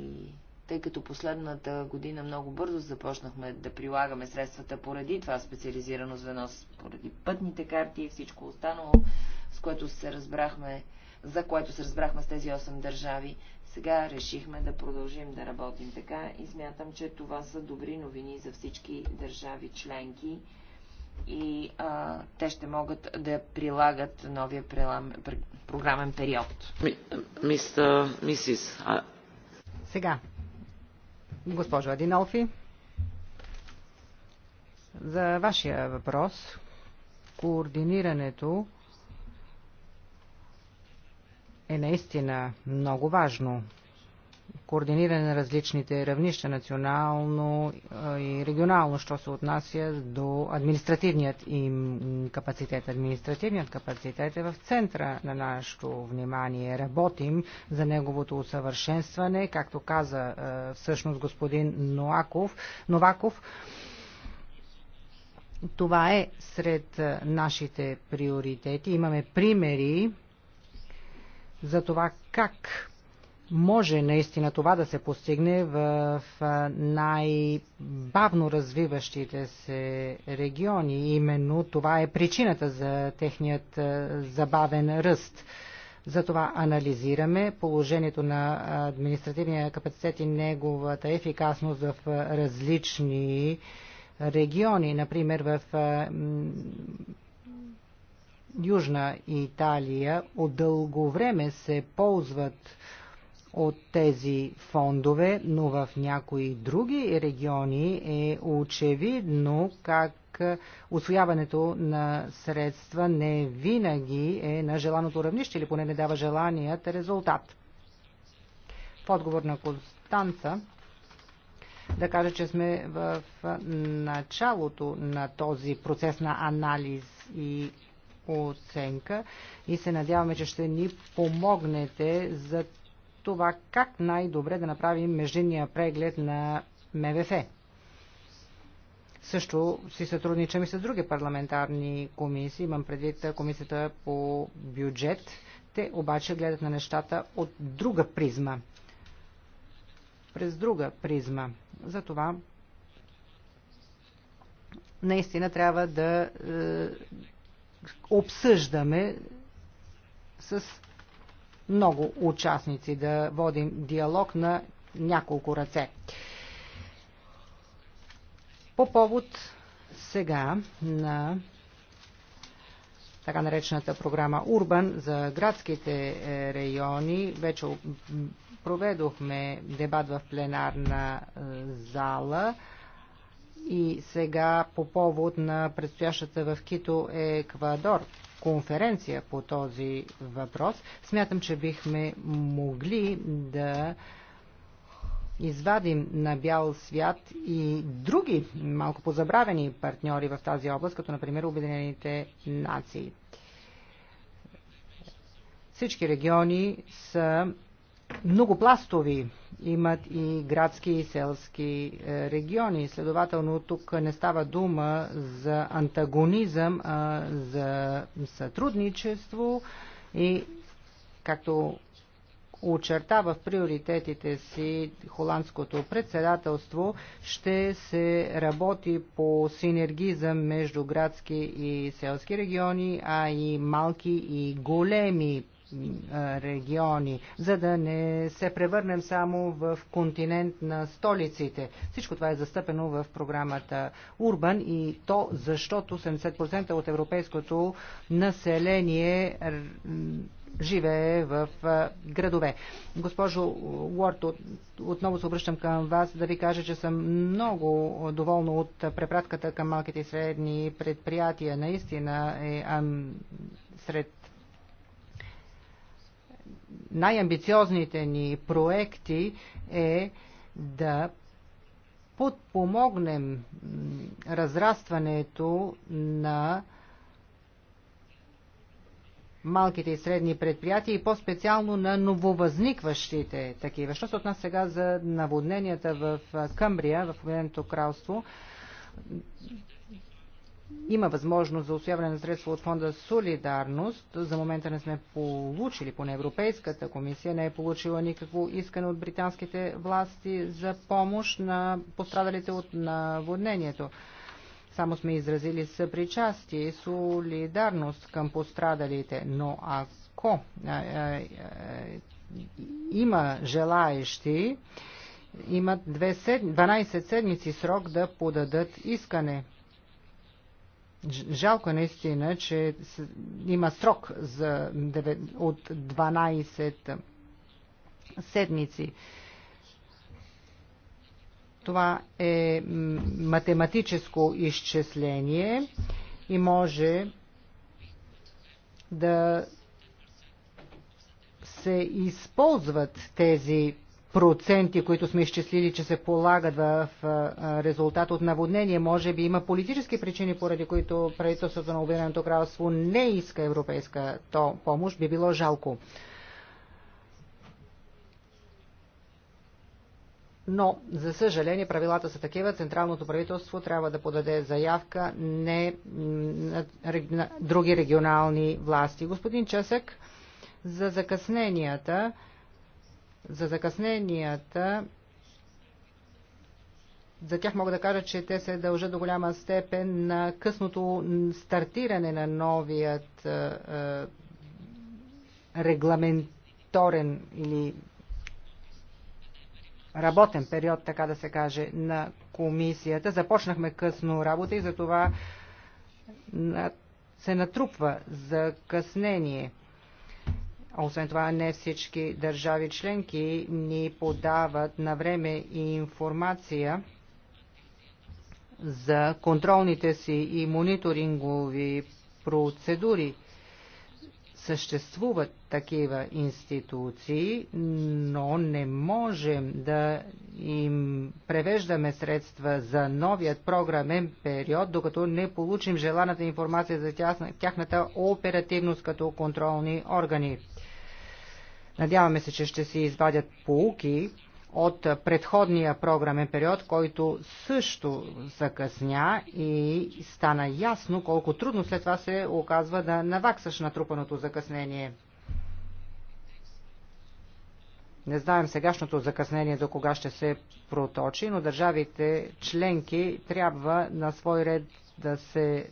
тъй като последната година много бързо започнахме да прилагаме средствата поради това специализирано звено, поради пътните карти и всичко останало, с което се разбрахме, за което се разбрахме с тези 8 държави, сега решихме да продължим да работим така и смятам, че това са добри новини за всички държави членки и а, те ще могат да прилагат новия прилам, пр, програмен период. Мистер, мисис. А... Сега, госпожо Адинолфи, за вашия въпрос, координирането е наистина много важно координиране на различните равнища, национално и регионално, що се отнася до административният им капацитет. Административният капацитет е в центъра на нашето внимание. Работим за неговото усъвършенстване, както каза всъщност господин Ноаков. Новаков това е сред нашите приоритети. Имаме примери за това как може наистина това да се постигне в най-бавно развиващите се региони. Именно това е причината за техният забавен ръст. Затова анализираме положението на административния капацитет и неговата ефикасност в различни региони. Например, в Южна Италия от дълго време се ползват от тези фондове, но в някои други региони е очевидно как освояването на средства не винаги е на желаното равнище или поне не дава желаният резултат. В отговор на Констанца да кажа, че сме в началото на този процес на анализ и оценка и се надяваме, че ще ни помогнете за това как най-добре да направим междинния преглед на МВФ. Също си сътрудничам и с други парламентарни комисии, имам предвид комисията по бюджет. Те обаче гледат на нещата от друга призма. През друга призма. Затова наистина трябва да е, обсъждаме с много участници, да водим диалог на няколко ръце. По повод сега на така наречената програма Урбан за градските е, райони. Вече проведохме дебат в пленарна е, зала и сега по повод на предстоящата в Кито Еквадор конференция по този въпрос, смятам, че бихме могли да извадим на бял свят и други малко позабравени партньори в тази област, като например Обединените нации. Всички региони са многопластови, имат и градски и селски е, региони. Следователно тук не става дума за антагонизъм, а за сътрудничество и както очертава в приоритетите си холандското председателство, ще се работи по синергизъм между градски и селски региони, а и малки и големи региони, за да не се превърнем само в континент на столиците. Всичко това е застъпено в програмата Урбан и то защото 70% от европейското население живее в градове. Госпожо Уорто, отново се обръщам към вас да ви кажа, че съм много доволна от препратката към малките и средни предприятия. Наистина е сред най-амбициозните ни проекти е да подпомогнем разрастването на малките и средни предприятия и по-специално на нововъзникващите такива. Що се отнася сега за наводненията в Къмбрия, в Обединеното кралство, има възможност за освяване на средства от фонда Солидарност. За момента не сме получили, поне Европейската комисия не е получила никакво искане от британските власти за помощ на пострадалите от наводнението. Само сме изразили съпричастие и солидарност към пострадалите, но ако а, а, а, има желаещи, имат 12 седмици срок да подадат искане. Жалко е наистина, че има срок за 9, от 12 седмици. Това е математическо изчисление и може да се използват тези проценти, които сме изчислили, че се полагат в резултат от наводнение. Може би има политически причини, поради които правителството на Обединеното кралство не иска европейска то помощ. Би било жалко. Но, за съжаление, правилата са такива. Централното правителство трябва да подаде заявка не на, други регионални власти. Господин Чесък, за закъсненията за закъсненията за тях мога да кажа, че те се дължат до голяма степен на късното стартиране на новият регламенторен или работен период, така да се каже, на комисията. Започнахме късно работа и за това се натрупва закъснение. Освен това, не всички държави членки ни подават на време и информация за контролните си и мониторингови процедури. Съществуват такива институции, но не можем да им превеждаме средства за новият програмен период, докато не получим желаната информация за тяхната оперативност като контролни органи. Надяваме се, че ще се извадят полуки от предходния програмен период, който също закъсня и стана ясно колко трудно след това се оказва да наваксаш натрупаното закъснение. Не знаем сегашното закъснение до кога ще се проточи, но държавите членки трябва на свой ред да се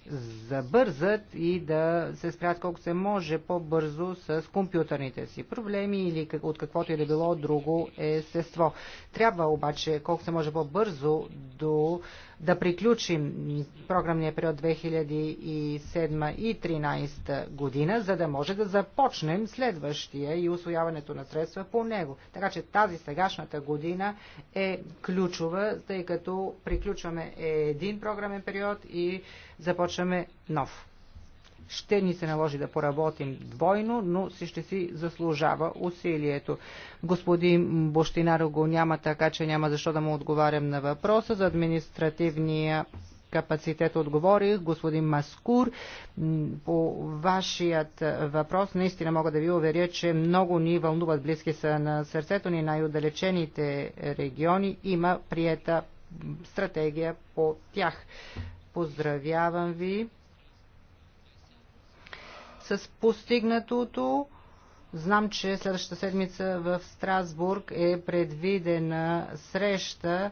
забързат и да се спрят колко се може по-бързо с компютърните си проблеми или от каквото и да било друго естество. Трябва обаче колко се може по-бързо до да приключим програмния период 2007 и 2013 година, за да може да започнем следващия и освояването на средства по него. Така че тази сегашната година е ключова, тъй като приключваме един програмен период и започваме нов ще ни се наложи да поработим двойно, но си ще си заслужава усилието. Господин Бощинаро го няма, така че няма защо да му отговарям на въпроса за административния капацитет отговорих. Господин Маскур, по вашият въпрос наистина мога да ви уверя, че много ни вълнуват близки са на сърцето ни най-отдалечените региони. Има приета стратегия по тях. Поздравявам ви! с постигнатото. Знам, че следващата седмица в Страсбург е предвидена среща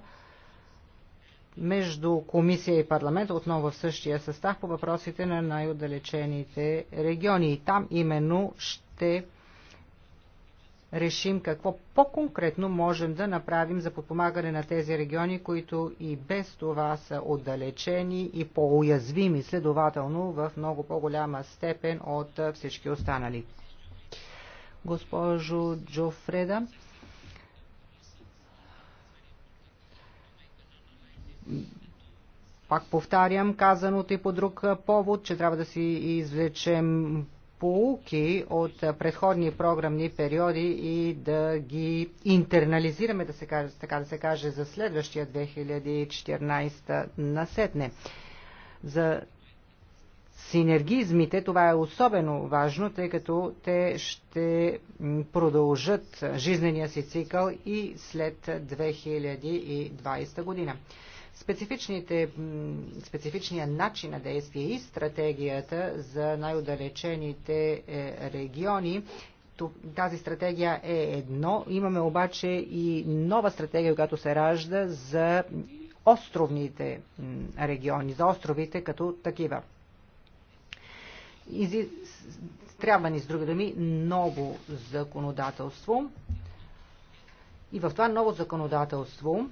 между комисия и парламент, отново в същия състав, по въпросите на най-отдалечените региони. И там именно ще решим какво по-конкретно можем да направим за подпомагане на тези региони, които и без това са отдалечени и по-уязвими, следователно в много по-голяма степен от всички останали. Госпожо Джофреда, пак повтарям казаното и по друг повод, че трябва да си извлечем поуки от предходни програмни периоди и да ги интернализираме, да се каже, така да се каже, за следващия 2014 насетне. За синергизмите това е особено важно, тъй като те ще продължат жизнения си цикъл и след 2020 година. Специфичните, специфичния начин на действие и стратегията за най-удалечените е, региони тази стратегия е едно. Имаме обаче и нова стратегия, която се ражда за островните региони, за островите като такива. Изи... Трябва ни, с други думи, ново законодателство. И в това ново законодателство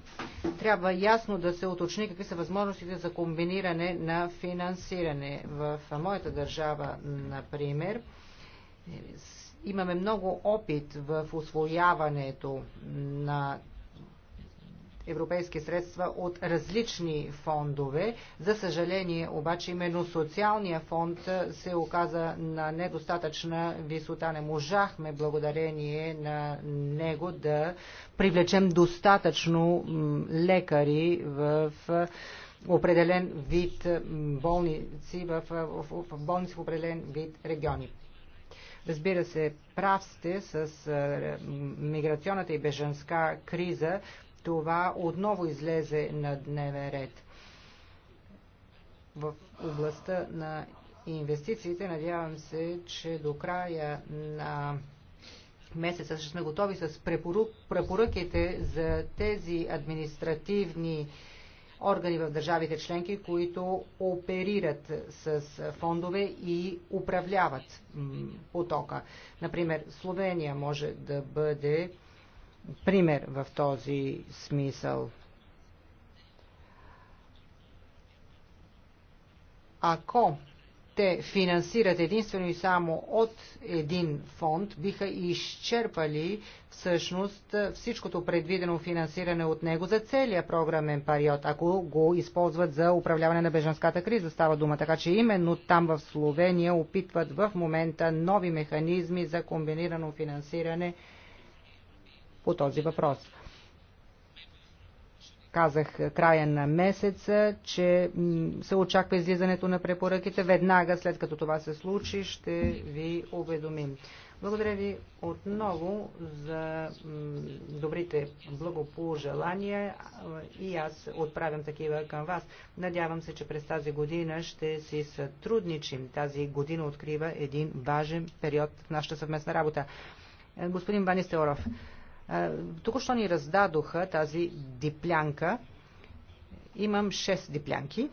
трябва ясно да се уточни какви са възможностите за комбиниране на финансиране. В моята държава, например, имаме много опит в освояването на европейски средства от различни фондове. За съжаление, обаче, именно социалния фонд се оказа на недостатъчна висота. Не можахме, благодарение на него, да привлечем достатъчно лекари в определен вид болници, в, в, в болници в определен вид региони. Разбира се, прав сте с миграционната и беженска криза това отново излезе на дневен ред. В областта на инвестициите надявам се, че до края на месеца ще сме готови с препоръките за тези административни органи в държавите членки, които оперират с фондове и управляват потока. Например, Словения може да бъде пример в този смисъл. Ако те финансират единствено и само от един фонд, биха изчерпали всъщност всичкото предвидено финансиране от него за целия програмен период, ако го използват за управляване на бежанската криза, става дума. Така че именно там в Словения опитват в момента нови механизми за комбинирано финансиране по този въпрос. Казах края на месеца, че се очаква излизането на препоръките. Веднага след като това се случи, ще ви уведомим. Благодаря ви отново за добрите благопожелания, и аз отправям такива към вас. Надявам се, че през тази година ще си сътрудничим. Тази година открива един важен период в нашата съвместна работа. Е, господин Ванистеоров, Теоров, Току-що ни раздадоха тази диплянка. Имам 6 диплянки.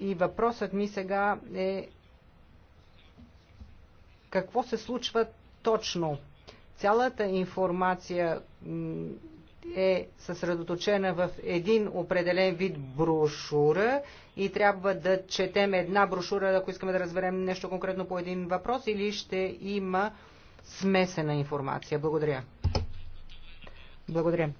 И въпросът ми сега е какво се случва точно. Цялата информация, е съсредоточена в един определен вид брошура и трябва да четем една брошура, ако искаме да разберем нещо конкретно по един въпрос или ще има смесена информация. Благодаря. Благодаря,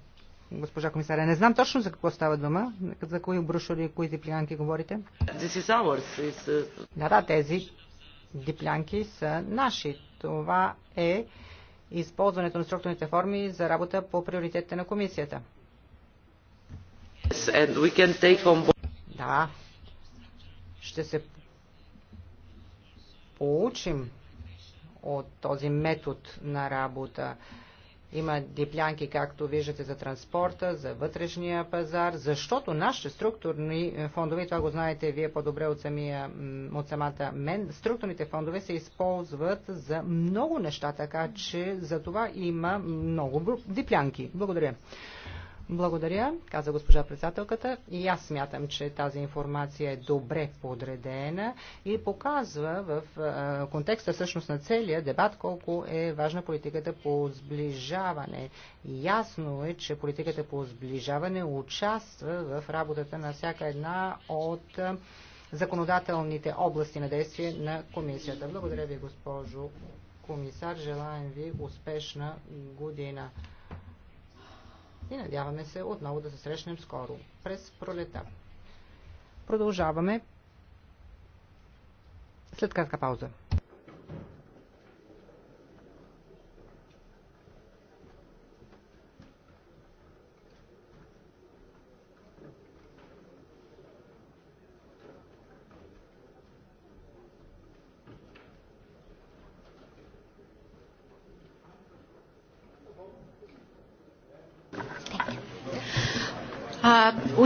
госпожа комисаря. Не знам точно за какво става дума, за кои брошури, кои диплянки говорите. Uh, да, да, тези диплянки са наши. Това е използването на структурните форми за работа по приоритетите на комисията. On... Да, ще се получим от този метод на работа. Има диплянки, както виждате, за транспорта, за вътрешния пазар, защото нашите структурни е, фондове, това го знаете вие по-добре от, самия, от самата мен, структурните фондове се използват за много неща, така че за това има много диплянки. Благодаря. Благодаря, каза госпожа председателката. И аз смятам, че тази информация е добре подредена и показва в контекста всъщност на целия дебат колко е важна политиката по сближаване. Ясно е, че политиката по сближаване участва в работата на всяка една от законодателните области на действие на комисията. Благодаря ви, госпожо комисар. Желаем ви успешна година и надяваме се отново да се срещнем скоро, през пролета. Продължаваме след кратка пауза.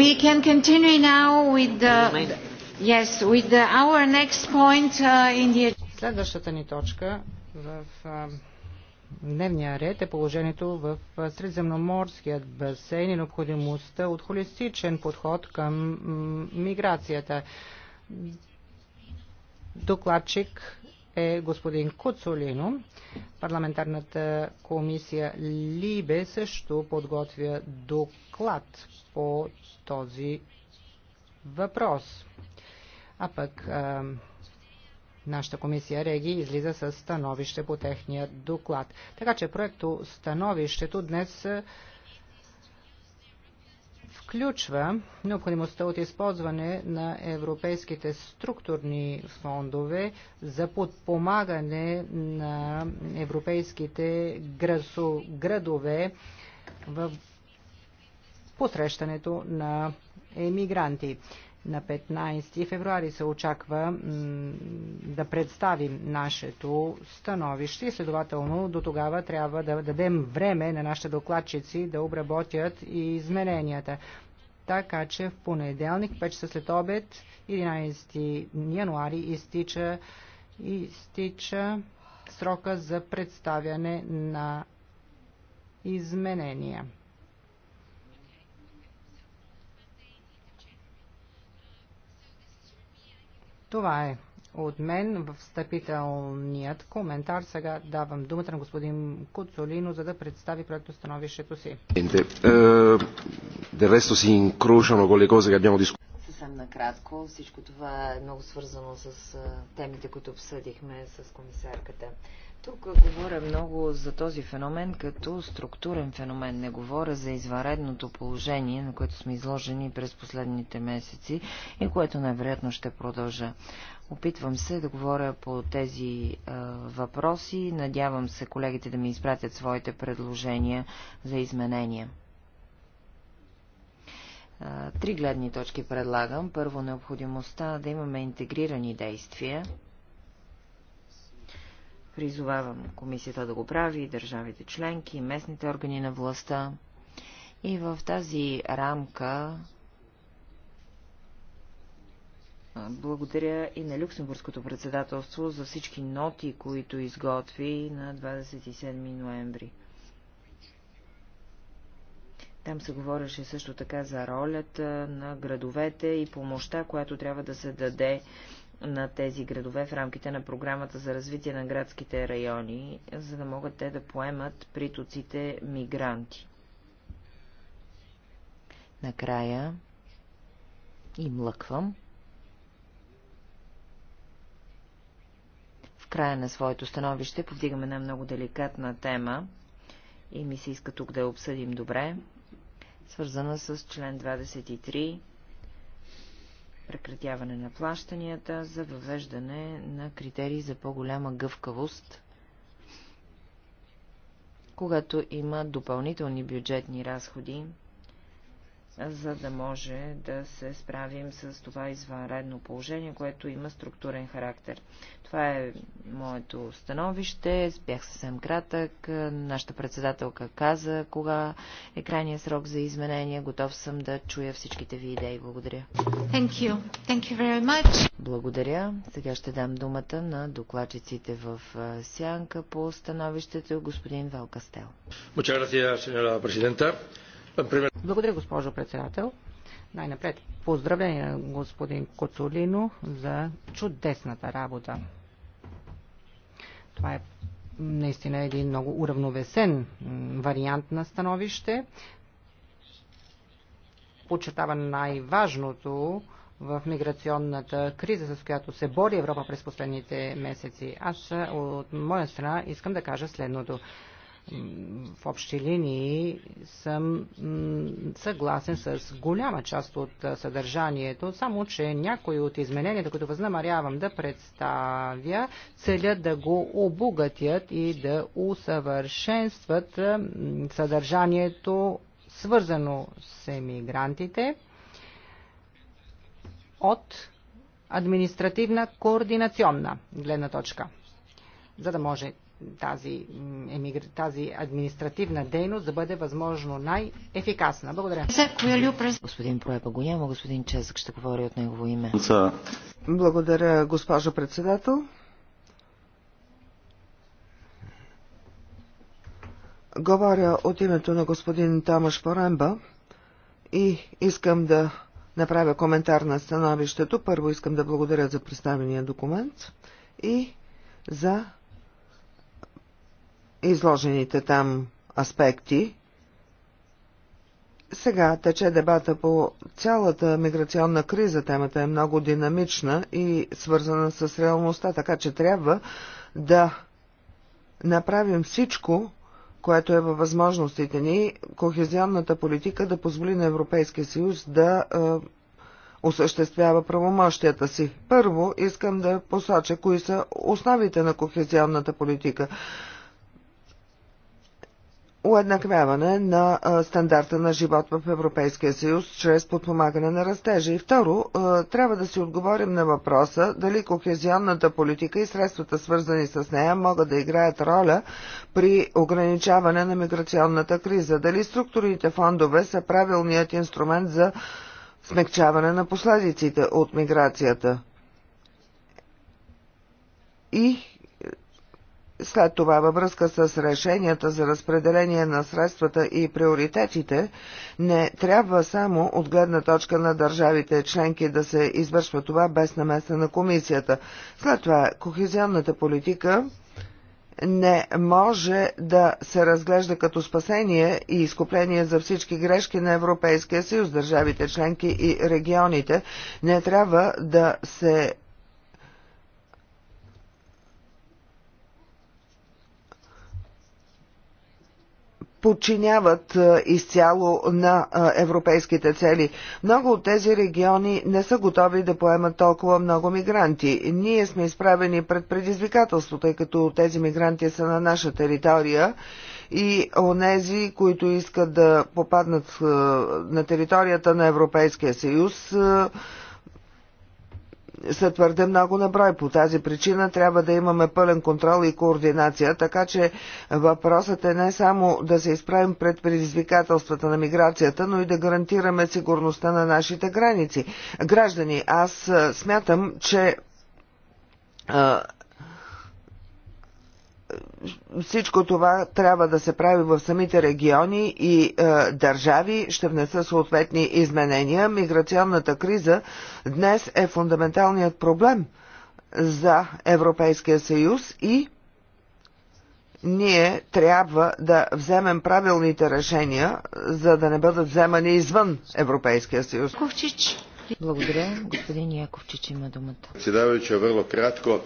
We can continue now with the, yes, with the, our next point uh, in the... Следващата ни точка в uh, дневния ред е положението в Средиземноморският басейн и необходимостта от холистичен подход към миграцията. Докладчик е господин Коцолино. Парламентарната комисия Либе също подготвя доклад по този въпрос. А пък а, нашата комисия Реги излиза с становище по техния доклад. Така че проекто становището днес включва необходимостта от използване на европейските структурни фондове за подпомагане на европейските градове в посрещането на емигранти. На 15 февруари се очаква да представим нашето становище. Следователно, до тогава трябва да дадем време на нашите докладчици да обработят и измененията. Така че в понеделник, часа след обед, 11 януари, изтича, изтича срока за представяне на изменения. Това е от мен в встъпителният коментар. Сега давам думата на господин Куцолино, за да представи становището си. Е, del resto si incrociano con le cose che abbiamo discusso. Съвсем накратко, всичко това е много свързано с темите, които обсъдихме с комисарката. Тук говоря много за този феномен като структурен феномен. Не говоря за изваредното положение, на което сме изложени през последните месеци и което най-вероятно ще продължа. Опитвам се да говоря по тези е, въпроси. Надявам се колегите да ми изпратят своите предложения за изменения. Три гледни точки предлагам. Първо, необходимостта да имаме интегрирани действия. Призовавам комисията да го прави, държавите членки, местните органи на властта. И в тази рамка благодаря и на Люксембургското председателство за всички ноти, които изготви на 27 ноември. Там се говореше също така за ролята на градовете и помощта, която трябва да се даде на тези градове в рамките на програмата за развитие на градските райони, за да могат те да поемат притоците мигранти. Накрая и млъквам. В края на своето становище повдигаме една много деликатна тема и ми се иска тук да я обсъдим добре свързана с член 23 прекратяване на плащанията за въвеждане на критерии за по-голяма гъвкавост, когато има допълнителни бюджетни разходи за да може да се справим с това извънредно положение, което има структурен характер. Това е моето становище. Бях съвсем кратък. Нашата председателка каза кога е крайният срок за изменения. Готов съм да чуя всичките ви идеи. Благодаря. Thank you. Thank you very much. Благодаря. Сега ще дам думата на докладчиците в Сянка по становището господин Валкастел. Благодаря, gracias, президента. Благодаря, госпожо председател. Най-напред поздравление на господин Коцолино за чудесната работа. Това е наистина един много уравновесен вариант на становище. Почетава най-важното в миграционната криза, с която се бори Европа през последните месеци. Аз от моя страна искам да кажа следното в общи линии съм съгласен с голяма част от съдържанието, само че някои от измененията, които възнамарявам да представя, целят да го обогатят и да усъвършенстват съдържанието, свързано с емигрантите от административна координационна гледна точка, за да може тази, емигр... тази административна дейност да бъде възможно най-ефикасна. Благодаря. Господин Проепа го няма, господин Чезък ще говори от негово име. Благодаря, госпожо председател. Говоря от името на господин Тамаш Поремба и искам да направя коментар на становището. Първо искам да благодаря за представения документ и за изложените там аспекти. Сега тече дебата по цялата миграционна криза. Темата е много динамична и свързана с реалността, така че трябва да направим всичко, което е във възможностите ни, кохезионната политика да позволи на Европейския съюз да е, осъществява правомощията си. Първо искам да посоча кои са основите на кохезионната политика уеднаквяване на стандарта на живот в Европейския съюз чрез подпомагане на растежа. И второ, трябва да си отговорим на въпроса дали кохезионната политика и средствата свързани с нея могат да играят роля при ограничаване на миграционната криза. Дали структурните фондове са правилният инструмент за смягчаване на последиците от миграцията. И след това във връзка с решенията за разпределение на средствата и приоритетите, не трябва само от гледна точка на държавите членки да се извършва това без намеса на комисията. След това кохезионната политика не може да се разглежда като спасение и изкупление за всички грешки на Европейския съюз, държавите членки и регионите. Не трябва да се подчиняват изцяло на европейските цели. Много от тези региони не са готови да поемат толкова много мигранти. Ние сме изправени пред предизвикателство, тъй като тези мигранти са на наша територия и онези, които искат да попаднат на територията на Европейския съюз, са твърде много на брой. По тази причина трябва да имаме пълен контрол и координация, така че въпросът е не само да се изправим пред предизвикателствата на миграцията, но и да гарантираме сигурността на нашите граници. Граждани, аз смятам, че всичко това трябва да се прави в самите региони и е, държави. Ще внеса съответни изменения. Миграционната криза днес е фундаменталният проблем за Европейския съюз и ние трябва да вземем правилните решения, за да не бъдат вземани извън Европейския съюз. Ковчич. Благодаря. Господин Яковчич има думата. че върло кратко.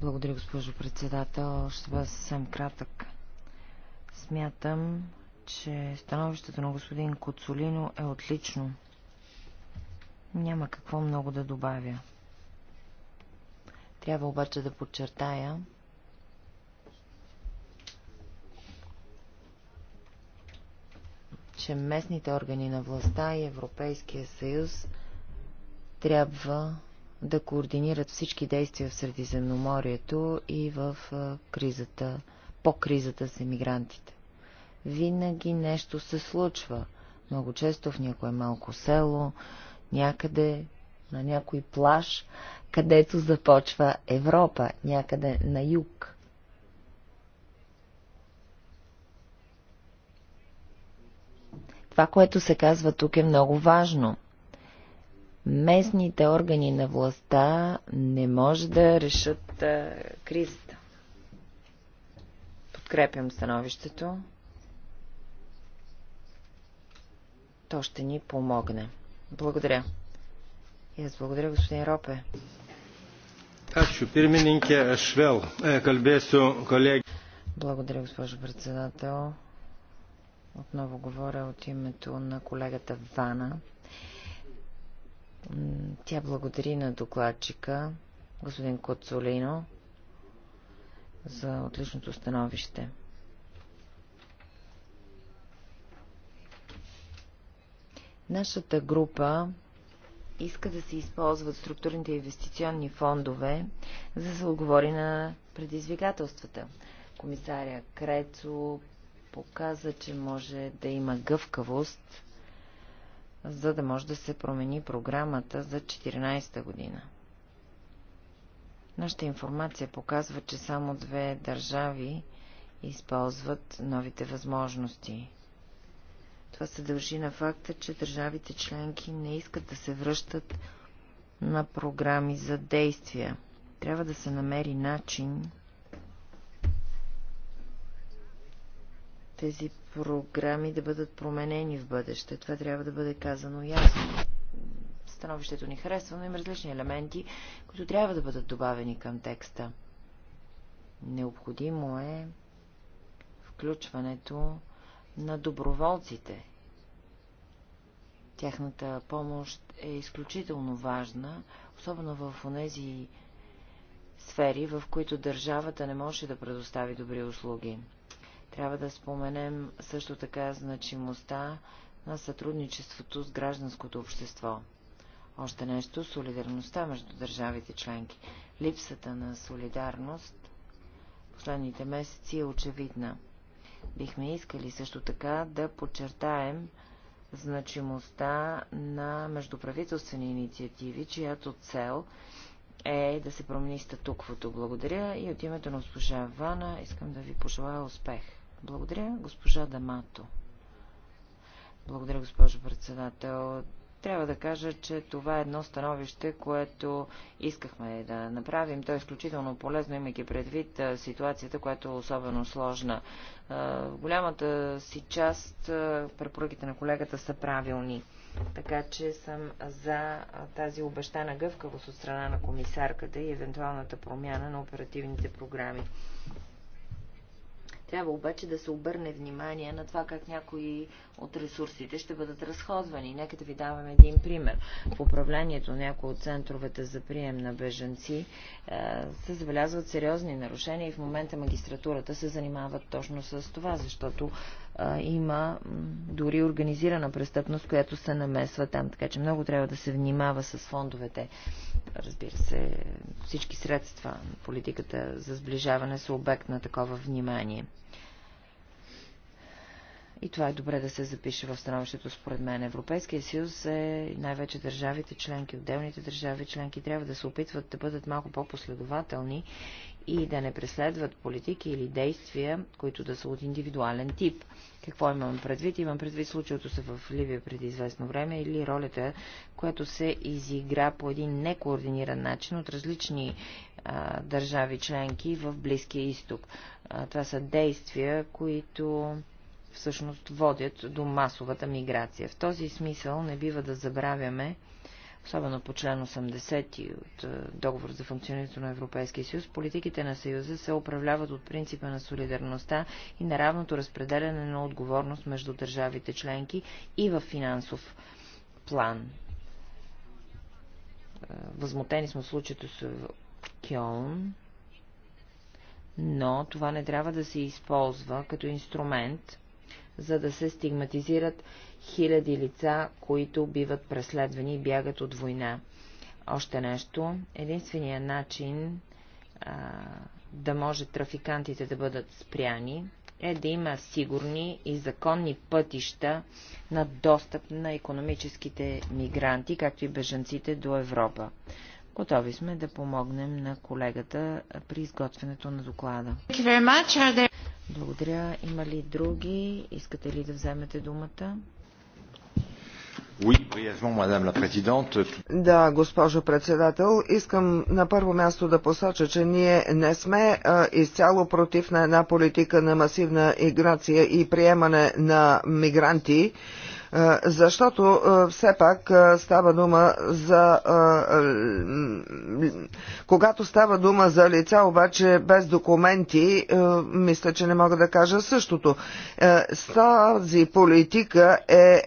Благодаря, госпожо председател. Ще бъда съвсем кратък. Смятам, че становището на господин Коцолино е отлично. Няма какво много да добавя. Трябва обаче да подчертая, че местните органи на властта и Европейския съюз трябва да координират всички действия в Средиземноморието и в кризата, по кризата с емигрантите. Винаги нещо се случва. Много често в някое малко село, някъде на някой плаж, където започва Европа, някъде на юг. Това, което се казва тук е много важно – местните органи на властта не може да решат а, кризата. Подкрепям становището. То ще ни помогне. Благодаря. И аз благодаря, господин Ропе. Ačiū pirmininkė, aš vėl е, kalbėsiu Благодаря, госпожо председател. Отново говоря от името на колегата Вана. Тя благодари на докладчика, господин Коцолино, за отличното становище. Нашата група иска да се използват структурните инвестиционни фондове, за да се отговори на предизвикателствата. Комисаря Крецо показа, че може да има гъвкавост за да може да се промени програмата за 2014 година. Нашата информация показва, че само две държави използват новите възможности. Това се дължи на факта, че държавите членки не искат да се връщат на програми за действия. Трябва да се намери начин тези програми да бъдат променени в бъдеще. Това трябва да бъде казано ясно. Становището ни харесва, но има различни елементи, които трябва да бъдат добавени към текста. Необходимо е включването на доброволците. Тяхната помощ е изключително важна, особено в тези сфери, в които държавата не може да предостави добри услуги. Трябва да споменем също така значимостта на сътрудничеството с гражданското общество. Още нещо – солидарността между държавите членки. Липсата на солидарност последните месеци е очевидна. Бихме искали също така да подчертаем значимостта на междуправителствени инициативи, чиято цел е да се промени статуквото. Благодаря и от името на госпожа Вана искам да ви пожелая успех. Благодаря, госпожа Дамато. Благодаря, госпожо председател. Трябва да кажа, че това е едно становище, което искахме да направим. То е изключително полезно, имайки предвид ситуацията, която е особено сложна. В голямата си част препоръките на колегата са правилни. Така че съм за тази обещана гъвкавост от страна на комисарката и евентуалната промяна на оперативните програми. Трябва обаче да се обърне внимание на това как някои от ресурсите ще бъдат разходвани. Нека да ви давам един пример. В управлението някои от центровете за прием на беженци е, се забелязват сериозни нарушения и в момента магистратурата се занимават точно с това, защото е, има дори организирана престъпност, която се намесва там. Така че много трябва да се внимава с фондовете. Разбира се, всички средства на политиката за сближаване са обект на такова внимание. И това е добре да се запише в становището, според мен. Европейския съюз е най-вече държавите членки, отделните държави членки трябва да се опитват да бъдат малко по-последователни и да не преследват политики или действия, които да са от индивидуален тип. Какво имам предвид? Имам предвид случилото се в Ливия преди известно време или ролята, която се изигра по един некоординиран начин от различни а, държави членки в Близкия изток. А, това са действия, които всъщност водят до масовата миграция. В този смисъл не бива да забравяме, особено по член 80 от е, Договор за функционирането на Европейския съюз, политиките на Съюза се управляват от принципа на солидарността и на равното разпределяне на отговорност между държавите членки и в финансов план. Е, възмутени сме в случаето с Кьон, но това не трябва да се използва като инструмент за да се стигматизират хиляди лица, които биват преследвани и бягат от война. Още нещо. Единственият начин а, да може трафикантите да бъдат спряни е да има сигурни и законни пътища на достъп на економическите мигранти, както и бежанците до Европа. Готови сме да помогнем на колегата при изготвянето на доклада. Благодаря. Има ли други? Искате ли да вземете думата? Да, госпожо председател, искам на първо място да посоча, че ние не сме а, изцяло против на една политика на масивна играция и приемане на мигранти. Е, защото е, все пак е, става дума за когато става дума за лица, обаче без документи, мисля, че не мога да кажа същото. Тази политика е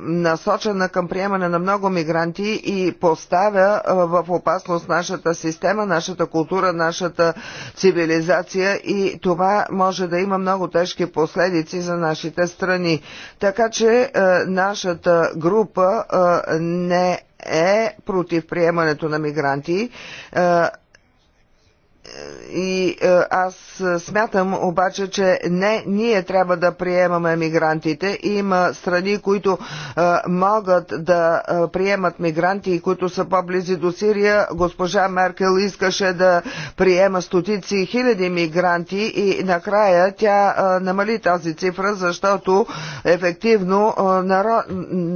насочена към приемане на много мигранти и поставя в опасност нашата система, нашата култура, нашата цивилизация и това може да има много тежки последици за нашите страни. Така че е, нашата група е, не е против приемането на мигранти. Е, и е, аз смятам обаче, че не ние трябва да приемаме мигрантите. Има страни, които е, могат да е, приемат мигранти и които са по-близи до Сирия. Госпожа Меркел искаше да приема стотици хиляди мигранти и накрая тя намали тази цифра, защото ефективно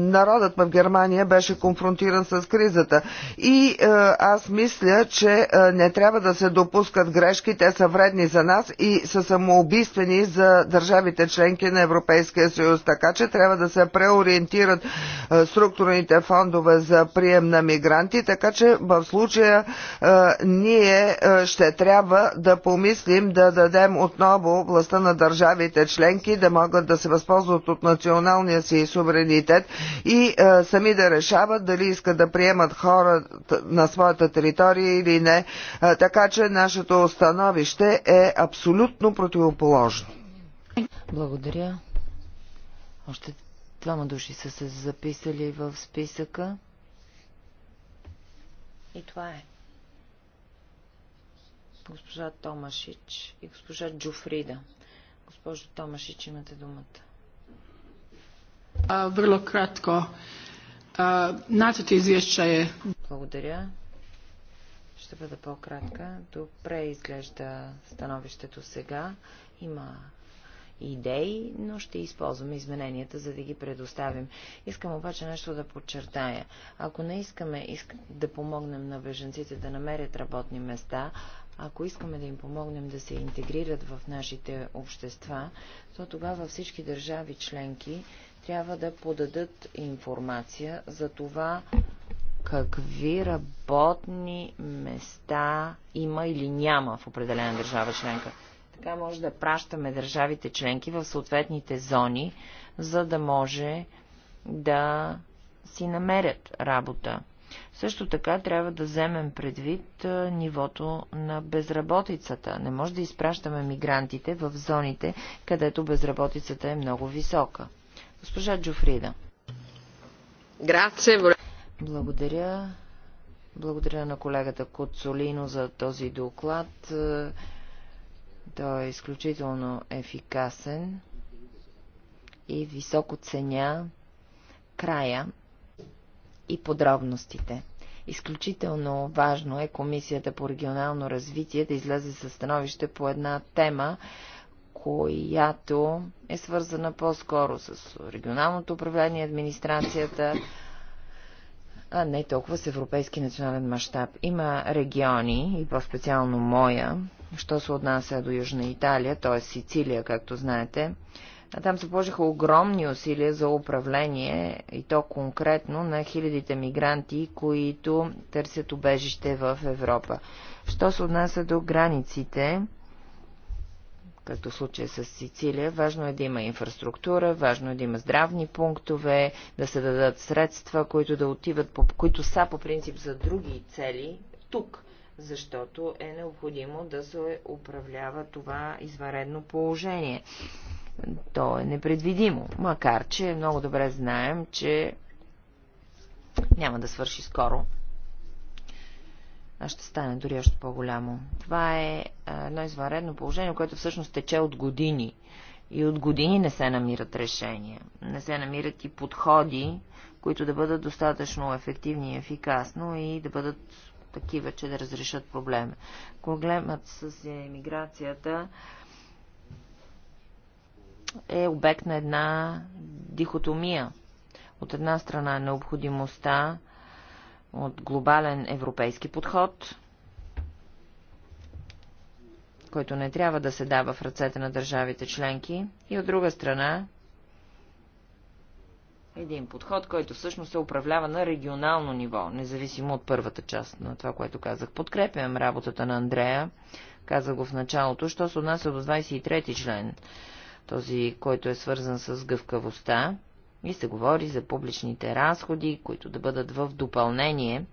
народът в Германия беше конфронтиран с кризата. И аз мисля, че не трябва да се допусне допускат грешки, те са вредни за нас и са самоубийствени за държавите членки на Европейския съюз. Така че трябва да се преориентират е, структурните фондове за прием на мигранти, така че в случая е, ние е, ще трябва да помислим да дадем отново властта на държавите членки да могат да се възползват от националния си суверенитет и сами да решават дали искат да приемат хора на своята територия или не. Така че наш нашето становище е абсолютно противоположно. Благодаря. Още двама души са се записали в списъка. И това е. Госпожа Томашич и госпожа Джуфрида. Госпожо Томашич, имате думата. А, vrlo kratko. А, nacrt izvješća е. Благодаря. Ще бъда по-кратка. Добре изглежда становището сега. Има идеи, но ще използваме измененията, за да ги предоставим. Искам обаче нещо да подчертая. Ако не искаме иск... да помогнем на беженците да намерят работни места, ако искаме да им помогнем да се интегрират в нашите общества, то тогава всички държави членки трябва да подадат информация за това какви работни места има или няма в определена държава членка. Така може да пращаме държавите членки в съответните зони, за да може да си намерят работа. Също така трябва да вземем предвид нивото на безработицата. Не може да изпращаме мигрантите в зоните, където безработицата е много висока. Госпожа Джуфрида. Грация, благодаря. Благодаря на колегата Коцолино за този доклад. Той е изключително ефикасен и високо ценя края и подробностите. Изключително важно е Комисията по регионално развитие да излезе със становище по една тема, която е свързана по-скоро с регионалното управление, администрацията, а не толкова с европейски национален мащаб. Има региони, и по-специално моя, що се отнася до Южна Италия, т.е. Сицилия, както знаете, а там се положиха огромни усилия за управление и то конкретно на хилядите мигранти, които търсят убежище в Европа. Що се отнася до границите, както в случая с Сицилия, важно е да има инфраструктура, важно е да има здравни пунктове, да се дадат средства, които да отиват, по, които са по принцип за други цели тук, защото е необходимо да се управлява това изваредно положение. То е непредвидимо, макар че много добре знаем, че няма да свърши скоро ще стане дори още по-голямо. Това е едно извънредно положение, което всъщност тече от години. И от години не се намират решения. Не се намират и подходи, които да бъдат достатъчно ефективни и ефикасно и да бъдат такива, че да разрешат проблема. Проблемът с емиграцията е обект на една дихотомия. От една страна е необходимостта от глобален европейски подход, който не трябва да се дава в ръцете на държавите членки, и от друга страна един подход, който всъщност се управлява на регионално ниво, независимо от първата част на това, което казах. Подкрепям работата на Андрея, казах го в началото, що се отнася до 23 ти член, този, който е свързан с гъвкавостта и се говори за публичните разходи, които да бъдат в допълнение.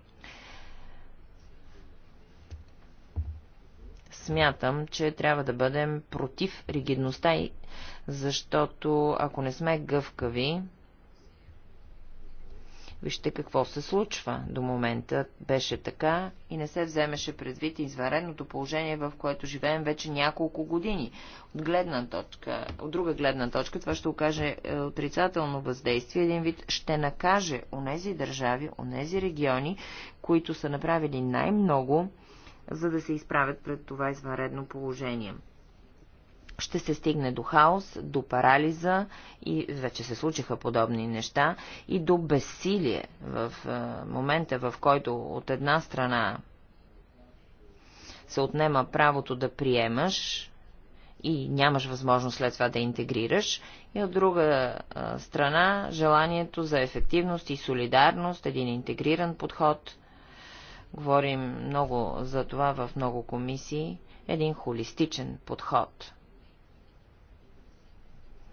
Смятам, че трябва да бъдем против ригидността, защото ако не сме гъвкави, Вижте какво се случва. До момента беше така и не се вземеше предвид извареното положение, в което живеем вече няколко години. От, гледна точка, от друга гледна точка това ще окаже е, отрицателно въздействие. Един вид ще накаже онези държави, онези региони, които са направили най-много, за да се изправят пред това извънредно положение ще се стигне до хаос, до парализа и вече се случиха подобни неща и до безсилие в е, момента, в който от една страна се отнема правото да приемаш и нямаш възможност след това да интегрираш, и от друга е, страна желанието за ефективност и солидарност, един интегриран подход. Говорим много за това в много комисии, един холистичен подход –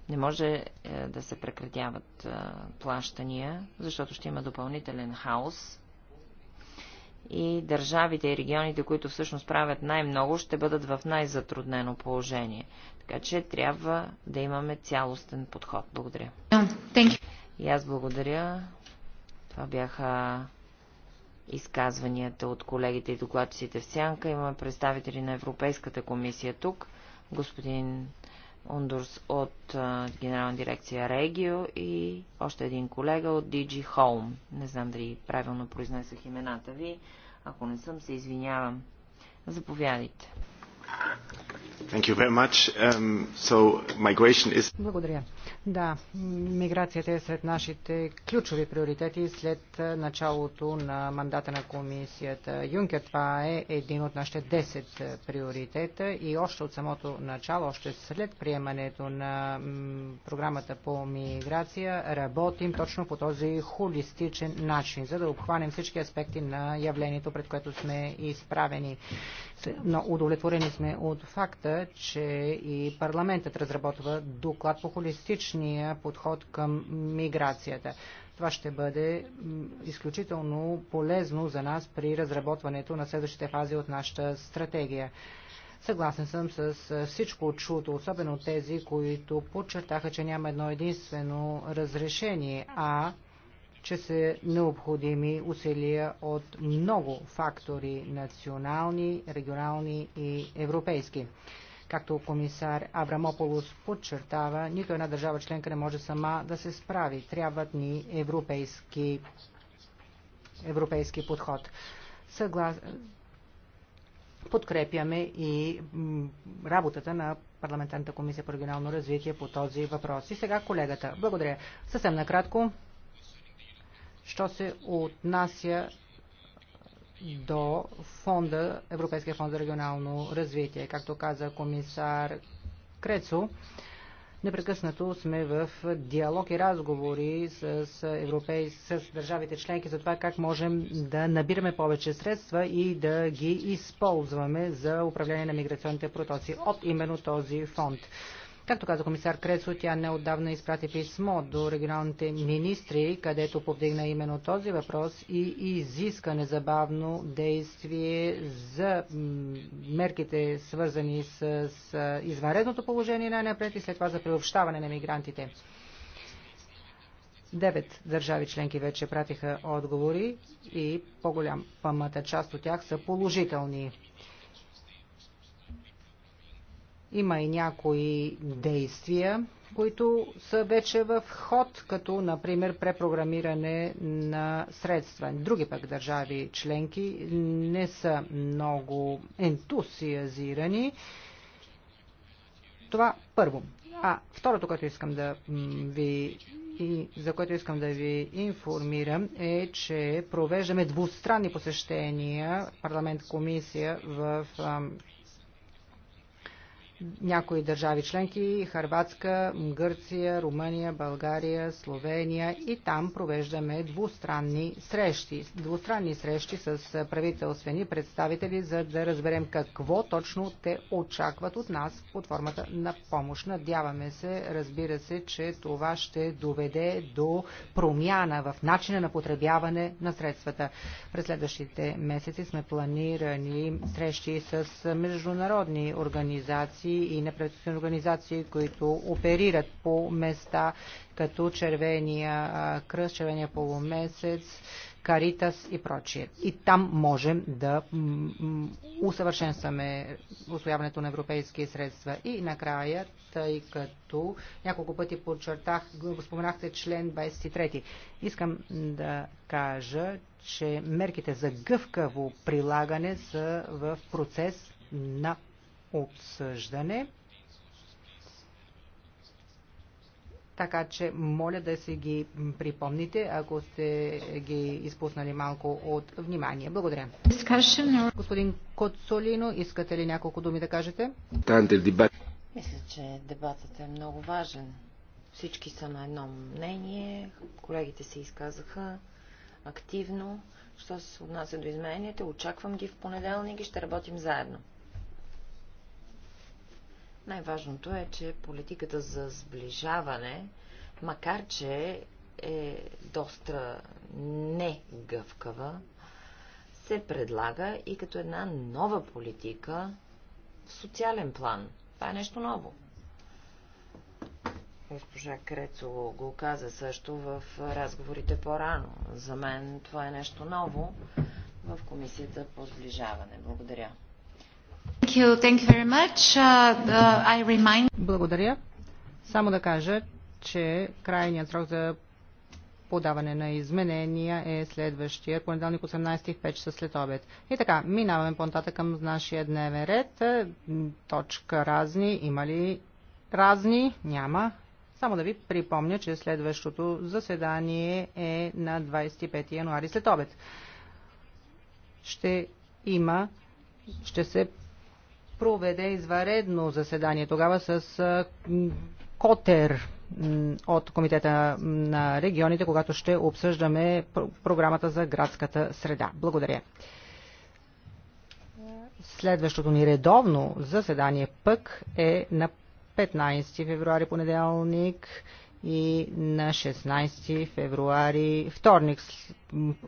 не може е, да се прекратяват е, плащания, защото ще има допълнителен хаос и държавите и регионите, които всъщност правят най-много, ще бъдат в най-затруднено положение. Така че трябва да имаме цялостен подход. Благодаря. И аз благодаря. Това бяха изказванията от колегите и докладчиците в Сянка. Имаме представители на Европейската комисия тук. Господин Ундурс от а, Генерална дирекция Регио и още един колега от DG Home. Не знам дали правилно произнесох имената ви. Ако не съм, се извинявам. Заповядайте. Um, so, is... Благодаря. Да, миграцията е сред нашите ключови приоритети след началото на мандата на комисията Юнкер. Това е един от нашите 10 приоритета и още от самото начало, още след приемането на програмата по миграция, работим точно по този холистичен начин, за да обхванем всички аспекти на явлението, пред което сме изправени. Но удовлетворени сме от факта, че и парламентът разработва доклад по холистичния подход към миграцията. Това ще бъде изключително полезно за нас при разработването на следващите фази от нашата стратегия. Съгласен съм с всичко чуто, особено тези, които подчертаха, че няма едно единствено разрешение, а че са необходими усилия от много фактори национални, регионални и европейски. Както комисар Абрамополус, подчертава, нито една държава членка не може сама да се справи. Трябват ни европейски, европейски подход. Съглас... Подкрепяме и работата на Парламентарната комисия по регионално развитие по този въпрос. И сега колегата. Благодаря. Съвсем накратко що се отнася до фонда, Европейския фонд за регионално развитие. Както каза комисар Крецо, непрекъснато сме в диалог и разговори с, европей... с държавите членки за това как можем да набираме повече средства и да ги използваме за управление на миграционните протоци от именно този фонд. Както каза комисар Крецо, тя неотдавна изпрати писмо до регионалните министри, където повдигна именно този въпрос и изиска незабавно действие за мерките свързани с извънредното положение най-напред и след това за приобщаване на мигрантите. Девет държави членки вече пратиха отговори и по-голямата част от тях са положителни. Има и някои действия, които са вече в ход, като например препрограмиране на средства. Други пък държави членки не са много ентусиазирани. Това първо. А второто, което искам да ви и за което искам да ви информирам е, че провеждаме двустранни посещения парламент-комисия в някои държави членки Харватска, Гърция, Румъния, България, Словения и там провеждаме двустранни срещи. Двустранни срещи с правителствени представители, за да разберем какво точно те очакват от нас под формата на помощ. Надяваме се, разбира се, че това ще доведе до промяна в начина на потребяване на средствата. През следващите месеци сме планирани срещи с международни организации организации и неправителствени организации, които оперират по места като Червения кръст, Червения полумесец, Каритас и прочие. И там можем да усъвършенстваме освояването на европейски средства. И накрая, тъй като няколко пъти подчертах, споменахте член 23. Искам да кажа, че мерките за гъвкаво прилагане са в процес на обсъждане. Така че моля да си ги припомните, ако сте ги изпуснали малко от внимание. Благодаря. Господин Коцолино, искате ли няколко думи да кажете? Е Мисля, че дебатът е много важен. Всички са на едно мнение, колегите се изказаха активно. Що се отнася до измененията, очаквам ги в понеделник и ще работим заедно. Най-важното е, че политиката за сближаване, макар че е доста негъвкава, се предлага и като една нова политика в социален план. Това е нещо ново. Госпожа Крецо го каза също в разговорите по-рано. За мен това е нещо ново в Комисията по сближаване. Благодаря. Uh, uh, Благодаря. Само да кажа, че крайният срок за подаване на изменения е следващия понеделник 18 в 5 часа след обед. И така, минаваме по-нататък към нашия дневен ред. Точка разни. Има ли разни? Няма. Само да ви припомня, че следващото заседание е на 25 януари след обед. Ще има, ще се проведе изваредно заседание тогава с Котер от Комитета на регионите, когато ще обсъждаме програмата за градската среда. Благодаря. Следващото ни редовно заседание пък е на 15 февруари понеделник и на 16 февруари, вторник,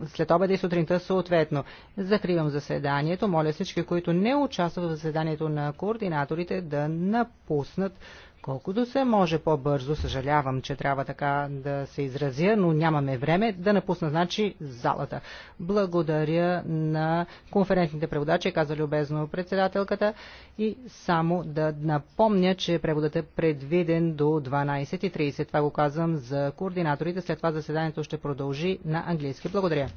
след обеда и сутринта съответно. Закривам заседанието. Моля всички, които не участват в заседанието на координаторите, да напуснат колкото се може по-бързо. Съжалявам, че трябва така да се изразя, но нямаме време да напусна, значи, залата. Благодаря на конферентните преводачи, каза любезно председателката, и само да напомня, че преводът е предвиден до 12.30. Това го казвам за координаторите. След това заседанието ще продължи на английски. Благодаря.